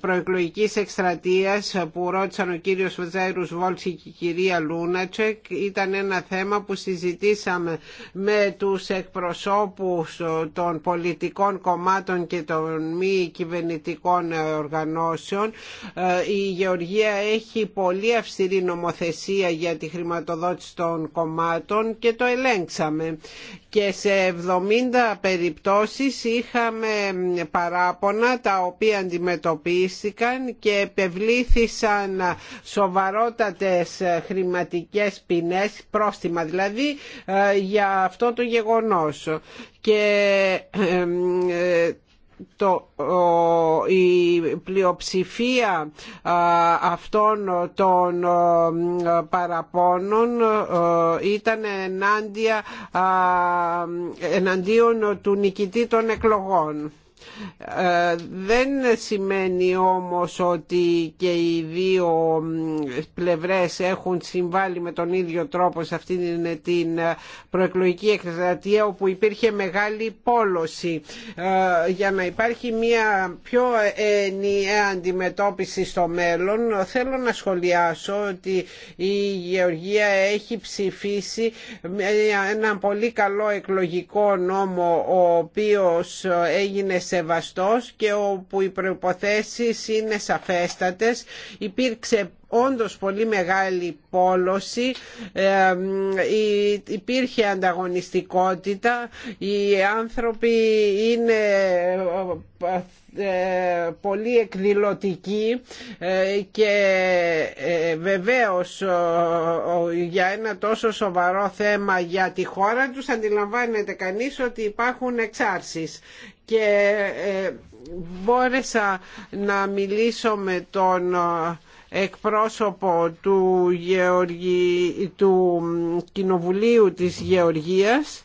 προεκλογικής εκστρατείας που ρώτησαν ο κύριος Βαζάιρους Βόλτση και η κυρία Λούνατσεκ ήταν ένα θέμα που συζητήσαμε με τους εκπροσώπους των πολιτικών κομμάτων και των μη κυβερνητικών οργανώσεων ε, η Γεωργία έχει πολύ αυστηρή νομοθεσία για τη χρηματοδότηση των κομμάτων και το ελέγξαμε. Και σε 70 περιπτώσεις είχαμε παράπονα τα οποία αντιμετωπίστηκαν και επευλήθησαν σοβαρότατες χρηματικές ποινές, πρόστιμα δηλαδή, ε, για αυτό το γεγονός. Και ε, το, η πλειοψηφία αυτών των παραπώνων ήταν ενάντια, εναντίον του νικητή των εκλογών. Ε, δεν σημαίνει όμως ότι και οι δύο πλευρές έχουν συμβάλει με τον ίδιο τρόπο σε αυτήν την προεκλογική εκστρατεία όπου υπήρχε μεγάλη πόλωση ε, για να υπάρχει μια πιο ενιαία αντιμετώπιση στο μέλλον θέλω να σχολιάσω ότι η Γεωργία έχει ψηφίσει ένα πολύ καλό εκλογικό νόμο ο οποίος έγινε σεβαστός και όπου οι προϋποθέσεις είναι σαφέστατες. Υπήρξε όντως πολύ μεγάλη πόλωση, υπήρχε ανταγωνιστικότητα, οι άνθρωποι είναι ε, πολύ εκδηλωτικοί ε, και ε, βεβαίως για ένα τόσο σοβαρό θέμα για τη χώρα τους αντιλαμβάνεται κανείς ότι υπάρχουν εξάρσεις και ε, μπόρεσα να μιλήσω με τον ε, εκπρόσωπο του, του Κοινοβουλίου της Γεωργίας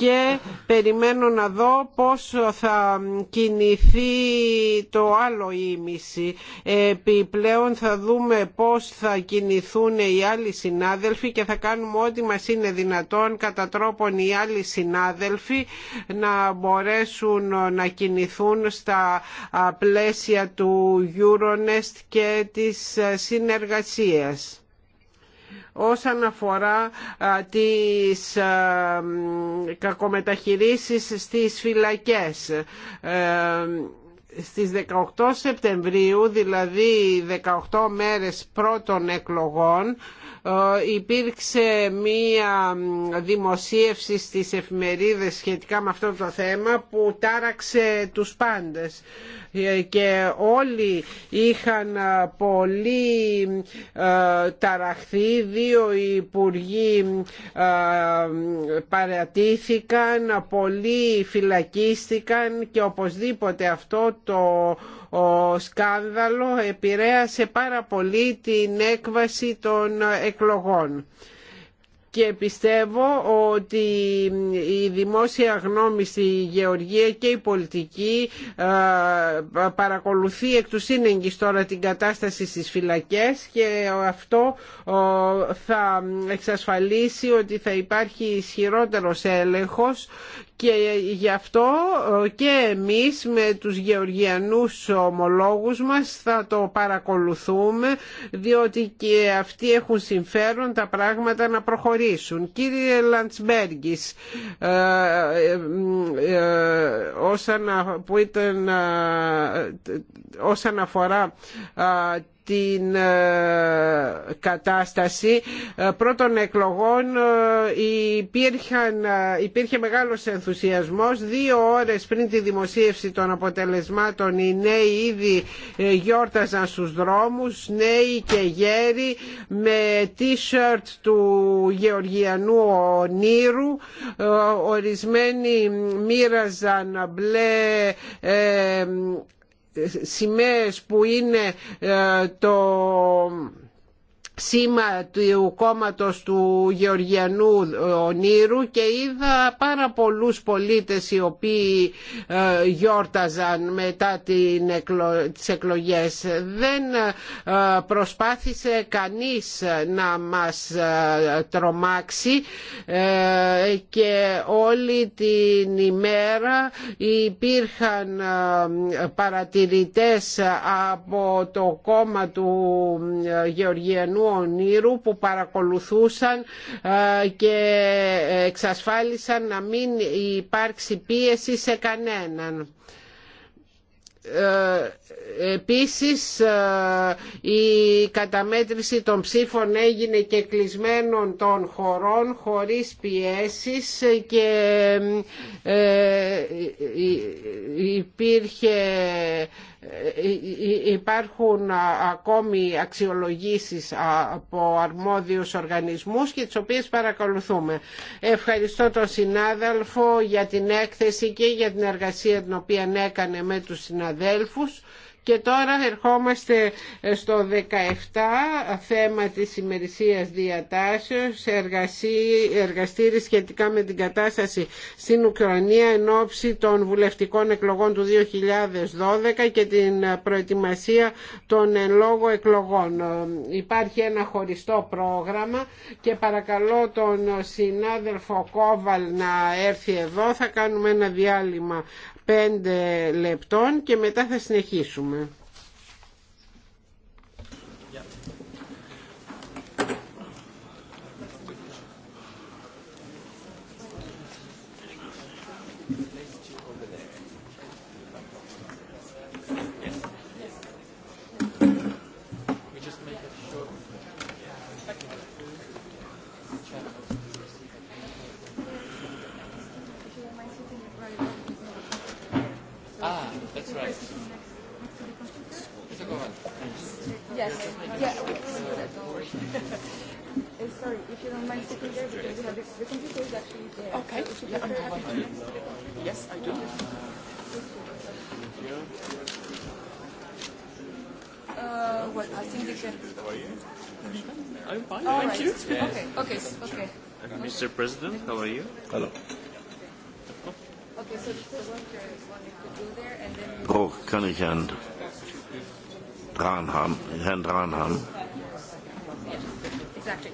και περιμένω να δω πώς θα κινηθεί το άλλο ίμιση. Επιπλέον θα δούμε πώς θα κινηθούν οι άλλοι συνάδελφοι και θα κάνουμε ό,τι μας είναι δυνατόν κατά τρόπον οι άλλοι συνάδελφοι να μπορέσουν να κινηθούν στα πλαίσια του Euronest και της συνεργασίας όσον αφορά τις κακομεταχειρήσεις στις φυλακές ε, στις 18 Σεπτεμβρίου, δηλαδή 18 μέρες πρώτων εκλογών, ε, υπήρξε μία δημοσίευση στις εφημερίδες σχετικά με αυτό το θέμα που τάραξε τους πάντες ε, και όλοι είχαν ε, πολύ ταραχθεί δύο υπουργοί παρατήθηκαν πολλοί φυλακίστηκαν και οπωσδήποτε αυτό το ο σκάνδαλο επηρέασε πάρα πολύ την έκβαση των εκλογών και πιστεύω ότι η δημόσια γνώμη στη Γεωργία και η πολιτική ε, παρακολουθεί εκ του σύνεγγυς τώρα την κατάσταση στις φυλακές και αυτό ε, θα εξασφαλίσει ότι θα υπάρχει ισχυρότερος έλεγχος και γι' αυτό ε, και εμείς με τους γεωργιανούς ομολόγους μας θα το παρακολουθούμε διότι και αυτοί έχουν συμφέρον τα πράγματα να προχωρήσουν. Κύριε Λαντσμπέργκης ε, ε, ε που όσον αφορά την ε, κατάσταση ε, πρώτων εκλογών ε, υπήρχαν, υπήρχε μεγάλος ενθουσιασμός δύο ώρες πριν τη δημοσίευση των αποτελεσμάτων οι νέοι ήδη γιόρταζαν στους δρόμους νέοι και γέροι με t-shirt του Γεωργιανού Ονείρου ορισμένοι μοίραζαν μπλε σημαίες που είναι ε, το σήμα του κόμματος του Γεωργιανού Ονείρου και είδα πάρα πολλούς πολίτες οι οποίοι ε, γιόρταζαν μετά τις εκλογές. Δεν ε, προσπάθησε κανείς να μας ε, τρομάξει και όλη την ημέρα υπήρχαν παρατηρητές από το κόμμα του Γεωργιανού ονείρου που παρακολουθούσαν και εξασφάλισαν να μην υπάρξει πίεση σε κανέναν ε, επίσης ε, η καταμέτρηση των ψήφων έγινε και κλεισμένων των χωρών χωρίς πιέσεις και ε, υπήρχε ε, ε, ε, υπάρχουν ακόμη αξιολογήσεις από αρμόδιους οργανισμούς και τις οποίες παρακολουθούμε. Ευχαριστώ τον συνάδελφο για την έκθεση και για την εργασία την οποία έκανε με τους συναδέλφους και τώρα ερχόμαστε στο 17 θέμα της ημερησίας διατάσεως, εργαστήρι σχετικά με την κατάσταση στην Ουκρανία εν ώψη των βουλευτικών εκλογών του 2012 και την προετοιμασία των εν λόγω εκλογών. Υπάρχει ένα χωριστό πρόγραμμα και παρακαλώ τον συνάδελφο Κόβαλ να έρθει εδώ. Θα κάνουμε ένα διάλειμμα 5 λεπτών και μετά θα συνεχίσουμε. if you don't mind sitting there, because we have the, the computer is actually there. Okay. So if you're happy to Yes, I do. Uh, what? I think they can. I'm fine. Oh, Thank you. Okay. Okay. Okay. Mr. President, how are you? Hello. Okay, so the worker is to do there, and then. Oh, kann ich Herrn Dran haben? Herrn Dran haben? Exactly.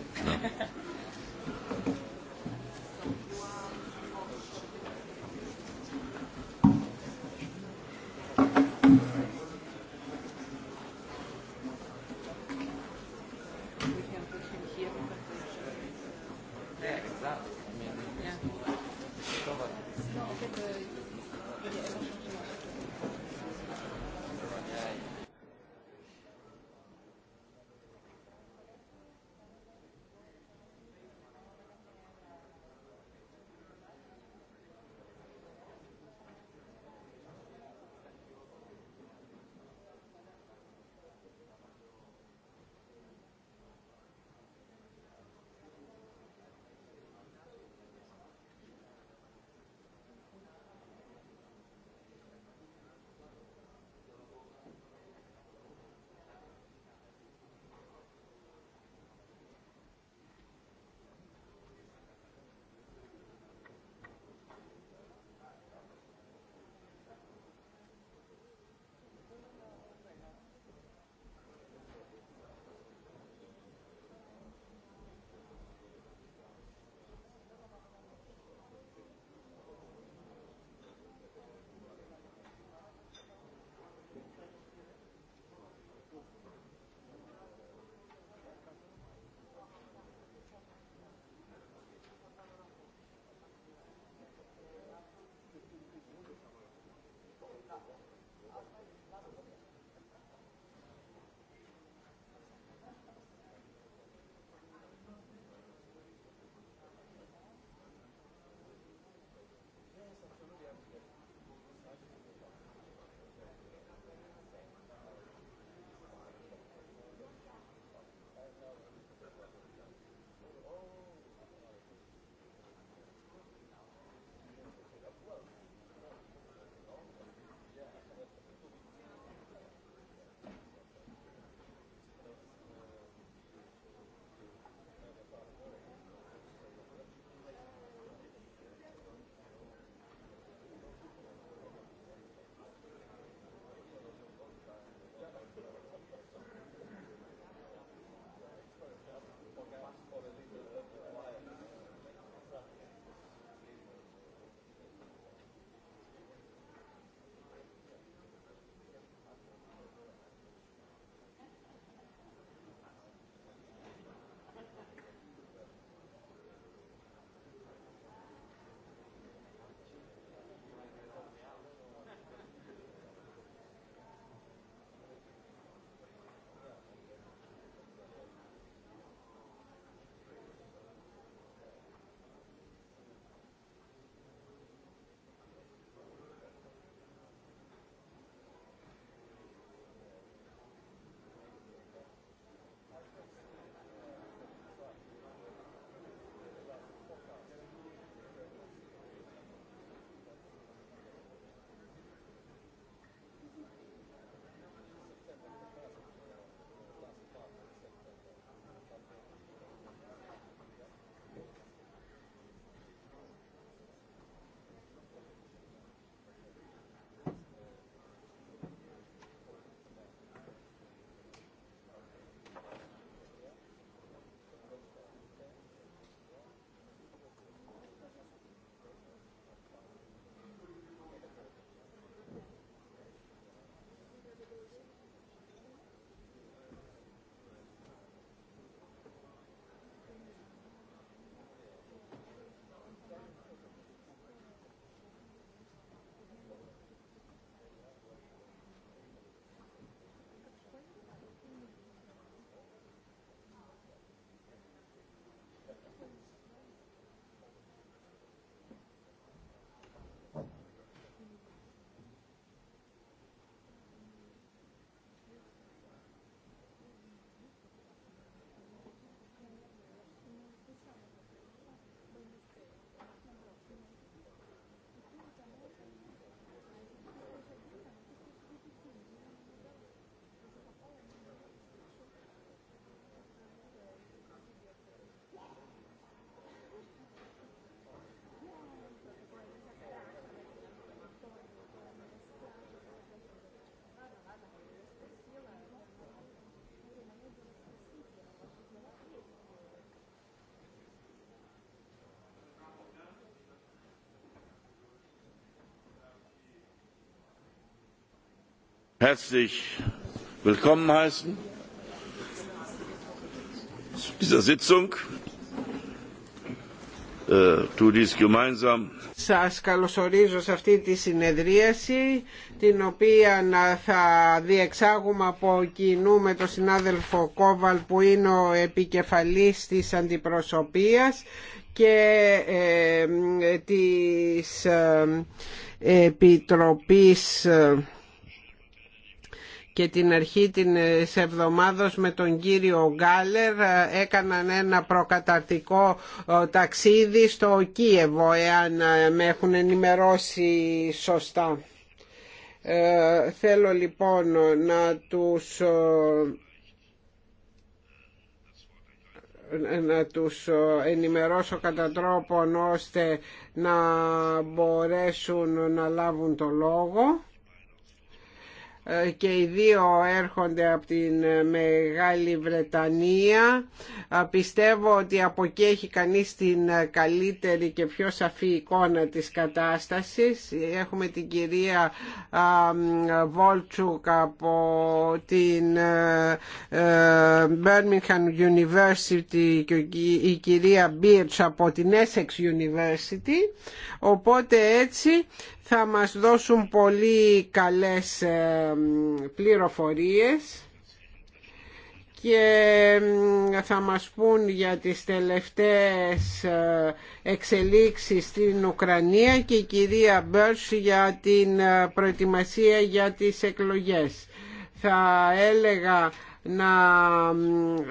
herzlich καλωσορίζω σε αυτή τη συνεδρίαση την οποία θα διεξάγουμε από κοινού με τον συνάδελφο Κόβαλ που είναι ο επικεφαλής της αντιπροσωπείας και ε, της ε, Επιτροπής ε, και την αρχή της εβδομάδος με τον κύριο Γκάλερ ε, έκαναν ένα προκαταρτικό ε, ταξίδι στο Κίεβο εάν ε, με έχουν ενημερώσει σωστά. θέλω λοιπόν να τους να τους ενημερώσω κατά τρόπον ώστε να μπορέσουν να λάβουν το λόγο και οι δύο έρχονται από την Μεγάλη Βρετανία. Πιστεύω ότι από εκεί έχει κανείς την καλύτερη και πιο σαφή εικόνα της κατάστασης. Έχουμε την κυρία Βόλτσουκ από την ε, ε, Birmingham University και η κυρία Μπίρτς από την Essex University. Οπότε έτσι θα μας δώσουν πολύ καλές ε, πληροφορίες και θα μας πούν για τις τελευταίες ε, εξελίξεις στην Ουκρανία και η κυρία Μπέρς για την ε, προετοιμασία για τις εκλογές. Θα έλεγα να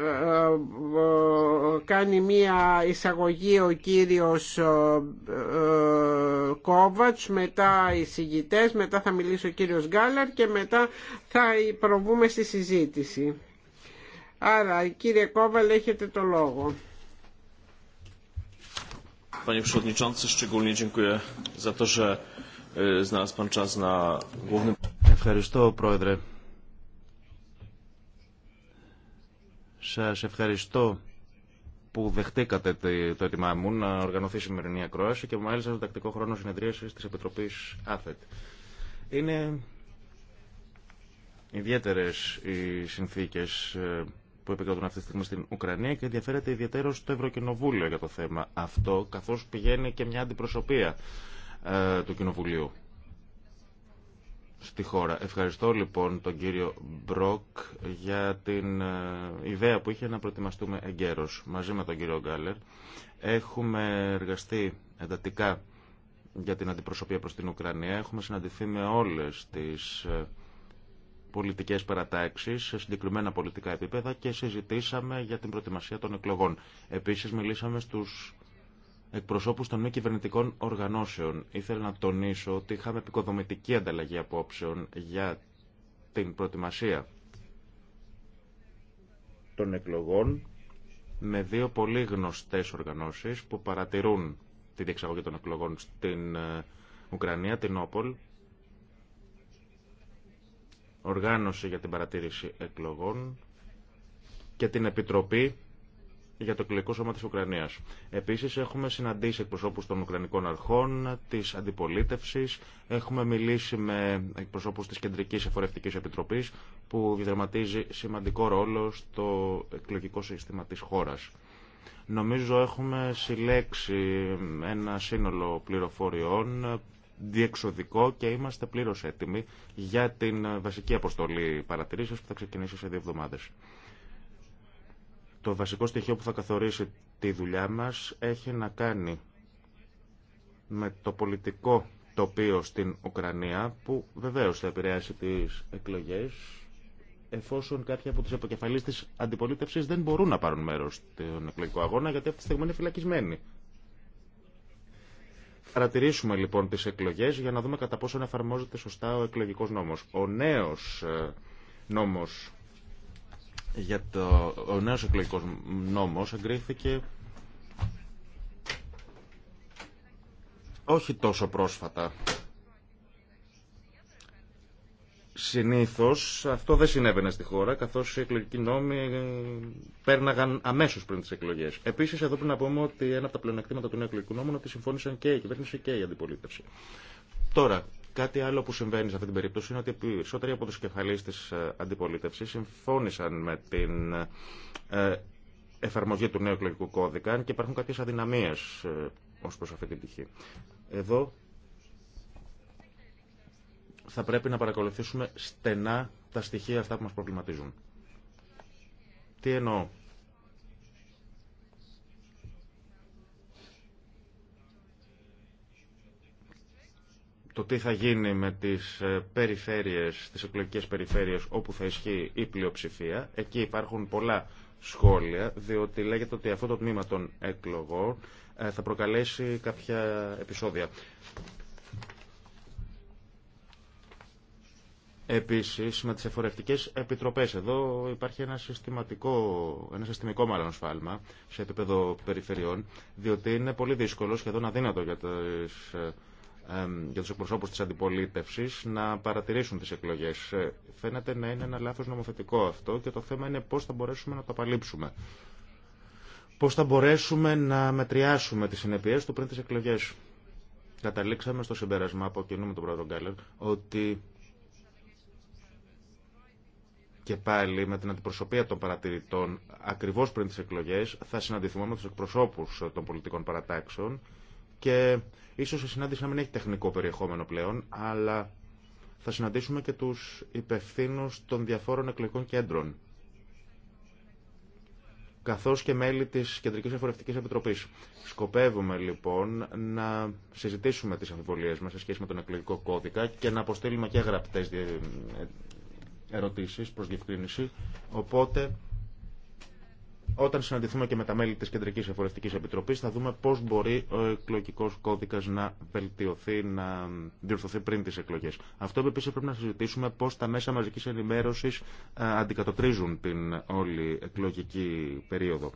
ε, ε, κάνει μία εισαγωγή ο κύριος ε, Κόβατς, μετά οι συγητές, μετά θα μιλήσει ο κύριος Γκάλαρ και μετά θα προβούμε στη συζήτηση. Άρα, κύριε Κόβαλ, έχετε το λόγο. Panie Przewodniczący, szczególnie dziękuję za to, że e, znalazł Pan czas na głównym... Ευχαριστώ, Πρόεδρε. Σας ευχαριστώ που δεχτήκατε το έτοιμά μου να οργανωθεί η σημερινή ακρόαση και μάλιστα στον τακτικό χρόνο συνεδρίασης της Επιτροπής ΑΦΕΤ. Είναι ιδιαίτερες οι συνθήκες ε, που επικρατούν αυτή τη στιγμή στην Ουκρανία και ενδιαφέρεται ιδιαίτερο στο Ευρωκοινοβούλιο για το θέμα αυτό, καθώς πηγαίνει και μια αντιπροσωπεία ε, του Κοινοβουλίου στη χώρα. Ευχαριστώ λοιπόν τον κύριο Μπροκ για την ε, ιδέα που είχε να προετοιμαστούμε εγκαίρως μαζί με τον κύριο Γκάλερ. Έχουμε εργαστεί εντατικά για την αντιπροσωπεία προς την Ουκρανία. Έχουμε συναντηθεί με όλες τις ε, πολιτικές παρατάξεις σε συγκεκριμένα πολιτικά επίπεδα και συζητήσαμε για την προετοιμασία των εκλογών. Επίσης μιλήσαμε στους εκπροσώπους των μη κυβερνητικών οργανώσεων. Ήθελα να τονίσω ότι είχαμε επικοδομητική ανταλλαγή απόψεων για την προετοιμασία των εκλογών με δύο πολύ γνωστές οργανώσεις που παρατηρούν τη διεξαγωγή των εκλογών στην ε, Ουκρανία, την Όπολ, οργάνωση για την παρατήρηση εκλογών και την Επιτροπή για το εκλογικό σώμα της Ουκρανίας. Επίσης έχουμε συναντήσει εκπροσώπους των Ουκρανικών Αρχών, της Αντιπολίτευσης, έχουμε μιλήσει με εκπροσώπους της Κεντρικής Εφορευτικής Επιτροπής που διδραματίζει σημαντικό ρόλο στο εκλογικό σύστημα της χώρας. Νομίζω έχουμε συλλέξει ένα σύνολο πληροφοριών διεξοδικό και είμαστε πλήρως έτοιμοι για την βασική αποστολή παρατηρήσεως που θα ξεκινήσει σε δύο εβδομάδες. Το βασικό στοιχείο που θα καθορίσει τη δουλειά μας έχει να κάνει με το πολιτικό τοπίο στην Ουκρανία που βεβαίως θα επηρεάσει τις εκλογές εφόσον κάποιοι από τους επικεφαλείς της αντιπολίτευσης δεν μπορούν να πάρουν μέρος στον εκλογικό αγώνα γιατί αυτή τη στιγμή είναι φυλακισμένοι. Παρατηρήσουμε λοιπόν τις εκλογές για να δούμε κατά πόσο εφαρμόζεται σωστά ο εκλογικός νόμος. Ο νέος ε, νόμος για το, ο νέος εκλογικός νόμος εγκρίθηκε όχι τόσο πρόσφατα. Συνήθως αυτό δεν συνέβαινε στη χώρα, καθώς οι εκλογικοί νόμοι πέρναγαν αμέσως πριν τις εκλογές. Επίσης εδώ πρέπει να πούμε ότι ένα από τα πλεονεκτήματα του νέου εκλογικού νόμου είναι ότι συμφώνησαν και η κυβέρνηση και η αντιπολίτευση. Τώρα, Κάτι άλλο που συμβαίνει σε αυτή την περίπτωση είναι ότι οι περισσότεροι από τους κεφαλείς της ε, αντιπολίτευσης συμφώνησαν με την ε, εφαρμογή του νέου εκλογικού κώδικα και υπάρχουν κάποιες αδυναμίες ε, ως προς αυτή την πτυχή. Εδώ θα πρέπει να παρακολουθήσουμε στενά τα στοιχεία αυτά που μας προβληματίζουν. Τι εννοώ. το τι θα γίνει με τις ε, περιφέρειες, τις εκλογικές περιφέρειες όπου θα ισχύει η πλειοψηφία. Εκεί υπάρχουν πολλά σχόλια, διότι λέγεται ότι αυτό το τμήμα των εκλογών ε, θα προκαλέσει κάποια επεισόδια. Επίσης, με τις εφορευτικές επιτροπές εδώ υπάρχει ένα, συστηματικό, ένα συστημικό μάλλον σφάλμα σε επίπεδο περιφερειών, διότι είναι πολύ δύσκολο, σχεδόν αδύνατο για τις ε, για τους εκπροσώπους της αντιπολίτευσης να παρατηρήσουν τις εκλογές. Ε, φαίνεται να είναι ένα λάθος νομοθετικό αυτό και το θέμα είναι πώς θα μπορέσουμε να το απαλείψουμε. Πώς θα μπορέσουμε να μετριάσουμε τις συνεπειές του πριν τις εκλογές. Καταλήξαμε στο συμπέρασμα από κοινού με τον πρόεδρο Γκάλερ ότι και πάλι με την αντιπροσωπεία των παρατηρητών ακριβώς πριν τις εκλογές θα συναντηθούμε με τους εκπροσώπους των πολιτικών παρατάξεων και Ίσως η συνάντηση να μην έχει τεχνικό περιεχόμενο πλέον, αλλά θα συναντήσουμε και τους υπευθύνου των διαφόρων εκλογικών κέντρων καθώς και μέλη της Κεντρικής Εφορευτικής Επιτροπής. Σκοπεύουμε λοιπόν να συζητήσουμε τις αμφιβολίες μας σε σχέση με τον εκλογικό κώδικα και να αποστείλουμε και γραπτές ε, ερωτήσεις προς διευκρίνηση. Οπότε όταν συναντηθούμε και με τα μέλη της Κεντρικής Εφορευτικής Επιτροπής θα δούμε πώς μπορεί ο εκλογικός κώδικας να βελτιωθεί, να διορθωθεί πριν τις εκλογές. Αυτό που επίσης πρέπει να συζητήσουμε πώς τα μέσα μαζικής ενημέρωσης ε, αντικατοπτρίζουν την όλη εκλογική περίοδο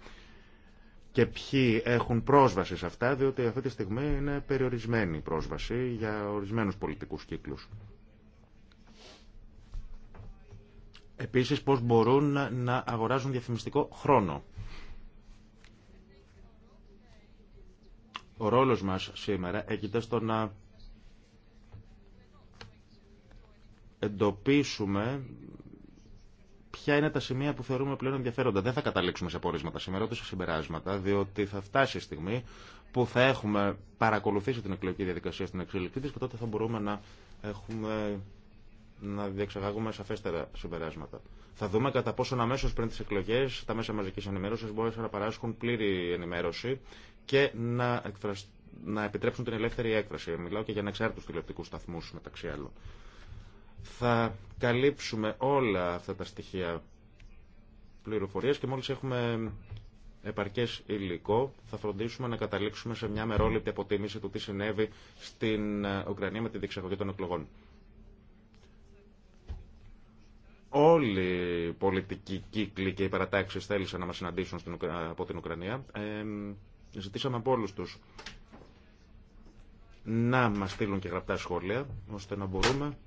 και ποιοι έχουν πρόσβαση σε αυτά, διότι αυτή τη στιγμή είναι περιορισμένη η πρόσβαση για ορισμένους πολιτικούς κύκλους. Επίσης πώς μπορούν να αγοράζουν διαφημιστικό χρόνο. Ο ρόλος μας σήμερα έγινε στο να εντοπίσουμε ποια είναι τα σημεία που θεωρούμε πλέον ενδιαφέροντα. Δεν θα καταλήξουμε σε απορίσματα σήμερα, ούτε σε συμπεράσματα, διότι θα φτάσει η στιγμή που θα έχουμε παρακολουθήσει την εκλογική διαδικασία στην εξέλιξή τη και τότε θα μπορούμε να έχουμε να διεξαγάγουμε σαφέστερα συμπεράσματα. Θα δούμε κατά πόσο αμέσω πριν τι εκλογέ τα μέσα μαζική ενημέρωση μπορέσαν να παράσχουν πλήρη ενημέρωση και να, να επιτρέψουν την ελεύθερη έκφραση. Μιλάω και για ανεξάρτητου τηλεοπτικού σταθμού μεταξύ άλλων. Θα καλύψουμε όλα αυτά τα στοιχεία πληροφορία και μόλι έχουμε επαρκέ υλικό θα φροντίσουμε να καταλήξουμε σε μια μερόληπτη αποτίμηση του τι συνέβη στην ε, Ουκρανία με τη διεξαγωγή των εκλογών. Όλοι οι πολιτικοί κύκλοι και οι παρατάξεις θέλησαν να μα συναντήσουν στην, από την Ουκρανία. Ε, ζητήσαμε από όλου τους να μας στείλουν και γραπτά σχόλια, ώστε να μπορούμε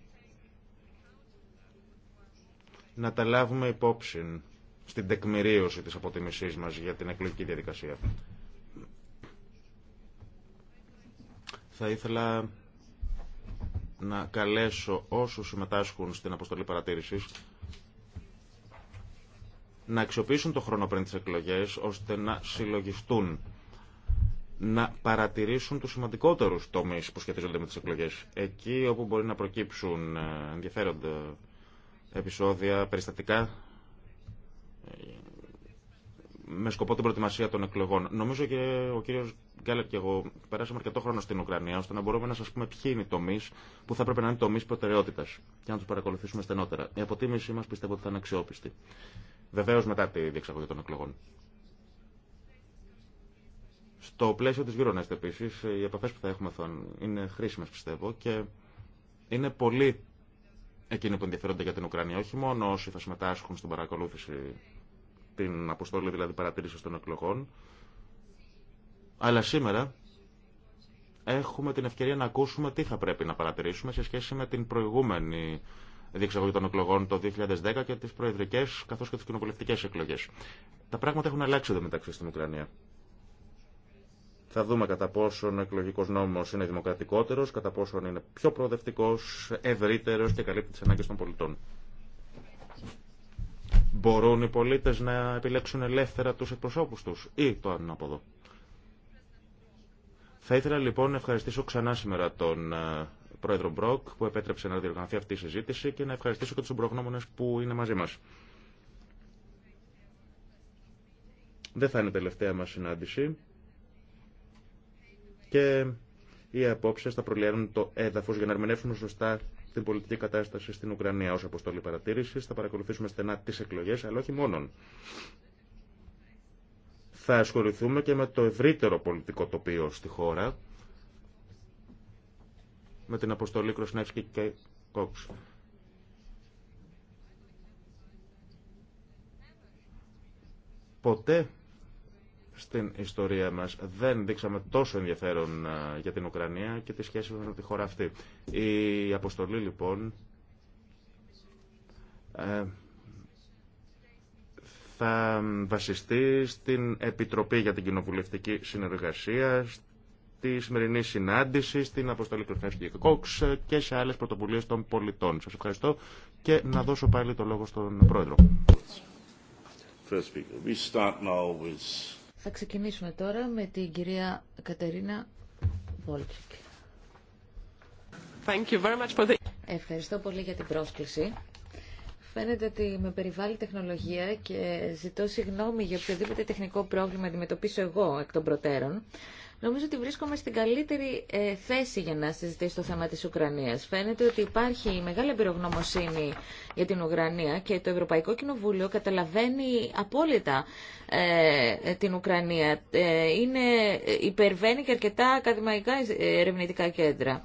να τα λάβουμε υπόψη στην τεκμηρίωση της αποτιμησής μας για την εκλογική διαδικασία. Θα ήθελα να καλέσω όσους συμμετάσχουν στην αποστολή παρατήρησης να αξιοποιήσουν το χρόνο πριν τις εκλογές ώστε να συλλογιστούν να παρατηρήσουν τους σημαντικότερους τομείς που σχετίζονται με τις εκλογές. Εκεί όπου μπορεί να προκύψουν ε, ενδιαφέροντα επεισόδια, περιστατικά ε, με σκοπό την προετοιμασία των εκλογών. Νομίζω και ο κύριος Γκάλερ και εγώ περάσαμε αρκετό χρόνο στην Ουκρανία, ώστε να μπορούμε να σα πούμε ποιοι είναι οι τομεί που θα πρέπει να είναι τομεί προτεραιότητα και να του παρακολουθήσουμε στενότερα. Η αποτίμησή μα πιστεύω ότι θα είναι αξιόπιστη. Βεβαίω μετά τη διεξαγωγή των εκλογών. Στο πλαίσιο τη Euronest επίση, οι επαφέ που θα έχουμε θα είναι χρήσιμε, πιστεύω και είναι πολύ εκείνοι που ενδιαφέρονται για την Ουκρανία, όχι μόνο όσοι θα συμμετάσχουν στην παρακολούθηση την αποστολή δηλαδή παρατήρηση των εκλογών. Αλλά σήμερα έχουμε την ευκαιρία να ακούσουμε τι θα πρέπει να παρατηρήσουμε σε σχέση με την προηγούμενη διεξαγωγή των εκλογών το 2010 και τις προεδρικές καθώς και τις κοινοβουλευτικές εκλογές. Τα πράγματα έχουν αλλάξει εδώ μεταξύ στην Ουκρανία. Θα δούμε κατά πόσον ο εκλογικός νόμος είναι δημοκρατικότερος, κατά πόσον είναι πιο προοδευτικός, ευρύτερος και καλύπτει τις ανάγκες των πολιτών. Μπορούν οι πολίτες να επιλέξουν ελεύθερα τους εκπροσώπους τους ή το ανάποδο. Θα ήθελα λοιπόν να ευχαριστήσω ξανά σήμερα τον ε, πρόεδρο Μπροκ που επέτρεψε να διοργανωθεί αυτή η συζήτηση και να ευχαριστήσω και τους προγνώμονες που είναι μαζί μας. Δεν θα είναι τελευταία μας συνάντηση και οι απόψεις θα προλυάνουν το έδαφος για να ερμηνεύσουμε σωστά την πολιτική κατάσταση στην Ουκρανία ως αποστολή παρατήρησης. Θα παρακολουθήσουμε στενά τις εκλογές, αλλά όχι μόνον. Θα ασχοληθούμε και με το ευρύτερο πολιτικό τοπίο στη χώρα, με την αποστολή Κροσνεύσκη και Κόξ. Ποτέ στην ιστορία μας. Δεν δείξαμε τόσο ενδιαφέρον ε, για την Ουκρανία και τη σχέση με τη χώρα αυτή. Η αποστολή λοιπόν ε, θα βασιστεί στην Επιτροπή για την Κοινοβουλευτική Συνεργασία, στη σημερινή συνάντηση, στην Αποστολή Κρυφέσκη Κόξ και σε άλλες πρωτοβουλίες των πολιτών. Σας ευχαριστώ και να δώσω πάλι το λόγο στον Πρόεδρο. Θα ξεκινήσουμε τώρα με την κυρία Κατερίνα Βόλτσικ. Thank you very much for the... Ευχαριστώ πολύ για την πρόσκληση. Φαίνεται ότι με περιβάλλει τεχνολογία και ζητώ συγγνώμη για οποιοδήποτε τεχνικό πρόβλημα αντιμετωπίσω εγώ εκ των προτέρων. Νομίζω ότι βρίσκομαι στην καλύτερη ε, θέση για να συζητήσω το θέμα της Ουκρανίας. Φαίνεται ότι υπάρχει μεγάλη εμπειρογνωμοσύνη για την Ουκρανία και το Ευρωπαϊκό Κοινοβούλιο καταλαβαίνει απόλυτα ε, την Ουκρανία. Ε, είναι, υπερβαίνει και αρκετά ακαδημαϊκά ερευνητικά κέντρα.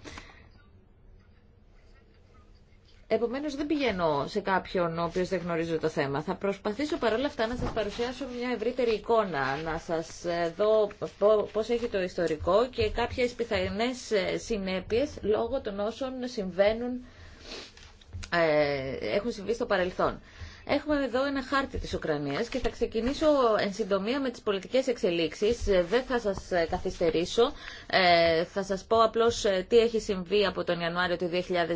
Επομένως δεν πηγαίνω σε κάποιον ο οποίος δεν γνωρίζει το θέμα. Θα προσπαθήσω παρόλα αυτά να σας παρουσιάσω μια ευρύτερη εικόνα, να σας ε, δω πώς έχει το ιστορικό και κάποιες πιθανές ε, συνέπειες λόγω των όσων συμβαίνουν, ε, έχουν συμβεί στο παρελθόν. Έχουμε εδώ ένα χάρτη της Ουκρανίας και θα ξεκινήσω εν συντομία με τις πολιτικές εξελίξεις. Ε, δεν θα σας ε, καθυστερήσω. Ε, θα σας πω απλώς ε, τι έχει συμβεί από τον Ιανουάριο του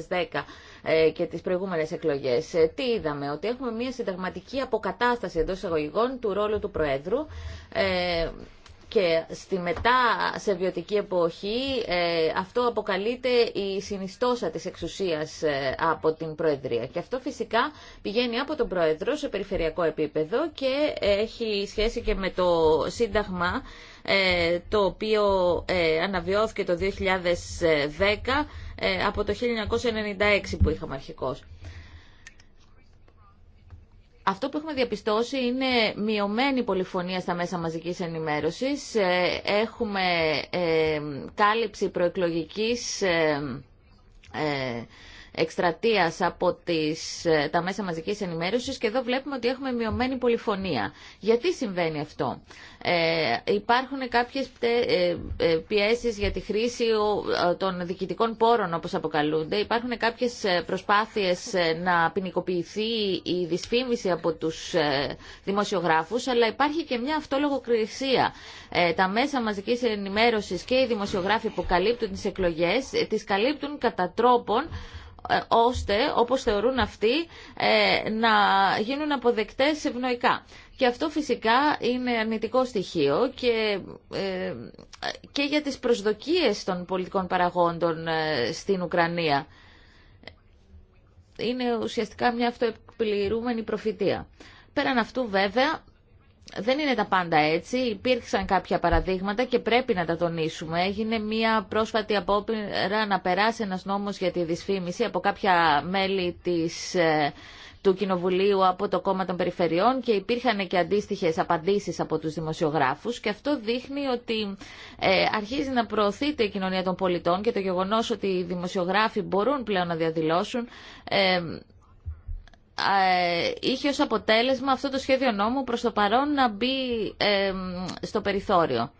2010 και τις προηγούμενες εκλογές. Τι είδαμε, ότι έχουμε μια συνταγματική αποκατάσταση εντός εγωγικών του ρόλου του Προέδρου. Ε, και στη μετά σε βιωτική εποχή ε, αυτό αποκαλείται η συνιστόσα της εξουσίας ε, από την Προεδρία. Και αυτό φυσικά πηγαίνει από τον Πρόεδρο σε περιφερειακό επίπεδο και έχει σχέση και με το Σύνταγμα ε, το οποίο αναβιώθηκε το 2010 από το 1996 που είχαμε αρχικώς αυτό που έχουμε διαπιστώσει είναι μειωμένη πολυφωνία στα μέσα μαζικής ενημέρωσης. Ε, έχουμε ε, κάλυψη προεκλογικής ε, εκστρατείας από τις, ε, τα μέσα μαζικής ενημέρωσης και εδώ βλέπουμε ότι έχουμε μειωμένη πολυφωνία. Γιατί συμβαίνει αυτό. Ε, υπάρχουν κάποιες ε, ε, πιέσεις για τη χρήση των διοικητικών πόρων όπως αποκαλούνται. Υπάρχουν κάποιες προσπάθειες να ποινικοποιηθεί η δυσφήμιση από τους δημοσιογράφους, αλλά υπάρχει και μια κρισία. Ε, τα μέσα μαζικής ενημέρωσης και οι δημοσιογράφοι που καλύπτουν τις εκλογές, τις καλύπτουν κατά τρόπον ε, ώστε, όπως θεωρούν αυτοί, ε, να γίνουν αποδεκτές ευνοϊκά. Και αυτό φυσικά είναι αρνητικό στοιχείο και, ε, και για τις προσδοκίες των πολιτικών παραγόντων στην Ουκρανία. Είναι ουσιαστικά μια αυτοεπληρούμενη προφητεία. Πέραν αυτού βέβαια δεν είναι τα πάντα έτσι. Υπήρξαν κάποια παραδείγματα και πρέπει να τα τονίσουμε. Έγινε μια πρόσφατη απόπειρα να περάσει ένας νόμος για τη δυσφήμιση από κάποια μέλη της, ε, του Κοινοβουλίου από το Κόμμα των Περιφερειών και υπήρχαν και αντίστοιχες απαντήσεις από τους δημοσιογράφους και αυτό δείχνει ότι ε, αρχίζει να προωθείται η κοινωνία των πολιτών και το γεγονός ότι οι δημοσιογράφοι μπορούν πλέον να διαδηλώσουν ε, ε, είχε ως αποτέλεσμα αυτό το σχέδιο νόμου προς το παρόν να μπει ε, στο περιθώριο.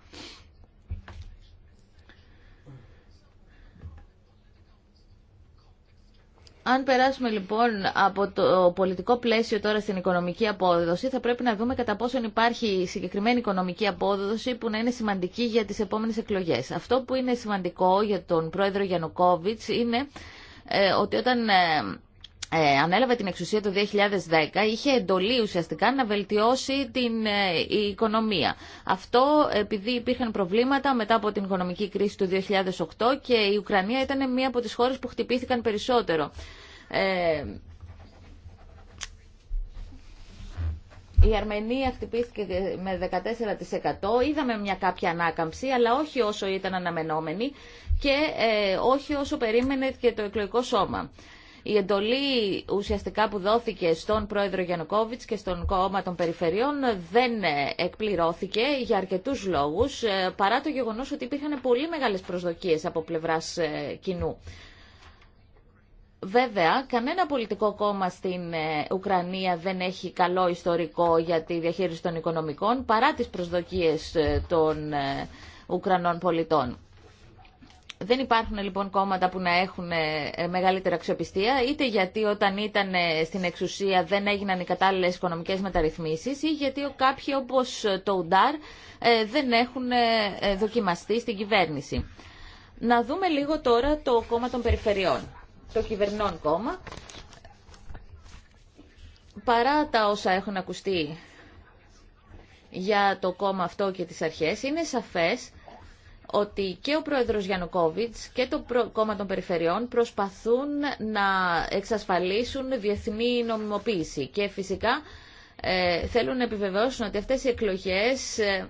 Αν περάσουμε λοιπόν από το πολιτικό πλαίσιο τώρα στην οικονομική απόδοση, θα πρέπει να δούμε κατά πόσον υπάρχει συγκεκριμένη οικονομική απόδοση που να είναι σημαντική για τις επόμενες εκλογές. Αυτό που είναι σημαντικό για τον πρόεδρο Γιαννουκόβιτς είναι ε, ότι όταν ε, ανέλαβε την εξουσία το 2010 είχε εντολή ουσιαστικά να βελτιώσει την ε, οικονομία. Αυτό επειδή υπήρχαν προβλήματα μετά από την οικονομική κρίση του 2008 και η Ουκρανία ήταν μία από τις χώρες που χτυπήθηκαν περισσότερο. Ε, η Αρμενία χτυπήθηκε με 14%. Είδαμε μια κάποια ανάκαμψη, αλλά όχι όσο ήταν αναμενόμενη και όχι όσο περίμενε και το εκλογικό σώμα. Η εντολή ουσιαστικά που δόθηκε στον πρόεδρο Γιανοκόβιτς και στον κόμμα των περιφερειών δεν εκπληρώθηκε για αρκετούς λόγους, ε, παρά το γεγονός ότι υπήρχαν πολύ μεγάλες προσδοκίες από πλευράς ε, κοινού. Βέβαια, κανένα πολιτικό κόμμα στην ε, Ουκρανία δεν έχει καλό ιστορικό για τη διαχείριση των οικονομικών παρά τις προσδοκίες των Ουκρανών πολιτών. Δεν υπάρχουν λοιπόν κόμματα που να έχουν ε, ε, μεγαλύτερη αξιοπιστία, είτε γιατί όταν ήταν ε, στην εξουσία δεν έγιναν οι κατάλληλε οικονομικέ μεταρρυθμίσει, ή γιατί κάποιοι όπω το Ουντάρ δεν έχουν δοκιμαστεί στην κυβέρνηση. Να δούμε λίγο τώρα το κόμμα των περιφερειών, το κυβερνών κόμμα. Παρά τα όσα έχουν ακουστεί για το κόμμα αυτό και τις αρχές, είναι σαφές ότι και ο πρόεδρος Γιαννοκόβιτς και το κόμμα των περιφερειών προσπαθούν να εξασφαλίσουν διεθνή νομιμοποίηση. Και φυσικά ε, θέλουν να επιβεβαιώσουν ότι αυτές οι εκλογές ε,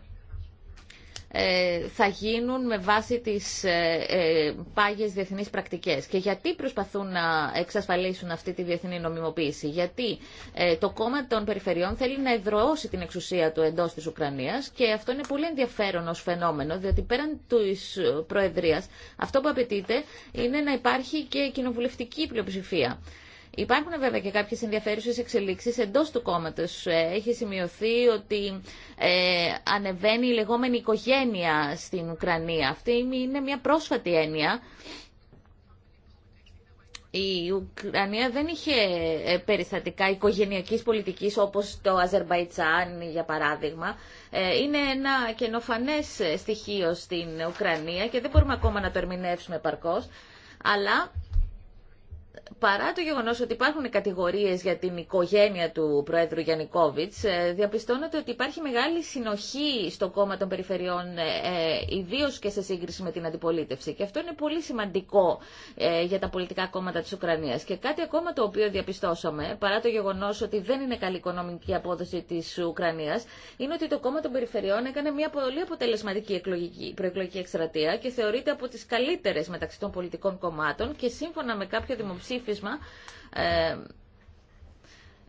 ε, θα γίνουν με βάση τις ε, ε, πάγιες διεθνείς πρακτικές. Και γιατί προσπαθούν να εξασφαλίσουν αυτή τη διεθνή νομιμοποίηση. Γιατί το κόμμα των περιφερειών θέλει να εδραιώσει την εξουσία του εντός της Ουκρανίας και αυτό είναι πολύ ενδιαφέρον ως φαινόμενο, διότι πέραν της Προεδρίας αυτό που απαιτείται είναι να υπάρχει και κοινοβουλευτική πλειοψηφία. Υπάρχουν βέβαια και κάποιες ενδιαφέρουσε εξελίξεις εντός του κόμματος. Ε, έχει σημειωθεί ότι ε, ανεβαίνει η λεγόμενη οικογένεια στην Ουκρανία. Αυτή είναι μια πρόσφατη έννοια. Η Ουκρανία δεν είχε ε, περιστατικά οικογενειακής πολιτικής όπως το Αζερβαϊτσάν για παράδειγμα. Ε, είναι ένα καινοφανές στοιχείο στην Ουκρανία και δεν μπορούμε ακόμα να το ερμηνεύσουμε παρκώς. Αλλά παρά το γεγονός ότι υπάρχουν κατηγορίες για την οικογένεια του Προέδρου Γιαννικόβιτς, ε, διαπιστώνεται ότι υπάρχει μεγάλη συνοχή στο κόμμα των περιφερειών, ε, ε, ιδίω και σε σύγκριση με την αντιπολίτευση. Και αυτό είναι πολύ σημαντικό για τα πολιτικά κόμματα της Ουκρανίας. Και κάτι ακόμα το οποίο διαπιστώσαμε, παρά το γεγονός ότι δεν είναι καλή οικονομική απόδοση της Ουκρανίας, είναι ότι το κόμμα των περιφερειών έκανε μια πολύ αποτελεσματική εκλογική, προεκλογική εκστρατεία και θεωρείται από τις καλύτερες μεταξύ των πολιτικών κομμάτων και σύμφωνα με κάποιο δημοψήφιο ψήφισμα ε,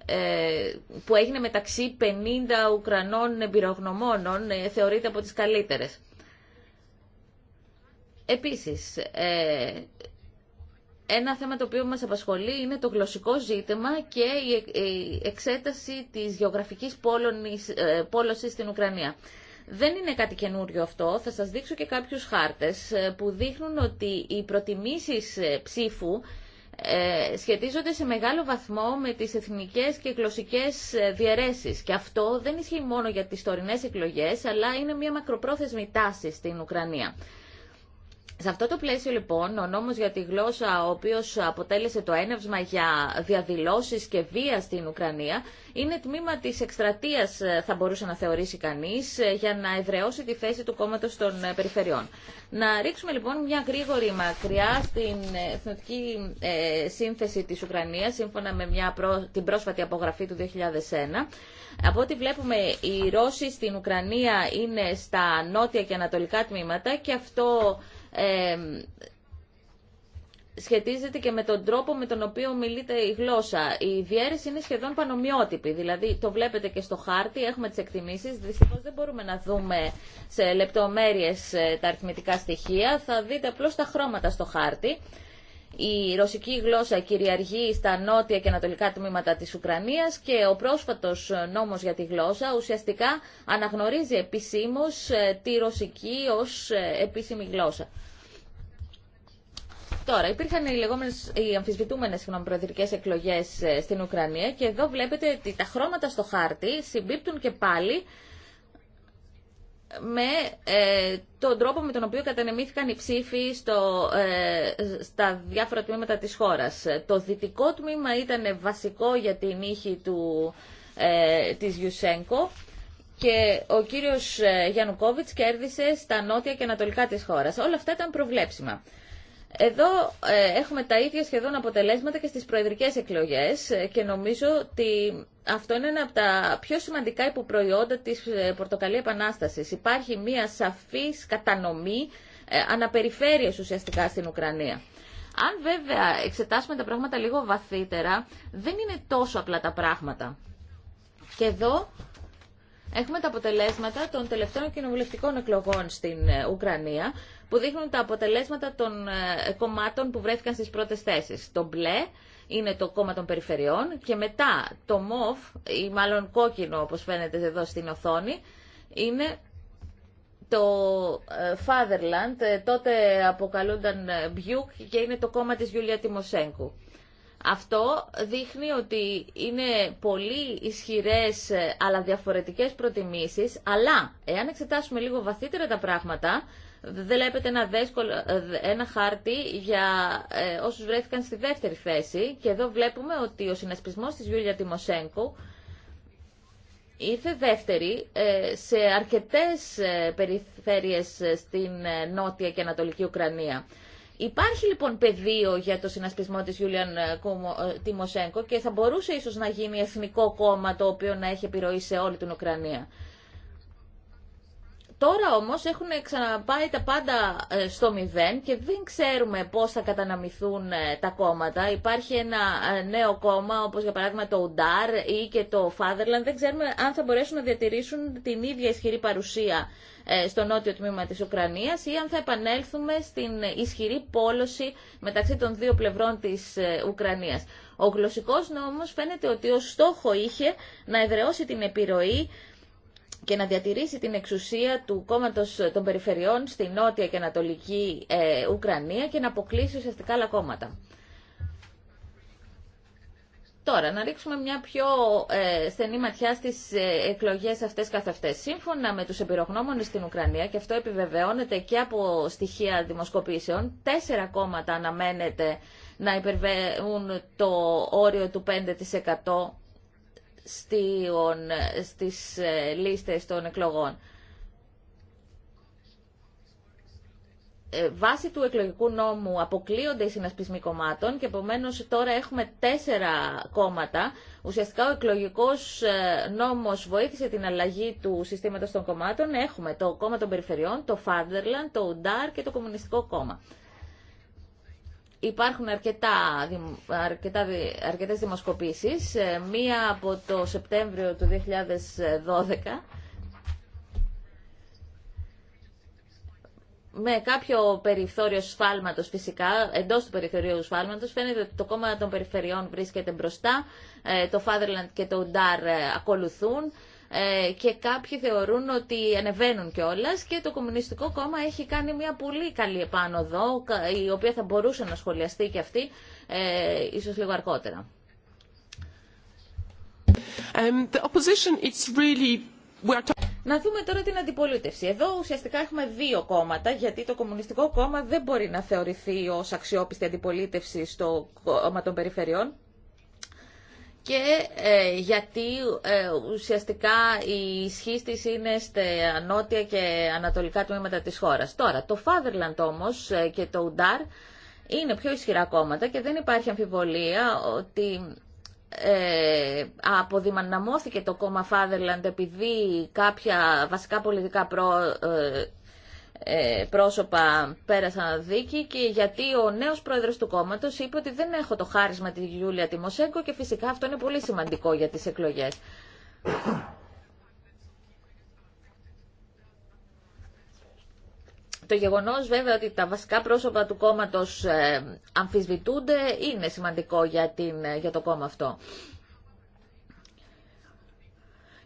ε, που έγινε μεταξύ 50 Ουκρανών εμπειρογνωμόνων ε, θεωρείται από τις καλύτερες. Επίσης, ένα θέμα το οποίο μας απασχολεί είναι το γλωσσικό ζήτημα και η εξέταση της γεωγραφικής πόλωσης στην Ουκρανία. Δεν είναι κάτι καινούριο αυτό. Θα σας δείξω και κάποιους χάρτες που δείχνουν ότι οι προτιμήσεις ψήφου ε, σχετίζονται σε μεγάλο βαθμό με τις εθνικές και γλωσσικές ε, διαιρέσεις. Και αυτό δεν ισχύει μόνο για τις τωρινές εκλογές, αλλά είναι μια μακροπρόθεσμη τάση στην Ουκρανία. Σε αυτό το πλαίσιο λοιπόν ο νόμος για τη γλώσσα ο οποίος αποτέλεσε το ένευσμα για διαδηλώσεις και βία στην Ουκρανία είναι τμήμα της εκστρατείας ε, θα μπορούσε να θεωρήσει κανείς ε, για να εδραιώσει τη θέση του κόμματος των ε, περιφερειών. Να ρίξουμε λοιπόν μια γρήγορη μακριά στην εθνοτική σύνθεση της Ουκρανίας σύμφωνα με μια την πρόσφατη απογραφή του 2001. Από ό,τι βλέπουμε οι Ρώσοι στην Ουκρανία είναι στα νότια και ανατολικά τμήματα και αυτό σχετίζεται και με τον τρόπο με τον οποίο μιλείται η γλώσσα. Η διέρεση είναι σχεδόν πανομοιότυπη, δηλαδή το βλέπετε και στο χάρτη, έχουμε τις εκτιμήσεις, δυστυχώς δεν μπορούμε να δούμε σε λεπτομέρειες ε, τα αριθμητικά στοιχεία, θα δείτε απλώς τα χρώματα στο χάρτη η ρωσική γλώσσα κυριαργεί στα νότια και ανατολικά τμήματα της Ουκρανίας και ο πρόσφατος νόμος για τη γλώσσα ουσιαστικά αναγνωρίζει επισήμως ε, τη ρωσική ως ε, επίσημη γλώσσα. Τώρα, υπήρχαν οι, λεγόμενες, οι αμφισβητούμενες προεδρικές εκλογές ε, στην Ουκρανία και εδώ βλέπετε ότι τα χρώματα στο χάρτη συμπίπτουν και πάλι με ε, τον τρόπο με τον οποίο κατανεμήθηκαν οι ψήφοι στο, ε, στα διάφορα τμήματα της χώρας. Το δυτικό τμήμα ήταν βασικό για την ήχη του, ε, της Γιουσένκο και ο κύριος Γιανουκόβιτς κέρδισε στα νότια και ανατολικά της χώρας. Όλα αυτά ήταν προβλέψιμα. Εδώ ε, έχουμε τα ίδια σχεδόν αποτελέσματα και στις προεδρικές εκλογές ε, και νομίζω ότι αυτό είναι ένα από τα πιο σημαντικά υποπροϊόντα της ε, πορτοκαλία Επανάστασης. Υπάρχει μια σαφής κατανομή αναπεριφέρειας ουσιαστικά στην Ουκρανία. Αν βέβαια εξετάσουμε τα πράγματα λίγο βαθύτερα, δεν είναι τόσο απλά τα πράγματα. Και εδώ έχουμε τα αποτελέσματα των τελευταίων κοινοβουλευτικών εκλογών στην Ουκρανία, που δείχνουν τα αποτελέσματα των ε, κομμάτων που βρέθηκαν στις πρώτες θέσεις. Το μπλε είναι το κόμμα των περιφερειών και μετά το μοφ, ή μάλλον κόκκινο όπως φαίνεται εδώ στην οθόνη, είναι το ε, Fatherland, ε, τότε αποκαλούνταν Μπιούκ και είναι το κόμμα της Γιούλια Τιμοσέγκου. Αυτό δείχνει ότι είναι πολύ ισχυρές αλλά διαφορετικές προτιμήσεις, αλλά εάν εξετάσουμε λίγο βαθύτερα τα πράγματα, βλέπετε ένα, δέσκολο, ένα χάρτη για ε, όσους βρέθηκαν στη δεύτερη θέση και εδώ βλέπουμε ότι ο συνασπισμός της Γιούλια Τιμοσέγκου ήρθε δεύτερη ε, σε αρκετές ε, περιφέρειες στην ε, Νότια και Ανατολική Ουκρανία. Υπάρχει λοιπόν πεδίο για το συνασπισμό της Γιούλιαν Τιμοσέγκο και θα μπορούσε ίσως να γίνει εθνικό κόμμα το οποίο να έχει επιρροή σε όλη την Ουκρανία. Τώρα όμως έχουν ξαναπάει τα πάντα ε, στο μηδέν και δεν ξέρουμε πώς θα καταναμηθούν ε, τα κόμματα. Υπάρχει ένα ε, νέο κόμμα όπως για παράδειγμα το Ουντάρ ή και το Fatherland. Δεν ξέρουμε αν θα μπορέσουν να διατηρήσουν την ίδια ισχυρή παρουσία στο νότιο τμήμα της Ουκρανίας ή αν θα επανέλθουμε στην ισχυρή πόλωση μεταξύ των δύο πλευρών της Ουκρανίας. Ο γλωσσικός νόμος φαίνεται ότι ο στόχο είχε να εδραιώσει την επιρροή και να διατηρήσει την εξουσία του κόμματο ε, των περιφερειών στη νότια και ανατολική ε, Ουκρανία και να αποκλείσει ουσιαστικά άλλα κόμματα. Τώρα, να ρίξουμε μια πιο ε, στενή ματιά στις ε, εκλογές αυτές καθ' αυτές. Σύμφωνα με τους εμπειρογνώμονες στην Ουκρανία, και αυτό επιβεβαιώνεται και από στοιχεία δημοσκοπήσεων, τέσσερα κόμματα αναμένεται να υπερβαίνουν το όριο του 5% στις ε, λίστες των εκλογών. Ε, βάσει του εκλογικού νόμου αποκλείονται οι συνασπισμοί κομμάτων και επομένω τώρα έχουμε τέσσερα κόμματα. Ουσιαστικά ο εκλογικό ε, νόμος βοήθησε την αλλαγή του συστήματος των κομμάτων. Έχουμε το κόμμα των περιφερειών, το Fatherland, το Ουντάρ και το Κομμουνιστικό Κόμμα. Υπάρχουν αρκετά, αρκετά, αρκετές δημοσκοπήσεις, ε, μία από το Σεπτέμβριο του 2012, με κάποιο περιθώριο σφάλματος φυσικά, εντός του περιθωρίου σφάλματος, φαίνεται ότι το κόμμα των περιφερειών βρίσκεται μπροστά, ε, το Fatherland και το Ουντάρ ε, ακολουθούν. Ε, και κάποιοι θεωρούν ότι ανεβαίνουν κιόλα και το Κομμουνιστικό Κόμμα έχει κάνει μια πολύ καλή επάνωδο, η οποία θα μπορούσε να σχολιαστεί κι αυτή ε, ίσως λίγο αργότερα. Να δούμε τώρα την αντιπολίτευση. Εδώ ουσιαστικά έχουμε δύο κόμματα, γιατί το Κομμουνιστικό Κόμμα δεν μπορεί να θεωρηθεί ως αξιόπιστη αντιπολίτευση στο κόμμα των περιφερειών και ε, γιατί ε, ουσιαστικά η ισχύ τη είναι στα νότια και ανατολικά τμήματα της χώρας. Τώρα, το Fatherland όμως ε, και το Ουντάρ είναι πιο ισχυρά κόμματα και δεν υπάρχει αμφιβολία ότι ε, το κόμμα Fatherland επειδή κάποια βασικά πολιτικά προ, ε, πρόσωπα πέρασαν δίκη και γιατί ο νέος πρόεδρος του κόμματος είπε ότι δεν έχω το χάρισμα Τη Γιούλια Τιμοσέγκο και φυσικά αυτό είναι πολύ σημαντικό για τις εκλογές. Το γεγονός βέβαια ότι τα βασικά πρόσωπα του κόμματος ε, αμφισβητούνται είναι σημαντικό για, την, ε, για το κόμμα αυτό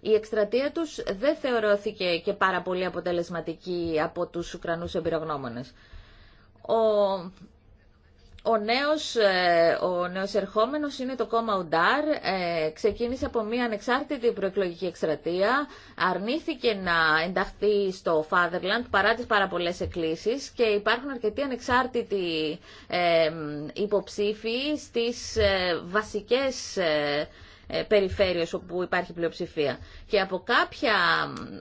η εκστρατεία τους δεν θεωρώθηκε και πάρα πολύ αποτελεσματική από τους Ουκρανούς εμπειρογνώμονες. Ο, ο νέος, ε, ο νέος ερχόμενος είναι το κόμμα Ουντάρ, ε, ξεκίνησε από μια ανεξάρτητη προεκλογική εκστρατεία, αρνήθηκε να ενταχθεί στο Fatherland παρά τις πάρα πολλές εκκλήσεις και υπάρχουν αρκετοί ανεξάρτητοι ε, υποψήφοι στις ε, βασικές ε, ε, περιφέρειες όπου υπάρχει πλειοψηφία. Και από, κάποια,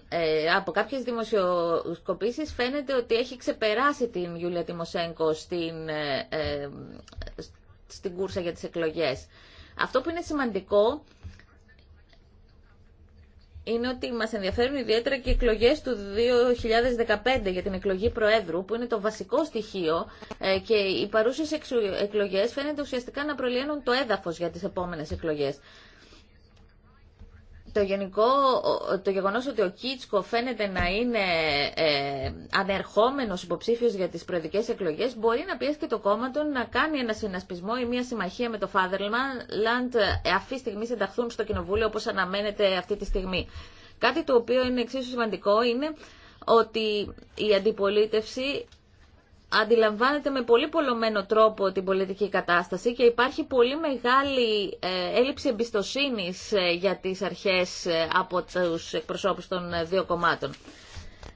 ε, από κάποιες δημοσιοσκοπήσεις φαίνεται ότι έχει ξεπεράσει την Γιούλια Τιμοσέγκο στην, ε, στην κούρσα για τις εκλογές. Αυτό που είναι σημαντικό είναι ότι μας ενδιαφέρουν ιδιαίτερα και οι εκλογές του 2015 για την εκλογή Προέδρου, που είναι το βασικό στοιχείο και οι παρούσες εκλογές φαίνεται ουσιαστικά να προλύνουν το έδαφος για τις επόμενες εκλογές το, γενικό, το γεγονός ότι ο Κίτσκο φαίνεται να είναι ε, ανερχόμενος υποψήφιος για τις προεδρικές εκλογές μπορεί να πιέσει και το κόμμα του να κάνει ένα συνασπισμό ή μια συμμαχία με το Fatherland ε, αυτή στιγμή συνταχθούν στο κοινοβούλιο όπως αναμένεται αυτή τη στιγμή. Κάτι το οποίο είναι εξίσου σημαντικό είναι ότι η αντιπολίτευση αντιλαμβάνεται με πολύ πολλωμένο τρόπο την πολιτική κατάσταση και υπάρχει πολύ μεγάλη ε, έλλειψη εμπιστοσύνης ε, για τις αρχές ε, από τους εκπροσώπους των δύο κομμάτων.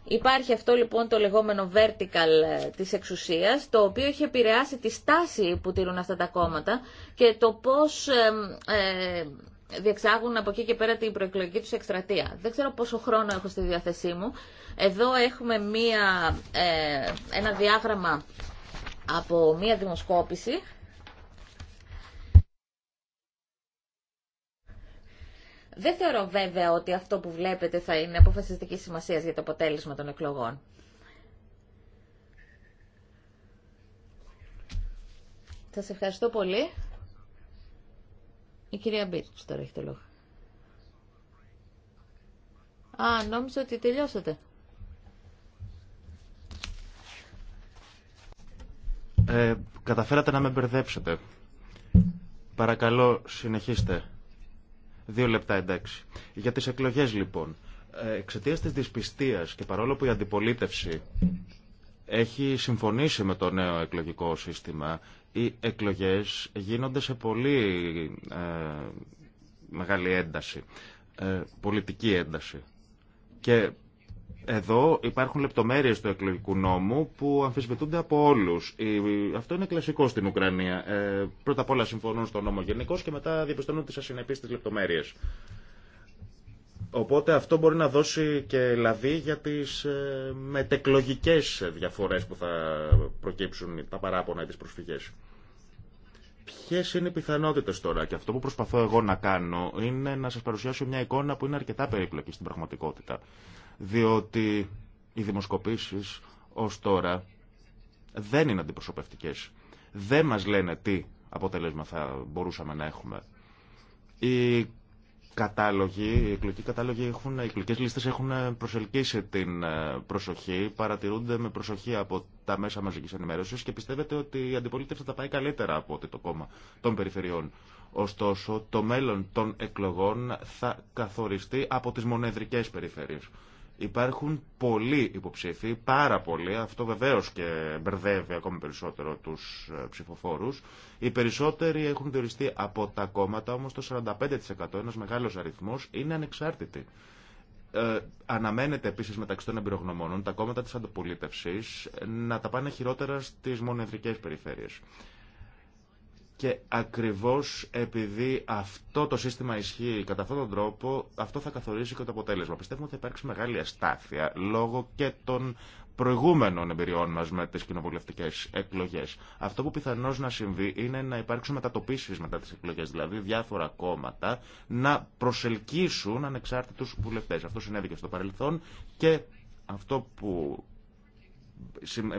Υπάρχει αυτό λοιπόν το λεγόμενο vertical της εξουσίας, το οποίο έχει επηρεάσει τη στάση που τηρούν αυτά τα κόμματα και το πώς διεξάγουν από εκεί και πέρα την προεκλογική τους εκστρατεία. Δεν ξέρω πόσο χρόνο έχω στη διάθεσή μου. Εδώ έχουμε μία, ε, ένα διάγραμμα από μία δημοσκόπηση. Δεν θεωρώ βέβαια ότι αυτό που βλέπετε θα είναι αποφασιστική σημασία για το αποτέλεσμα των εκλογών. Σας ευχαριστώ πολύ. Η κυρία Μπίτς τώρα έχει το λόγο. Α, νόμιζα ότι τελειώσατε. Ε, καταφέρατε να με μπερδέψετε. Παρακαλώ, συνεχίστε. Δύο λεπτά, εντάξει. Για τις εκλογές, λοιπόν. Ε, Εξαιτία της δυσπιστίας και παρόλο που η αντιπολίτευση έχει συμφωνήσει με το νέο εκλογικό σύστημα οι εκλογές γίνονται σε πολύ ε, μεγάλη ένταση, ε, πολιτική ένταση. Και εδώ υπάρχουν λεπτομέρειες του εκλογικού νόμου που αμφισβητούνται από όλου. Αυτό είναι κλασικό στην Ουκρανία. Ε, πρώτα απ' όλα συμφωνούν στο νόμο γενικώ και μετά διαπιστώνουν τις ασυνεπείς τι λεπτομέρειε. Οπότε αυτό μπορεί να δώσει και λαβή για τις ε, μετεκλογικές διαφορές που θα προκύψουν τα παράπονα ή τις προσφυγές. Ποιε είναι οι πιθανότητε τώρα, και αυτό που προσπαθώ εγώ να κάνω είναι να σα παρουσιάσω μια εικόνα που είναι αρκετά περίπλοκη στην πραγματικότητα. Διότι οι δημοσκοπήσεις ω τώρα δεν είναι αντιπροσωπευτικέ. Δεν μα λένε τι αποτέλεσμα θα μπορούσαμε να έχουμε κατάλογοι, οι εκλογικοί κατάλογοι έχουν, οι εκλογικές λίστες έχουν ε, προσελκύσει την ε, προσοχή, παρατηρούνται με προσοχή από τα μέσα μαζικής ενημέρωση και πιστεύετε ότι η αντιπολίτευση θα τα πάει καλύτερα από ότι το κόμμα των περιφερειών. Ωστόσο, το μέλλον των εκλογών θα καθοριστεί από τις μονεδρικές περιφέρειες. Υπάρχουν πολλοί υποψήφοι, πάρα πολλοί, αυτό βεβαίως και μπερδεύει ακόμη περισσότερο τους ε, ψηφοφόρους. Οι περισσότεροι έχουν διοριστεί από τα κόμματα, όμως το 45% ένας μεγάλος αριθμός είναι ανεξάρτητοι. Ε, αναμένεται επίσης μεταξύ των εμπειρογνωμόνων τα κόμματα της αντοπολίτευσης να τα πάνε χειρότερα στις μονεδρικές περιφέρειες. Και ακριβώς επειδή αυτό το σύστημα ισχύει κατά αυτόν τον τρόπο, αυτό θα καθορίσει και το αποτέλεσμα. Πιστεύουμε ότι θα υπάρξει μεγάλη αστάθεια λόγω και των προηγούμενων εμπειριών μας με τις κοινοβουλευτικέ εκλογές. Αυτό που πιθανώς να συμβεί είναι να υπάρξουν μετατοπίσεις μετά τις εκλογές, δηλαδή διάφορα κόμματα να προσελκύσουν ανεξάρτητους βουλευτές. Αυτό συνέβη και στο παρελθόν και αυτό που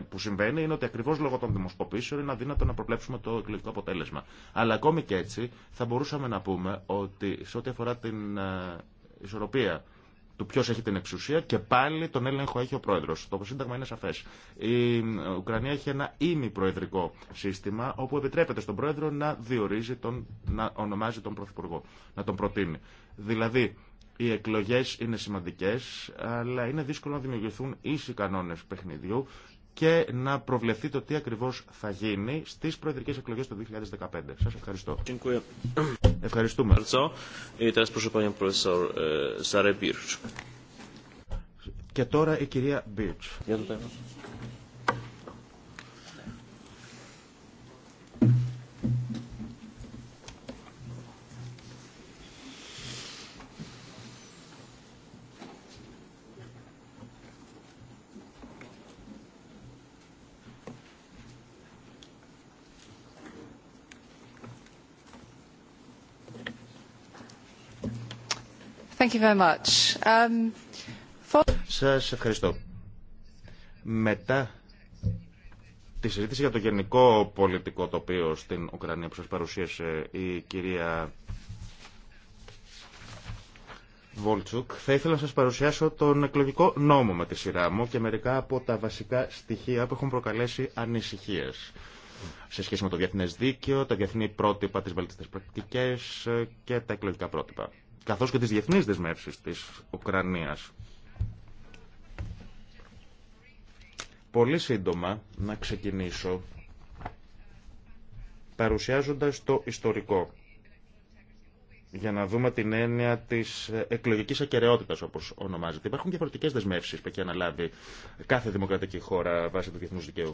που συμβαίνει είναι ότι ακριβώ λόγω των δημοσκοπήσεων είναι αδύνατο να προβλέψουμε το εκλογικό αποτέλεσμα. Αλλά ακόμη και έτσι θα μπορούσαμε να πούμε ότι σε ό,τι αφορά την ε, ισορροπία του ποιο έχει την εξουσία και πάλι τον έλεγχο έχει ο πρόεδρο. Το σύνταγμα είναι σαφέ. Η ε, Ουκρανία έχει ένα ημιπροεδρικό σύστημα όπου επιτρέπεται στον πρόεδρο να διορίζει τον, να ονομάζει τον πρωθυπουργό, να τον προτείνει. Δηλαδή οι εκλογές είναι σημαντικές, αλλά είναι δύσκολο να δημιουργηθούν ίσοι κανόνες παιχνιδιού και να προβλεφθεί το τι ακριβώς θα γίνει στις προεδρικές εκλογές του 2015. Σας ευχαριστώ. Ευχαριστούμε. E, και τώρα η κυρία Μπίρτς. Um, σας ευχαριστώ. Μετά τη συζήτηση για το γενικό πολιτικό τοπίο στην Ουκρανία που σας παρουσίασε η κυρία Βόλτσουκ, θα ήθελα να σας παρουσιάσω τον εκλογικό νόμο με τη σειρά μου και μερικά από τα βασικά στοιχεία που έχουν προκαλέσει ανησυχίες σε σχέση με το διεθνές δίκαιο, τα διεθνή πρότυπα, τις βαλτιστές πρακτικές και τα εκλογικά πρότυπα καθώς και τις διεθνείς δεσμεύσεις της Ουκρανίας. Πολύ σύντομα να ξεκινήσω παρουσιάζοντας το ιστορικό για να δούμε την έννοια της εκλογικής ακεραιότητας όπως ονομάζεται. Υπάρχουν διαφορετικέ δεσμεύσει που έχει αναλάβει κάθε δημοκρατική χώρα βάσει του διεθνούς δικαίου.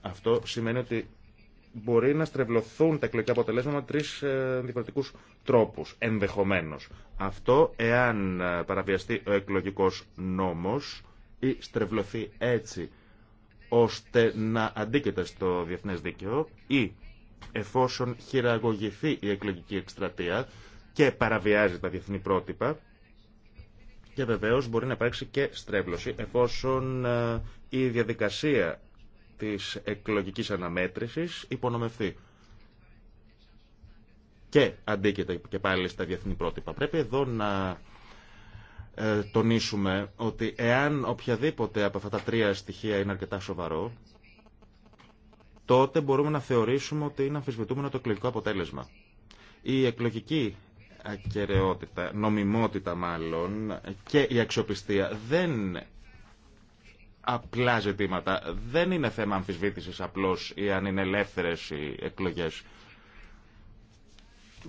Αυτό σημαίνει ότι μπορεί να στρεβλωθούν τα εκλογικά αποτελέσματα με τρεις ε, διαφορετικούς τρόπους, ενδεχομένως. Αυτό, εάν ε, παραβιαστεί ο εκλογικός νόμος ή στρεβλωθεί έτσι ώστε να αντίκειται στο διεθνές δίκαιο ή εφόσον χειραγωγηθεί η εκλογική εκστρατεία και παραβιάζει τα διεθνή πρότυπα και βεβαίως μπορεί να υπάρξει και στρέμλωση εφόσον ε, η διαδικασία της εκλογικής αναμέτρησης υπονομευθεί. Και αντίκειται και πάλι στα διεθνή πρότυπα. Πρέπει εδώ να ε, τονίσουμε ότι εάν οποιαδήποτε από αυτά τα τρία στοιχεία είναι αρκετά σοβαρό, τότε μπορούμε να θεωρήσουμε ότι είναι αμφισβητούμενο το εκλογικό αποτέλεσμα. Η εκλογική ακεραιότητα, νομιμότητα μάλλον και η αξιοπιστία δεν απλά ζητήματα. Δεν είναι θέμα αμφισβήτησης απλώς ή αν είναι ελεύθερε οι εκλογές.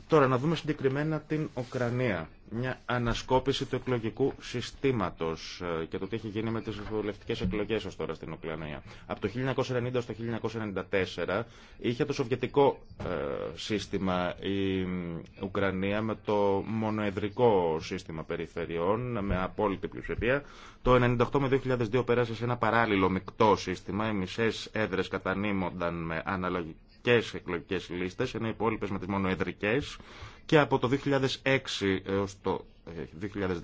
Τώρα να δούμε συγκεκριμένα την Ουκρανία. Μια ανασκόπηση του εκλογικού συστήματο ε, και το τι έχει γίνει με τι βουλευτικέ εκλογέ ω τώρα στην Ουκρανία. Από το 1990 στο 1994 είχε το σοβιετικό ε, σύστημα η Ουκρανία με το μονοεδρικό σύστημα περιφερειών με απόλυτη πλειοψηφία. Το 1998 με 2002 πέρασε σε ένα παράλληλο μεικτό σύστημα. Οι μισέ έδρε κατανείμονταν με αναλογική κεντρικέ εκλογικέ λίστες, είναι οι υπόλοιπε με τι μονοεδρικέ. και από το 2006 έω το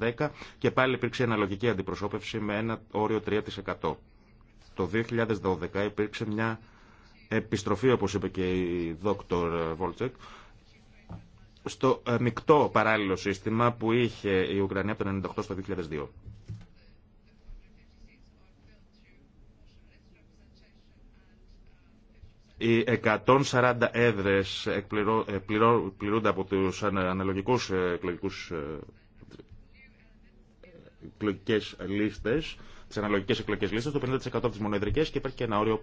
2010 ε, και πάλι υπήρξε αναλογική αντιπροσώπευση με ένα όριο 3%. Το 2012 υπήρξε μια επιστροφή, όπως είπε και η δόκτωρ Βόλτσεκ, στο ε, μεικτό παράλληλο σύστημα που είχε η Ουκρανία από το 1998 στο 2002. Οι 140 έδρες ε, πληρούνται από τους αναλογικούς ε, εκλογικούς λίστε. λίστες τι αναλογικέ εκλογικέ λίστε, το 50% από τι μονοεδρικέ και υπάρχει και ένα όριο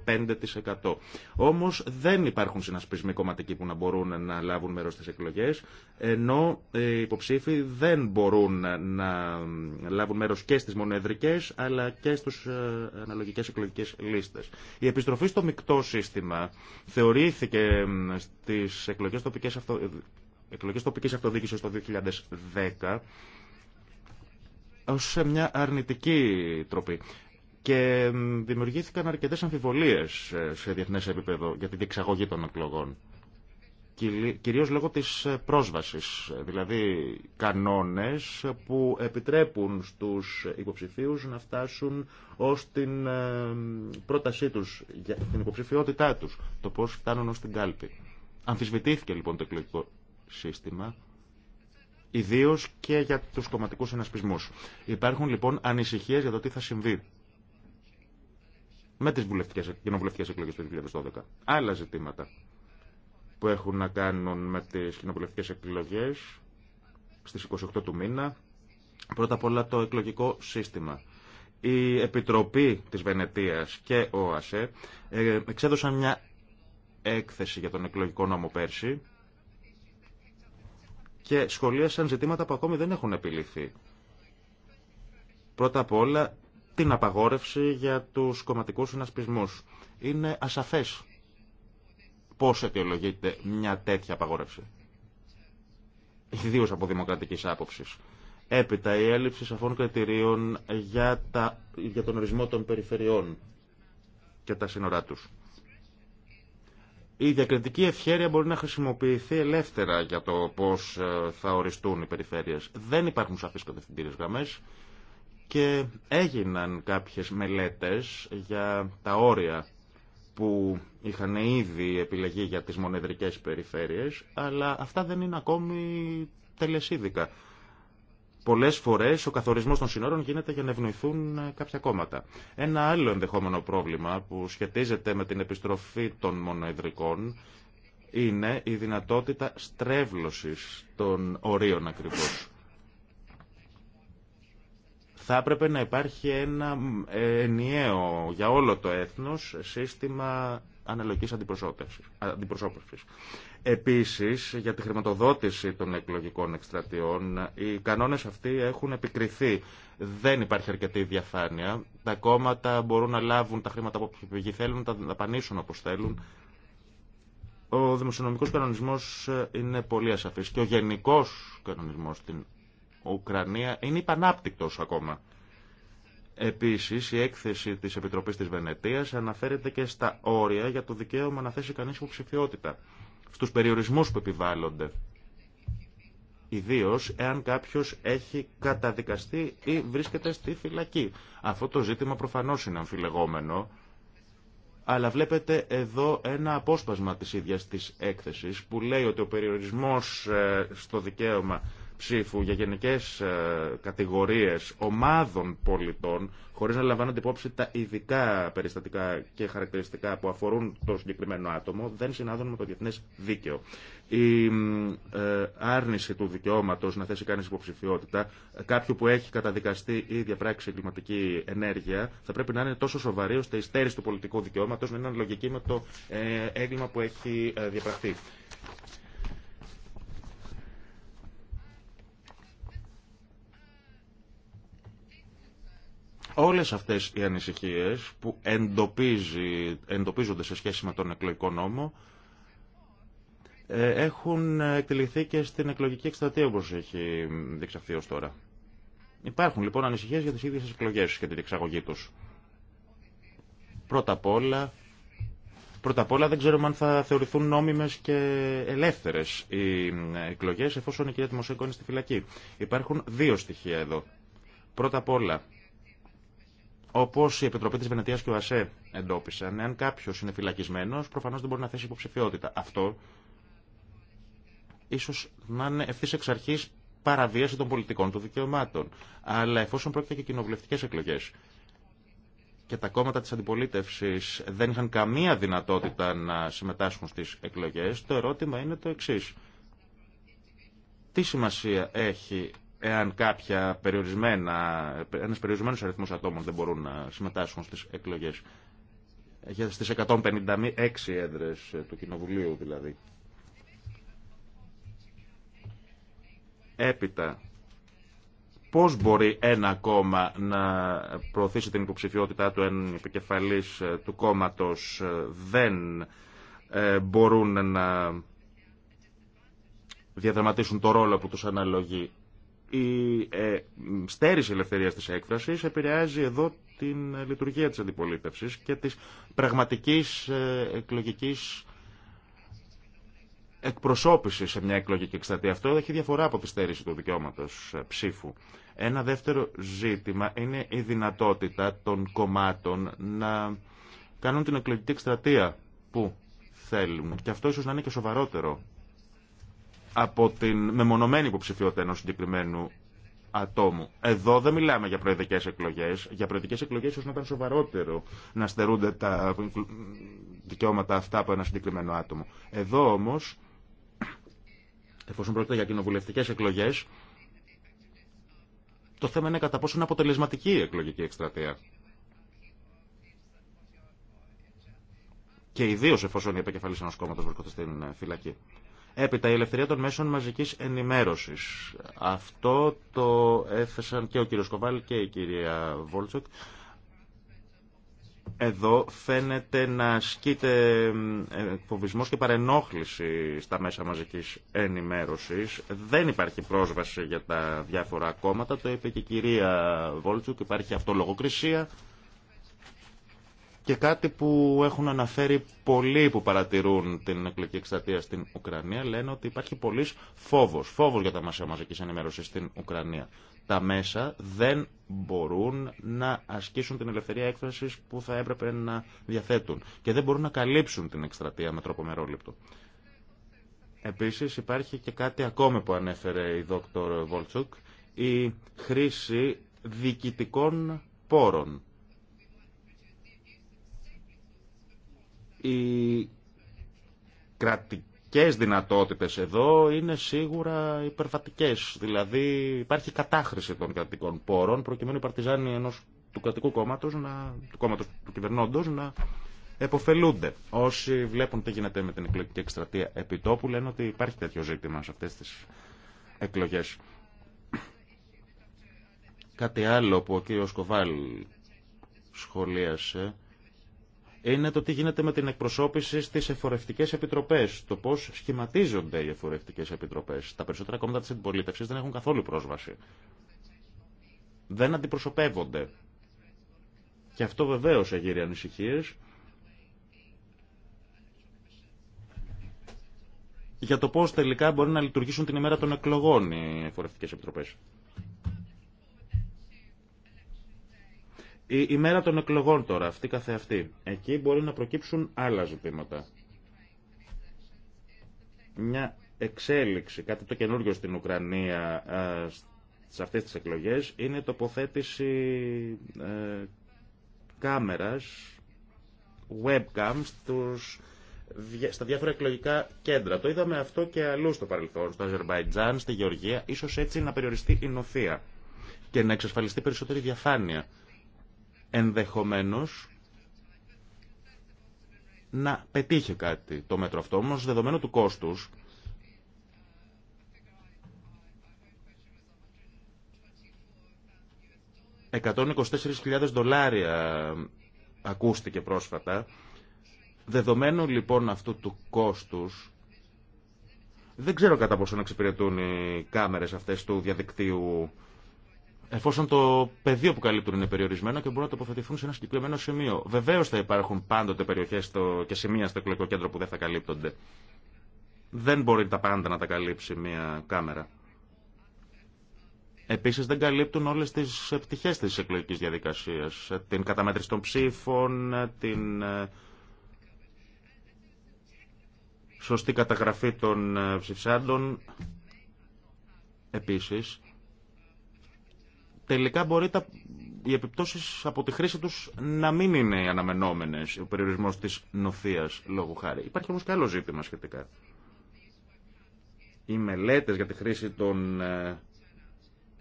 5%. Όμω δεν υπάρχουν συνασπισμοί κομματικοί που να μπορούν να λάβουν μέρο στι εκλογέ, ενώ ε, οι υποψήφοι δεν μπορούν να λάβουν μέρο και στι μονοεδρικέ αλλά και στι ε, αναλογικέ εκλογικέ λίστε. Η επιστροφή στο μεικτό σύστημα θεωρήθηκε στι εκλογέ τοπικέ αυτο... το 2010 ως μια αρνητική τροπή. Και δημιουργήθηκαν αρκετές αμφιβολίες ε, σε διεθνές επίπεδο για την διεξαγωγή των εκλογών. Κυρίως λόγω της ε, πρόσβασης, ε, δηλαδή κανόνες που επιτρέπουν στους υποψηφίους να φτάσουν ως την πρότασή τους, την υποψηφιότητά τους, το πώς φτάνουν ως την κάλπη. Αμφισβητήθηκε λοιπόν το εκλογικό σύστημα ιδίω και για τους κομματικού συνασπισμού. Υπάρχουν λοιπόν ανησυχίε για το τι θα συμβεί με τι κοινοβουλευτικέ εκλογέ του 2012. Άλλα ζητήματα που έχουν να κάνουν με τις κοινοβουλευτικέ εκλογέ στι 28 του μήνα. Πρώτα απ' όλα το εκλογικό σύστημα. Η Επιτροπή της Βενετίας και ο ΑΣΕ ε, εξέδωσαν μια έκθεση για τον εκλογικό νόμο πέρσι και σχολίασαν ζητήματα που ακόμη δεν έχουν επιληθεί. Πρώτα απ' όλα την απαγόρευση για τους κομματικούς συνασπισμούς. Είναι ασαφές πώς αιτιολογείται μια τέτοια απαγόρευση. Ιδίως από δημοκρατικής άποψης. Έπειτα η έλλειψη σαφών κριτηρίων για, τα, για τον ορισμό των περιφερειών και τα σύνορά τους η διακριτική ευχέρεια μπορεί να χρησιμοποιηθεί ελεύθερα για το πώς ε, θα οριστούν οι περιφέρειες. Δεν υπάρχουν σαφείς κατευθυντήριες γραμμέ και έγιναν κάποιες μελέτες για τα όρια που είχαν ήδη επιλεγεί για τις μονεδρικές περιφέρειες, αλλά αυτά δεν είναι ακόμη τελεσίδικα. Πολλέ φορέ ο καθορισμό των συνόρων γίνεται για να ευνοηθούν ε, κάποια κόμματα. Ένα άλλο ενδεχόμενο πρόβλημα που σχετίζεται με την επιστροφή των μονοεδρικών είναι η δυνατότητα στρέβλωσης των ορίων ακριβώς. Θα έπρεπε να υπάρχει ένα ε, ενιαίο για όλο το έθνος σύστημα αναλογικής αντιπροσώπευσης. Επίσης, για τη χρηματοδότηση των εκλογικών εκστρατιών, οι κανόνες αυτοί έχουν επικριθεί. Δεν υπάρχει αρκετή διαφάνεια. Τα κόμματα μπορούν να λάβουν τα χρήματα από θέλουν, να τα δαπανίσουν όπω θέλουν. Ο δημοσιονομικός κανονισμός είναι πολύ ασαφή. και ο γενικό κανονισμό στην Ουκρανία είναι υπανάπτυκτο ακόμα. Επίσης, η έκθεση της Επιτροπής της Βενετίας αναφέρεται και στα όρια για το δικαίωμα να θέσει κανείς υποψηφιότητα, στους περιορισμούς που επιβάλλονται. Ιδίω εάν κάποιο έχει καταδικαστεί ή βρίσκεται στη φυλακή. Αυτό το ζήτημα προφανώ είναι αμφιλεγόμενο, αλλά βλέπετε εδώ ένα απόσπασμα της ίδιας της έκθεσης που λέει ότι ο περιορισμός ε, στο δικαίωμα ψήφου για γενικές ε, κατηγορίε ομάδων πολιτών, χωρί να λαμβάνονται υπόψη τα ειδικά περιστατικά και χαρακτηριστικά που αφορούν το συγκεκριμένο άτομο, δεν συνάδουν με το διεθνέ δίκαιο. Η ε, άρνηση του δικαιώματο να θέσει κανεί υποψηφιότητα κάποιου που έχει καταδικαστεί ή διαπράξει εγκληματική ενέργεια θα πρέπει να είναι τόσο σοβαρή ώστε η στέρηση του πολιτικού δικαιώματος να είναι του πολιτικου δικαιώματο να ειναι λογικη με το ε, έγκλημα που έχει διαπραχθεί. Όλες αυτές οι ανησυχίες που εντοπίζει, εντοπίζονται σε σχέση με τον εκλογικό νόμο ε, έχουν εκτεληθεί και στην εκλογική εκστρατεία όπως έχει διεξαχθεί ως τώρα. Υπάρχουν λοιπόν ανησυχίες για τις ίδιες εκλογές και την εξαγωγή τους. Πρώτα απ' όλα, πρώτα απ' όλα δεν ξέρουμε αν θα θεωρηθούν νόμιμες και ελεύθερες οι εκλογές εφόσον η κυρία είναι στη φυλακή. Υπάρχουν δύο στοιχεία εδώ. Πρώτα απ' όλα, Όπω η Επιτροπή τη Βενετία και ο ΑΣΕ εντόπισαν, εάν κάποιο είναι φυλακισμένο, προφανώ δεν μπορεί να θέσει υποψηφιότητα. Αυτό ίσω να είναι ευθύ εξ αρχή παραβίαση των πολιτικών του δικαιωμάτων. Αλλά εφόσον πρόκειται και κοινοβουλευτικέ εκλογέ και τα κόμματα της αντιπολίτευσης δεν είχαν καμία δυνατότητα να συμμετάσχουν στι εκλογέ, το ερώτημα είναι το εξή. Τι σημασία έχει εάν κάποια περιορισμένα, ένας περιορισμένος αριθμός ατόμων δεν μπορούν να συμμετάσχουν στις εκλογές. Για στις 156 έδρες του Κοινοβουλίου δηλαδή. Έπειτα, πώς μπορεί ένα κόμμα να προωθήσει την υποψηφιότητά του εν επικεφαλής του κόμματος δεν ε, μπορούν να διαδραματίσουν το ρόλο που τους αναλογεί η ε, στέρηση ελευθερίας της έκφρασης επηρεάζει εδώ την λειτουργία της αντιπολίτευσης και της πραγματικής ε, εκλογικής εκπροσώπηση σε μια εκλογική εκστρατεία. Αυτό έχει διαφορά από τη στέρηση του δικαιώματο ε, ψήφου. Ένα δεύτερο ζήτημα είναι η δυνατότητα των κομμάτων να κάνουν την εκλογική εκστρατεία που θέλουν. Και αυτό ίσω να είναι και σοβαρότερο από την μεμονωμένη υποψηφιότητα ενός συγκεκριμένου ατόμου. Εδώ δεν μιλάμε για προεδρικέ εκλογέ. Για προεδρικέ εκλογέ ίσω να ήταν σοβαρότερο να στερούνται τα δικαιώματα αυτά από ένα συγκεκριμένο άτομο. Εδώ όμω, εφόσον πρόκειται για κοινοβουλευτικέ εκλογέ, το θέμα είναι κατά πόσο είναι αποτελεσματική η εκλογική εκστρατεία. Και ιδίω εφόσον οι επικεφαλεί ενό κόμματο βρίσκονται στην φυλακή. Έπειτα, η ελευθερία των μέσων μαζικής ενημέρωσης. Αυτό το έθεσαν και ο κύριος Κοβάλ και η κυρία Βόλτσοκ. Εδώ φαίνεται να ασκείται ε, εκφοβισμός και παρενόχληση στα μέσα μαζικής ενημέρωσης. Δεν υπάρχει πρόσβαση για τα διάφορα κόμματα, το είπε και η κυρία Βόλτσουκ, υπάρχει αυτολογοκρισία και κάτι που έχουν αναφέρει πολλοί που παρατηρούν την εκλογική εκστρατεία στην Ουκρανία λένε ότι υπάρχει πολλής φόβος, φόβο για τα μέσα σαν στην Ουκρανία. Τα μέσα δεν μπορούν να ασκήσουν την ελευθερία έκφραση που θα έπρεπε να διαθέτουν και δεν μπορούν να καλύψουν την εκστρατεία με τρόπο μερόληπτο. Επίση υπάρχει και κάτι ακόμη που ανέφερε η δόκτωρ Βολτσούκ, η χρήση διοικητικών πόρων Οι κρατικές δυνατότητες εδώ είναι σίγουρα υπερβατικές. Δηλαδή υπάρχει κατάχρηση των κρατικών πόρων προκειμένου οι παρτιζάνοι ενός του κρατικού κόμματος, να, του κόμματος του κυβερνώντος να εποφελούνται. Όσοι βλέπουν τι γίνεται με την εκλογική εκστρατεία επιτόπου λένε ότι υπάρχει τέτοιο ζήτημα σε αυτές τις εκλογές. Κάτι άλλο που ο κ. Κοβάλ σχολίασε είναι το τι γίνεται με την εκπροσώπηση στι εφορευτικέ επιτροπέ. Το πώ σχηματίζονται οι εφορευτικέ επιτροπέ. Τα περισσότερα κόμματα τη αντιπολίτευση δεν έχουν καθόλου πρόσβαση. Δεν αντιπροσωπεύονται. Και αυτό βεβαίω εγείρει ανησυχίε. για το πώς τελικά μπορεί να λειτουργήσουν την ημέρα των εκλογών οι εφορευτικές επιτροπές. Η μέρα των εκλογών τώρα, αυτή καθεαυτή. Εκεί μπορεί να προκύψουν άλλα ζητήματα. Μια εξέλιξη, κάτι το καινούργιο στην Ουκρανία σε αυτές τις εκλογές, είναι τοποθέτηση ε, κάμερας, webcam, στους στα διάφορα εκλογικά κέντρα. Το είδαμε αυτό και αλλού στο παρελθόν, στο Αζερβαϊτζάν, στη Γεωργία. Ίσως έτσι να περιοριστεί η νοθεία και να εξασφαλιστεί περισσότερη διαφάνεια ενδεχομένως να πετύχει κάτι το μέτρο αυτό, όμως δεδομένου του κόστους ...124.000 δολάρια ακούστηκε πρόσφατα. Δεδομένου λοιπόν αυτού του κόστους... ...δεν ξέρω κατά πόσο να εξυπηρετούν οι κάμερες αυτές του διαδικτύου εφόσον το πεδίο που καλύπτουν είναι περιορισμένο και μπορούν να τοποθετηθούν σε ένα συγκεκριμένο σημείο. Βεβαίω θα υπάρχουν πάντοτε περιοχέ και σημεία στο εκλογικό κέντρο που δεν θα καλύπτονται. Δεν μπορεί τα πάντα να τα καλύψει μια κάμερα. Επίση, δεν καλύπτουν όλε τι πτυχέ τη εκλογική διαδικασία. Την καταμέτρηση των ψήφων, την ε, σωστή καταγραφή των ε, ψηφισάντων. Επίσης, τελικά μπορεί οι επιπτώσεις από τη χρήση τους να μην είναι οι αναμενόμενες, ο περιορισμός της νοθεία λόγου χάρη. Υπάρχει όμως και άλλο ζήτημα σχετικά. Οι μελέτες για τη χρήση των ε,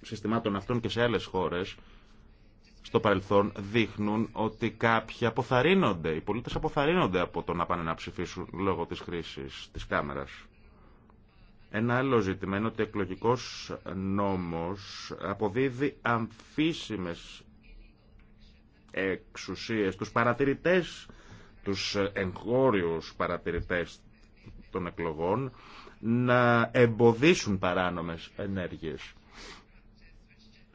συστημάτων αυτών και σε άλλες χώρες στο παρελθόν δείχνουν ότι κάποιοι αποθαρρύνονται, οι πολίτες αποθαρρύνονται από το να πάνε να ψηφίσουν λόγω της χρήσης της κάμερας. Ένα άλλο ζήτημα είναι ότι ο εκλογικός νόμος αποδίδει αμφίσιμες εξουσίες στους παρατηρητές, τους εγχώριους παρατηρητές των εκλογών να εμποδίσουν παράνομες ενέργειες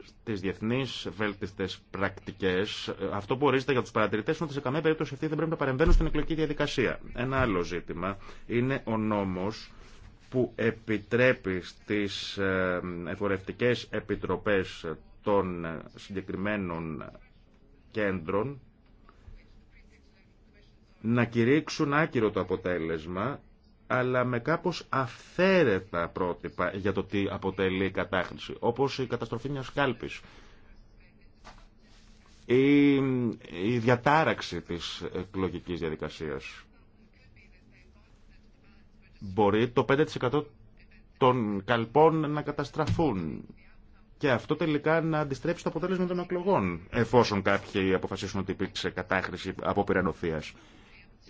στι διεθνείς βέλτιστες πρακτικές. Αυτό που ορίζεται για τους παρατηρητές είναι ότι σε καμία περίπτωση αυτοί δεν πρέπει να παρεμβαίνουν στην εκλογική διαδικασία. Ένα άλλο ζήτημα είναι ο νόμος που επιτρέπει στις ε, εφορευτικές επιτροπές των συγκεκριμένων κέντρων να κηρύξουν άκυρο το αποτέλεσμα αλλά με κάπως αυθαίρετα πρότυπα για το τι αποτελεί η κατάχρηση, όπως η καταστροφή μιας κάλπης ή η διατάραξη της εκλογικής διαδικασίας μπορεί το 5% των καλπών να καταστραφούν. Και αυτό τελικά να αντιστρέψει το αποτέλεσμα των εκλογών, εφόσον κάποιοι αποφασίσουν ότι υπήρξε κατάχρηση από πυρανοθείας.